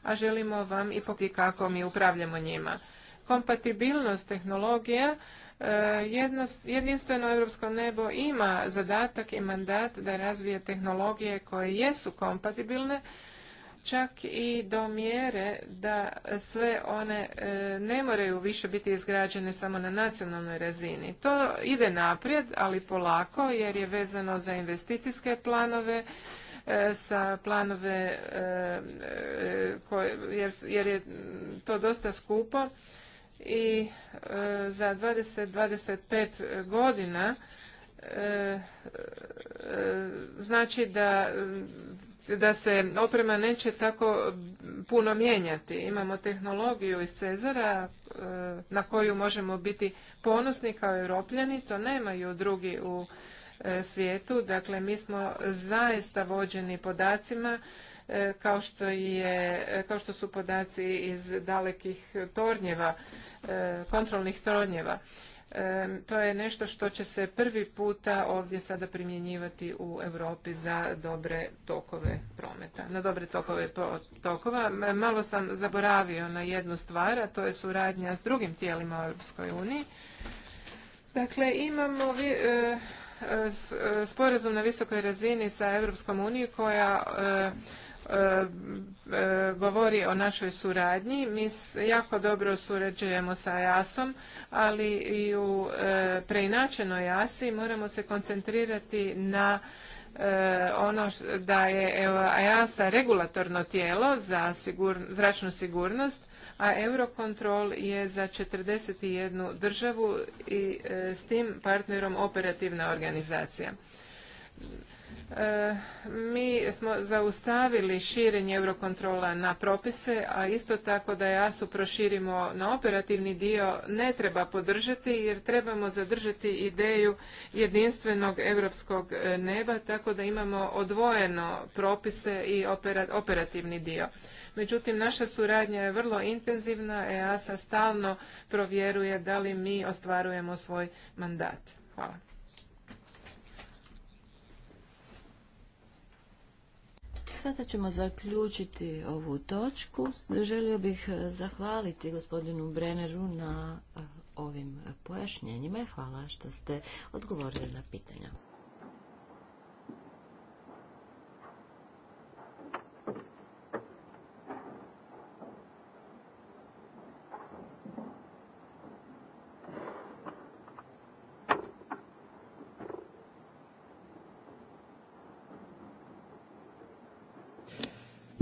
a želimo vam i pokriti kako mi upravljamo njima. Kompatibilnost tehnologija e, jedinstveno europsko nebo ima zadatak i mandat da razvije tehnologije koje jesu kompatibilne, čak i do mjere da sve one e, ne moraju više biti izgrađene samo na nacionalnoj razini. To ide naprijed, ali polako jer je vezano za investicijske planove, E, sa planove e, e, jer je to dosta skupo i za 20-25 godina znači da da se oprema neće tako puno mijenjati. Imamo tehnologiju iz Cezara na koju možemo biti ponosni kao europljani, to nemaju drugi u E, svijetu. Dakle, mi smo zaista vođeni podacima e, kao što, je, kao što su podaci iz dalekih tornjeva, e, kontrolnih tornjeva. To je nešto što će se prvi puta ovdje sada primjenjivati u Europi za dobre tokove prometa, na dobre tokove tokova. Malo sam zaboravio na jednu stvar, a to je suradnja s drugim tijelima u Europskoj uniji. Dakle, imamo E, sporazum na visokoj razini sa Europskom unijom koja e, e, govori o našoj suradnji. Mi jako dobro surađujemo sa jasom ali i u preinačenoj jaSI i moramo se koncentrirati na ono da je EASA regulatorno tijelo za zračnu sigurnost a Eurocontrol je za 41 državu i e, s tim partnerom operativna organizacija. E, mi smo zaustavili širenje eurokontrola na propise, a isto tako da jasu proširimo na operativni dio ne treba podržati jer trebamo zadržati ideju jedinstvenog europskog e, neba tako da imamo odvojeno propise i operativni dio. Međutim, naša suradnja je vrlo intenzivna, EASA stalno provjeruje da li mi ostvarujemo svoj mandat. Hvala. Sada ćemo zaključiti ovu točku. Želio bih zahvaliti gospodinu Brenneru na eh, ovim pojašnjenjima hvala što ste odgovorili na pitanja.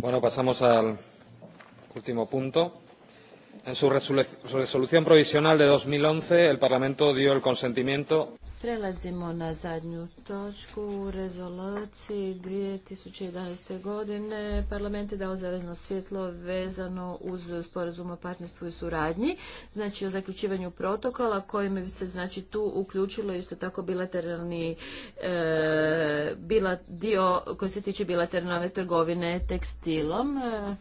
Bueno, pasamos al último punto. En su resolución provisional de 2011, el Parlamento dio el consentimiento Prelazimo na zadnju točku u rezoluciji 2011. godine. Parlament je dao zeleno svjetlo vezano uz sporazum o partnerstvu i suradnji, znači o zaključivanju protokola kojim bi se znači tu uključilo isto tako bilateralni e, dio koji se tiče bilateralne trgovine tekstilom. E,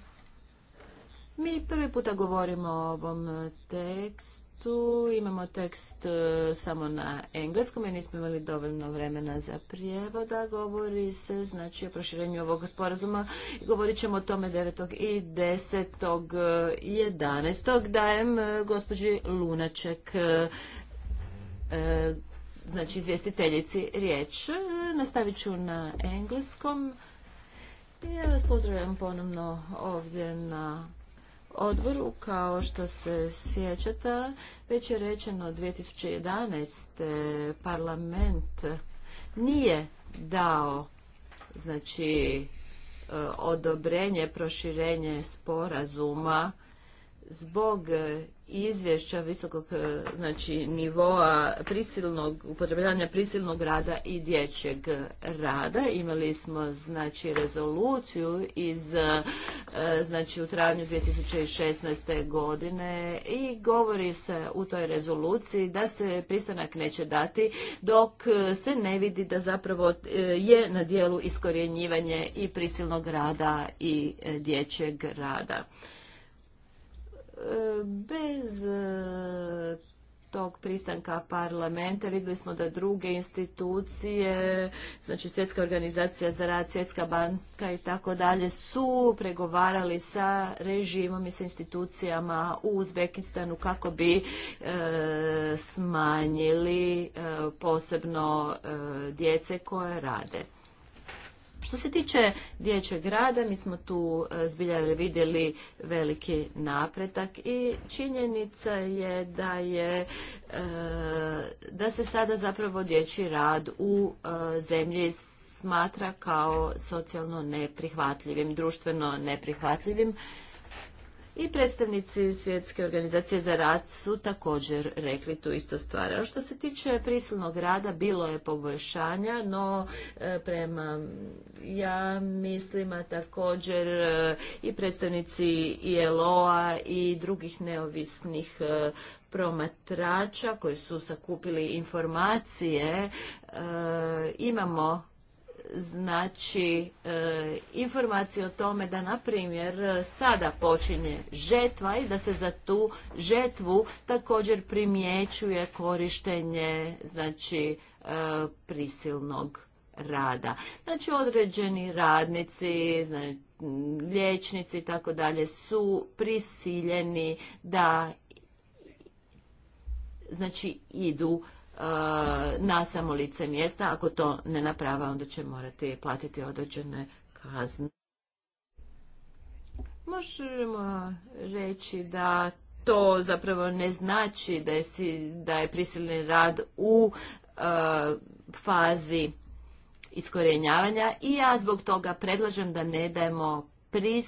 mi prvi puta govorimo o ovom tekstu tu imamo tekst e, samo na engleskom jer nismo imali dovoljno vremena za prijevoda. Govori se znači o proširenju ovog sporazuma i govorit ćemo o tome 9. i 10. 11. E, Dajem e, gospođi Lunaček znači izvjestiteljici riječ. Nastavit ću na engleskom. Ja vas pozdravljam ponovno ovdje na odboru. Kao što se sjećate, već je rečeno 2011. parlament nije dao znači e, odobrenje, proširenje sporazuma zbog izvješća visokog e, znači, nivoa prisilnog, upotrebljavanja prisilnog rada i dječjeg rada. Imali smo znači, rezoluciju iz e, znači, u travnju 2016. godine i govori se u toj rezoluciji da se pristanak neće dati dok e, se ne vidi da zapravo je na dijelu iskorjenjivanje i prisilnog rada i dječjeg rada bez e, tog pristanka parlamenta vidjeli smo da druge institucije, znači Svjetska organizacija za rad, Svjetska banka i tako dalje su pregovarali sa režimom i sa institucijama u Uzbekistanu kako bi e, smanjili e, posebno djece koje rade. Što se tiče dječjeg rada, mi smo tu e, zbilja vidjeli veliki napretak i činjenica je da je e, da se sada zapravo dječji rad u e, zemlji smatra kao socijalno neprihvatljivim, društveno neprihvatljivim i predstavnici Svjetske organizacije za rad su također rekli tu isto stvar. A što se tiče prisilnog rada, bilo je poboljšanja, no e, prema ja mislim, također e, i predstavnici ILO-a i drugih neovisnih e, promatrača koji su sakupili informacije, imamo znači e, informacije o tome da na primjer sada počinje žetva i da se za tu žetvu također primjećuje korištenje znači e, prisilnog rada. Znači određeni radnici, znači, liječnici i tako dalje su prisiljeni da znači idu na samo lice mjesta. Ako to ne naprava, onda će morati platiti određene kazne. Možemo reći da to zapravo ne znači da je, da je prisilni rad u fazi iskorenjavanja i ja zbog toga predlažem da ne dajemo E,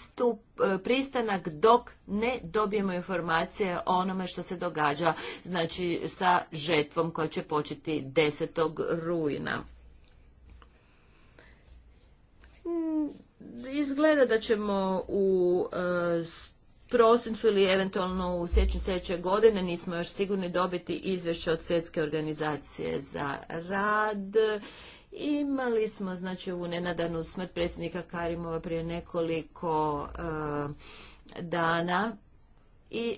pristanak dok ne dobijemo informacije o onome što se događa znači sa žetvom koja će početi 10. rujna. Mm, izgleda da ćemo u e, prosincu ili eventualno u sjeću sljedeće godine nismo još sigurni dobiti izvješće od svjetske organizacije za rad Imali smo znači ovu nenadanu smrt predsjednika Karimova prije nekoliko eh, dana i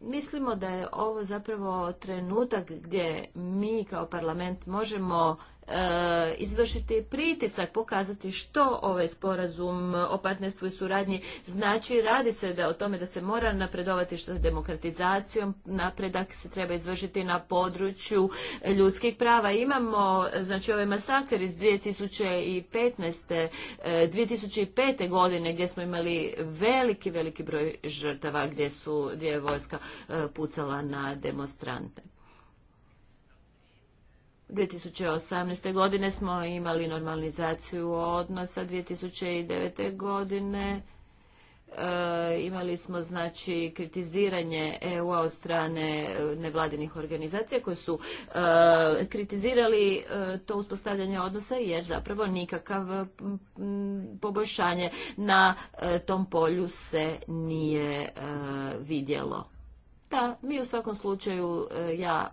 mislimo da je ovo zapravo trenutak gdje mi kao parlament možemo E, izvršiti pritisak, pokazati što ovaj sporazum o partnerstvu i suradnji znači. Radi se da o tome da se mora napredovati što je demokratizacijom, napredak se treba izvršiti na području ljudskih prava. Imamo, znači ovaj masakr iz 2015. 2005. E, godine gdje smo imali veliki, veliki broj žrtava gdje su, gdje je vojska e, pucala na demonstrante. 2018. godine smo imali normalizaciju odnosa, 2009. godine e, imali smo znači kritiziranje EU-a od strane e, nevladinih organizacija koji su e, kritizirali to uspostavljanje odnosa jer zapravo nikakav poboljšanje na tom polju se nije vidjelo. Da, mi u svakom slučaju ja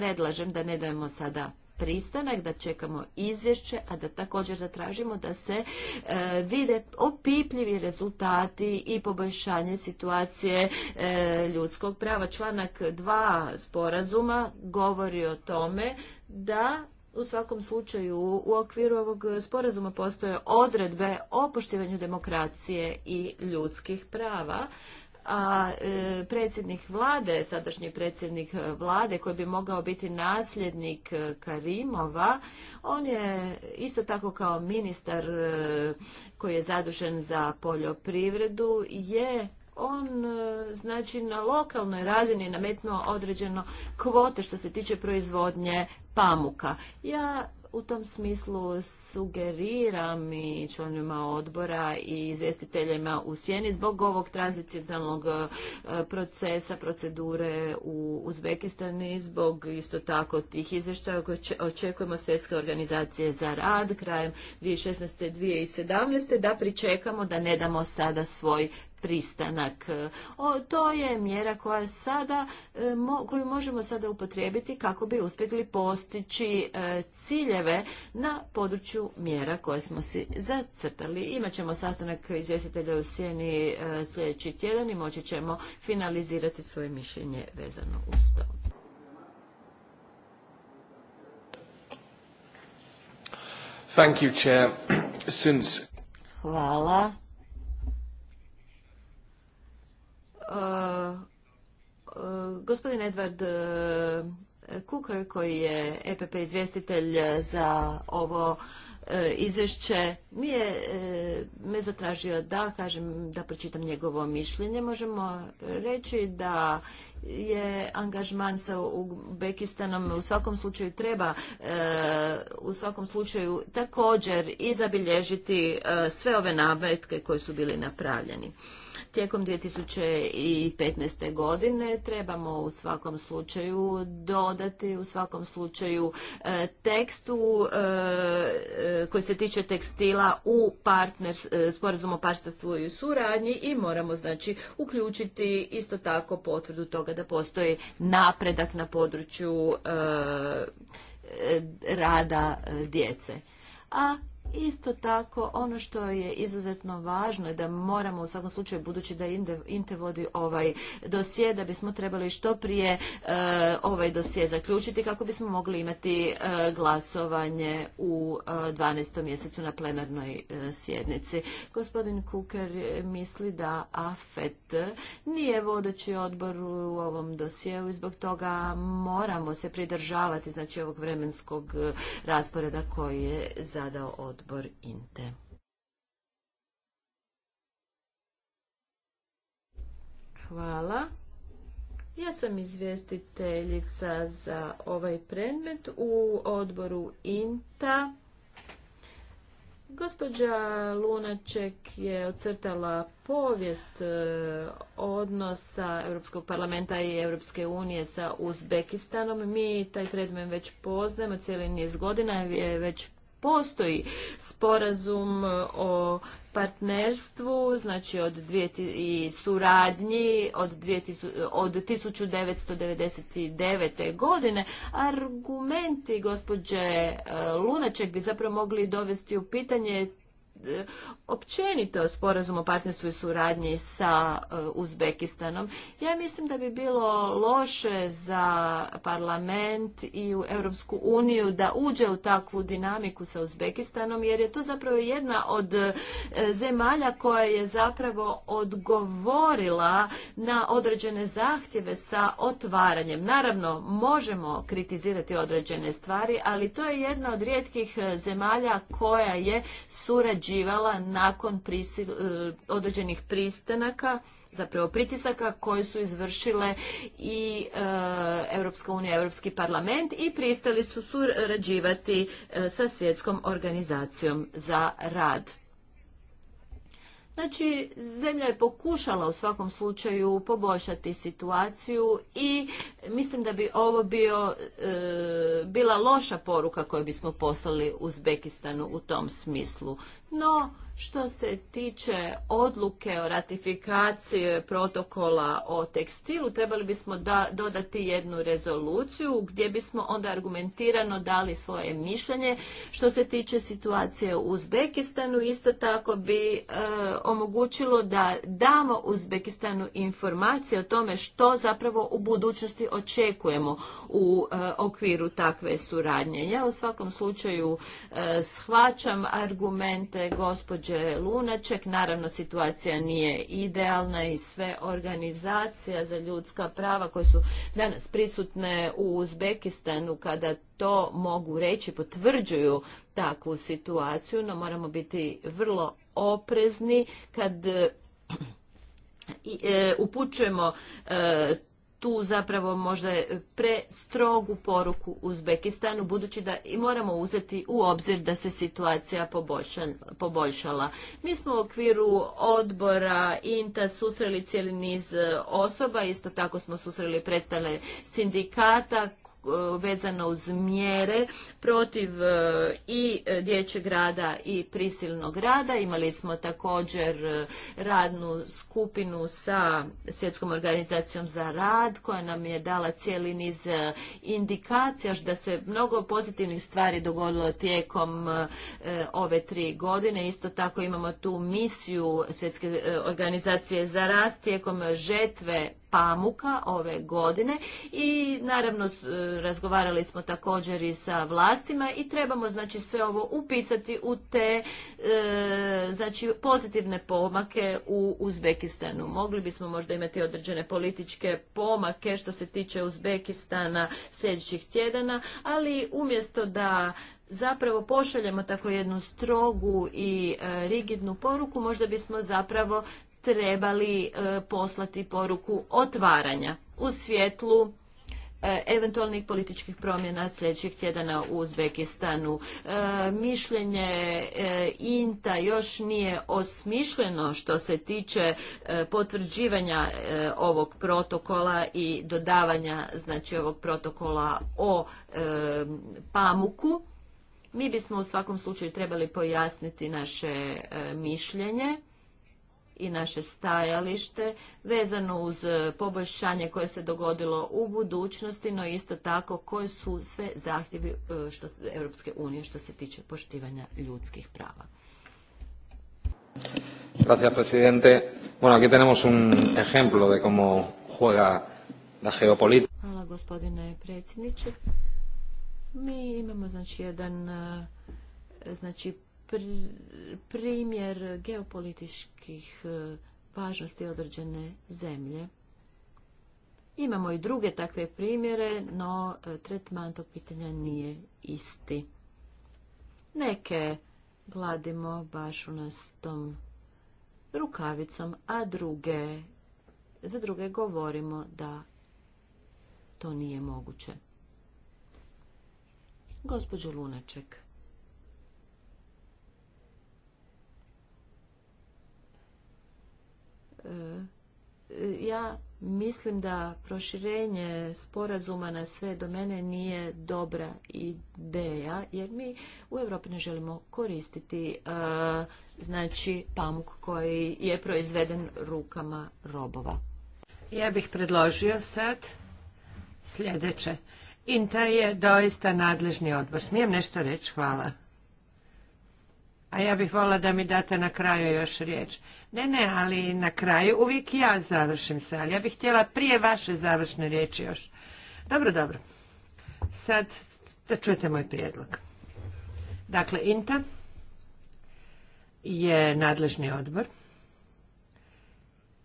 predlažem da ne dajemo sada pristanak, da čekamo izvješće, a da također zatražimo da se e, vide opipljivi rezultati i poboljšanje situacije e, ljudskog prava. Članak 2 sporazuma govori o tome da u svakom slučaju u okviru ovog sporazuma postoje odredbe o poštivanju demokracije i ljudskih prava a e, predsjednik vlade, sadašnji predsjednik vlade koji bi mogao biti nasljednik e, Karimova, on je isto tako kao ministar e, koji je zadužen za poljoprivredu, je on znači na lokalnoj razini nametnuo određeno kvote što se tiče proizvodnje pamuka. Ja u tom smislu sugeriram i članima odbora i izvjestiteljima u sjeni zbog ovog tranzicionalnog e, procesa, procedure u Uzbekistanu i zbog isto tako tih izvještaja koje očekujemo svjetske organizacije za rad krajem 2016. 2017. da pričekamo da ne damo sada svoj pristanak. E, o, to je mjera koja sada, e, koju možemo sada upotrijebiti kako bi uspjeli postići e, ciljeve na području mjera koje smo si zacrtali. Imaćemo sastanak izvjestitelja u sjeni sljedeći tjedan i moći ćemo finalizirati svoje mišljenje vezano uz to. Thank you, Chair. Since... Hvala. E, e, gospodin Edward Kuker e, koji je EPP izvjestitelj za ovo izvješće mi je me zatražio da kažem da pročitam njegovo mišljenje. Možemo reći da je angažman sa Uzbekistanom u svakom slučaju treba u svakom slučaju također i zabilježiti sve ove navetke koji su bili napravljeni. Tijekom 2015. godine trebamo u svakom slučaju dodati u svakom slučaju e, tekstu e, e, koji se tiče tekstila u sporazum o partnerstvu i suradnji i moramo znači uključiti isto tako potvrdu toga da postoji napredak na području rada djece. A Isto tako, ono što je izuzetno važno je da moramo u svakom slučaju, budući da Inte vodi ovaj dosje, da bismo trebali što prije e, ovaj dosje zaključiti kako bismo mogli imati e, glasovanje u 12. E, mjesecu na plenarnoj sjednici. Gospodin Kuker misli da AFET nije vodeći odbor u ovom dosjeu i zbog toga moramo se pridržavati znači ovog vremenskog rasporeda koji je zadao odbor odbor INTE. Hvala. Ja sam izvjestiteljica za ovaj predmet u odboru INTA. Gospođa Lunaček je ocrtala povijest e, odnosa Europskog parlamenta i Europske unije sa Uzbekistanom. Mi taj predmet već poznajemo cijeli niz godina, je već postoji sporazum e, o partnerstvu, znači od i suradnji od, dvjeti, od 1999. godine. Argumenti gospođe e, Lunaček bi zapravo mogli dovesti u pitanje općenito sporazum o partnerstvu i suradnji sa e, Uzbekistanom. Ja mislim da bi bilo loše za parlament i u Europsku uniju da uđe u takvu dinamiku sa Uzbekistanom jer je to zapravo jedna od e, zemalja koja je zapravo odgovorila na određene zahtjeve sa otvaranjem. Naravno, možemo kritizirati određene stvari, ali to je jedna od rijetkih e, zemalja koja je surađivala nakon e, određenih pristanaka, zapravo pritisaka koje su izvršile i e, Europska unija, Europski parlament i pristali su surađivati e, sa svjetskom organizacijom za rad. Znači, zemlja je pokušala u svakom slučaju poboljšati situaciju i mislim da bi ovo bio, e, bila loša poruka koju bismo poslali Uzbekistanu u tom smislu. No, što se tiče odluke o ratifikaciji protokola o tekstilu, trebali bismo dodati jednu rezoluciju gdje bismo onda argumentirano dali svoje mišljenje. Što se tiče situacije u Uzbekistanu, isto tako bi e, omogućilo da damo Uzbekistanu informacije o tome što zapravo u budućnosti očekujemo u e, okviru takve suradnje. Ja u svakom slučaju e, shvaćam argumente gospođe je Lunaček. Naravno, situacija nije idealna i sve organizacija za ljudska prava koje su danas prisutne u Uzbekistanu kada to mogu reći, potvrđuju takvu situaciju, no moramo biti vrlo oprezni kad e, i, e, upućujemo e, tu zapravo možda prestrogu poruku Uzbekistanu, budući da i moramo uzeti u obzir da se situacija poboljšala. Mi smo u okviru odbora INTA susreli cijeli niz e, osoba, isto tako smo susreli predstavljanje sindikata vezano uz mjere protiv e, i e, dječjeg rada i prisilnog rada. Imali smo također e, radnu skupinu sa Svjetskom organizacijom za rad koja nam je dala cijeli niz indikacija da se mnogo pozitivnih stvari dogodilo tijekom ove tri godine. Isto tako imamo tu misiju Svjetske organizacije za rad tijekom žetve pamuka ove godine i naravno e, razgovarali smo također i sa vlastima i trebamo znači sve ovo upisati u te e, znači pozitivne pomake u Uzbekistanu. Mogli bismo možda imati određene političke pomake što se tiče Uzbekistana sljedećih tjedana, ali umjesto da zapravo pošaljemo tako jednu strogu i e, rigidnu poruku, možda bismo zapravo trebali e, poslati poruku otvaranja u svjetlu e, eventualnih političkih promjena sljedećih tjedana u Uzbekistanu. E, mišljenje INTA još nije osmišljeno što se tiče potvrđivanja ovog protokola i dodavanja znači ovog protokola o pamuku. Mi bismo u svakom slučaju trebali pojasniti naše mišljenje i naše stajalište vezano uz e, poboljšanje koje se dogodilo u budućnosti, no isto tako koji su sve zahtjevi e, što, Europske unije što se tiče poštivanja ljudskih prava. Gracias, presidente. Bueno, aquí tenemos un ejemplo de cómo juega la geopolítica. Hvala, gospodine predsjedniče. Mi imamo znači jedan e, znači primjer geopolitičkih e, važnosti određene zemlje. Imamo i druge takve primjere, no e, tretman tog pitanja nije isti. Neke gladimo baš u nas tom rukavicom, a druge, za druge govorimo da to nije moguće. Gospođo Lunaček. E, ja mislim da proširenje sporazuma na sve domene nije dobra ideja jer mi u Europi ne želimo koristiti e, znači pamuk koji je proizveden rukama robova. Ja bih predložio sad sljedeće. Inta je doista nadležni odbor. Smijem nešto reći? Hvala. A ja bih volila da mi date na kraju još riječ. Ne, ne, ali na kraju uvijek ja završim se, ali ja bih htjela prije vaše završne riječi još. Dobro, dobro. Sad da čujete moj prijedlog. Dakle, INTA je nadležni odbor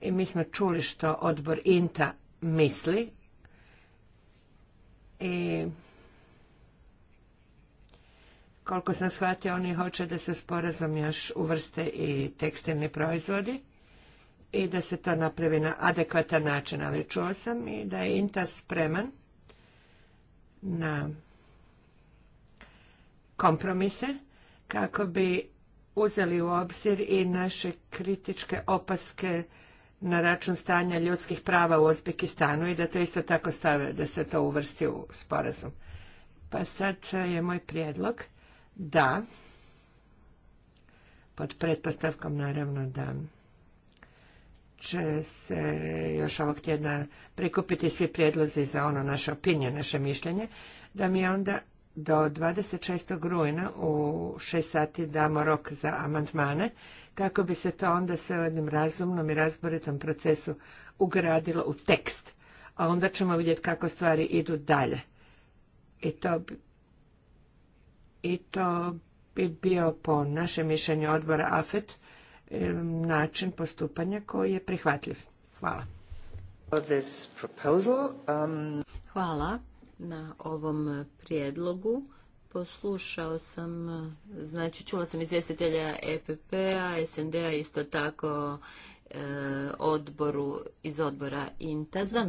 i mi smo čuli što odbor INTA misli i koliko sam shvatio, oni hoće da se sporazum još uvrste i tekstilni proizvodi i da se to napravi na adekvatan način, ali čuo sam i da je INTA spreman na kompromise kako bi uzeli u obzir i naše kritičke opaske na račun stanja ljudskih prava u Uzbekistanu i da to isto tako stave, da se to uvrsti u sporazum. Pa sad je moj prijedlog da, pod pretpostavkom naravno da će se još ovog tjedna prikupiti svi prijedlozi za ono naše opinije, naše mišljenje, da mi onda do 26. rujna u 6 sati damo rok za amandmane, kako bi se to onda sve u jednom razumnom i razboritom procesu ugradilo u tekst. A onda ćemo vidjeti kako stvari idu dalje. I to i to bi bio po našem mišljenju odbora AFET način postupanja koji je prihvatljiv. Hvala. Um, Hvala na ovom prijedlogu. Poslušao sam, znači čula sam izvjestitelja EPP-a, SND-a isto tako e, odboru iz odbora INTA. Znam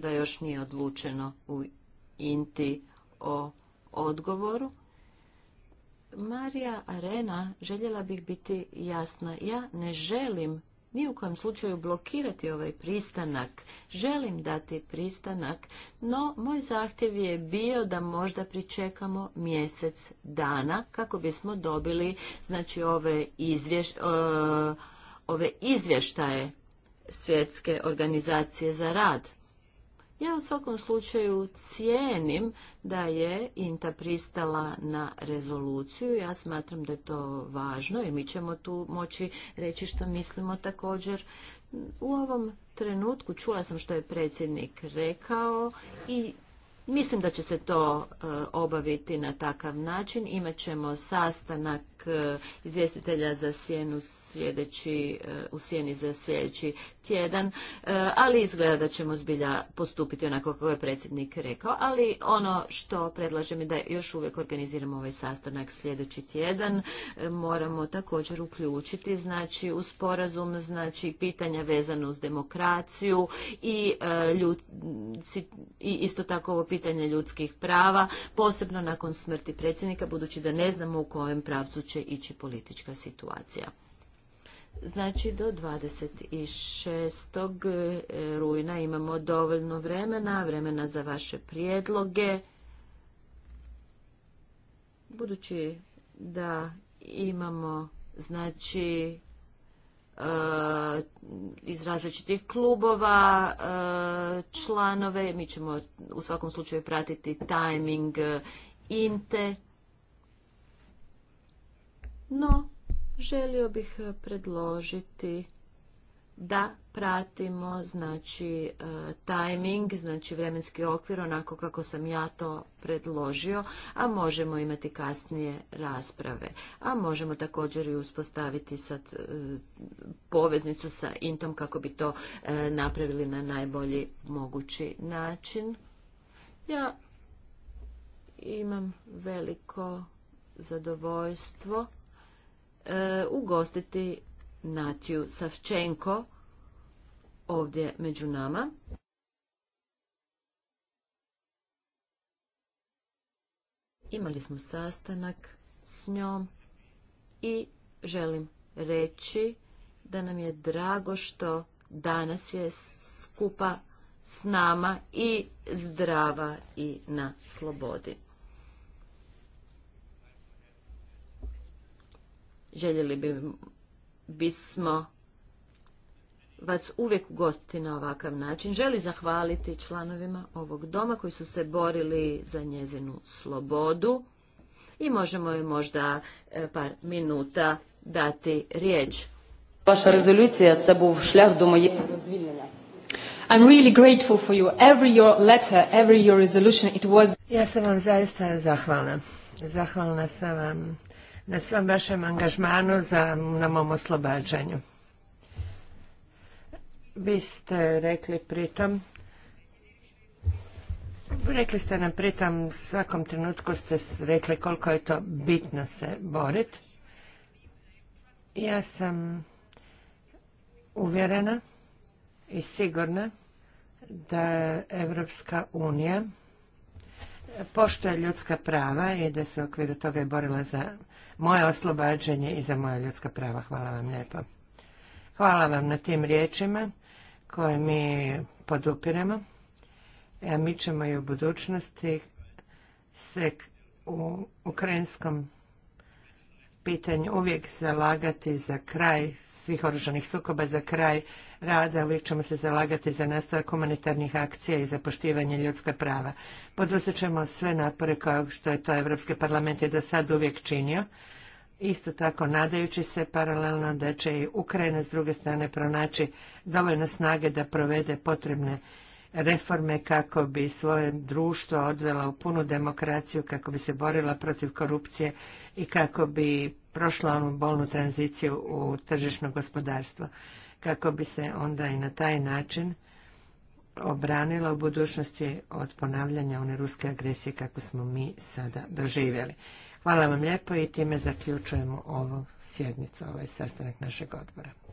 da još nije odlučeno u INTI o odgovoru. Marija Arena, željela bih biti jasna, ja ne želim ni u kojem slučaju blokirati ovaj pristanak. Želim dati pristanak, no moj zahtjev je bio da možda pričekamo mjesec dana kako bismo dobili znači ove izvješ, e, ove izvještaje svjetske organizacije za rad. Ja u svakom slučaju cijenim da je Inta pristala na rezoluciju. Ja smatram da je to važno i mi ćemo tu moći reći što mislimo također. U ovom trenutku čula sam što je predsjednik rekao i Mislim da će se to e, obaviti na takav način. Imaćemo sastanak e, izvjestitelja za sjenu sljedeći, e, u sjeni za sljedeći tjedan, ali izgleda da ćemo zbilja postupiti onako kako je predsjednik rekao. Ali ono što predlažem je da još uvijek organiziramo ovaj sastanak sljedeći tjedan. Moramo također uključiti znači u sporazum znači pitanja vezano uz demokraciju i, i isto tako ovo pitanje pitanje ljudskih prava, posebno nakon smrti predsjednika, budući da ne znamo u kojem pravcu će ići politička situacija. Znači do 26. E, rujna imamo dovoljno vremena, vremena za vaše prijedloge. Budući da imamo znači E, iz različitih klubova e, članove. Mi ćemo u svakom slučaju pratiti timing e, inte. No, želio bih predložiti da pratimo znači e, timing, znači vremenski okvir onako kako sam ja to predložio, a možemo imati kasnije rasprave. A možemo također i uspostaviti sad e, poveznicu sa intom kako bi to e, napravili na najbolji mogući način. Ja imam veliko zadovoljstvo ugostiti Natiju Savčenko ovdje među nama. Imali smo sastanak s njom i želim reći da nam je drago što danas je skupa s nama i zdrava i na slobodi. Željeli bi bismo vas uvijek ugostiti na ovakav način. Želi zahvaliti članovima ovog doma koji su se borili za njezinu slobodu i možemo joj možda e, par minuta dati riječ. Vaša rezolucija je bio šljah do moje I'm really grateful for you. Every your letter, every your resolution, it was... Ja sam vam zaista zahvalna. Zahvalna sam vam na svom vašem angažmanu za, na mom oslobađanju. Vi ste rekli pritom Rekli ste nam pritom, u svakom trenutku ste rekli koliko je to bitno se boriti. Ja sam uvjerena i sigurna da Evropska unija poštuje ljudska prava i da se u okviru toga je borila za moje oslobađanje i za moja ljudska prava. Hvala vam lijepo. Hvala vam na tim riječima koje mi podupiremo. A e, mi ćemo i u budućnosti se u ukrajinskom pitanju uvijek zalagati za kraj svih oružanih sukoba, za kraj rada, uvijek ćemo se zalagati za nastavak humanitarnih akcija i za poštivanje ljudska prava. Poduzet ćemo sve napore kao što je to Europski parlament i do sad uvijek činio. Isto tako nadajući se paralelno da će i Ukrajina s druge strane pronaći dovoljno snage da provede potrebne reforme kako bi svoje društvo odvela u punu demokraciju, kako bi se borila protiv korupcije i kako bi prošla onu bolnu tranziciju u tržišno gospodarstvo kako bi se onda i na taj način obranila u budućnosti od ponavljanja one ruske agresije kako smo mi sada doživjeli. Hvala vam lijepo i time zaključujemo ovu sjednicu, ovaj sastanak našeg odbora.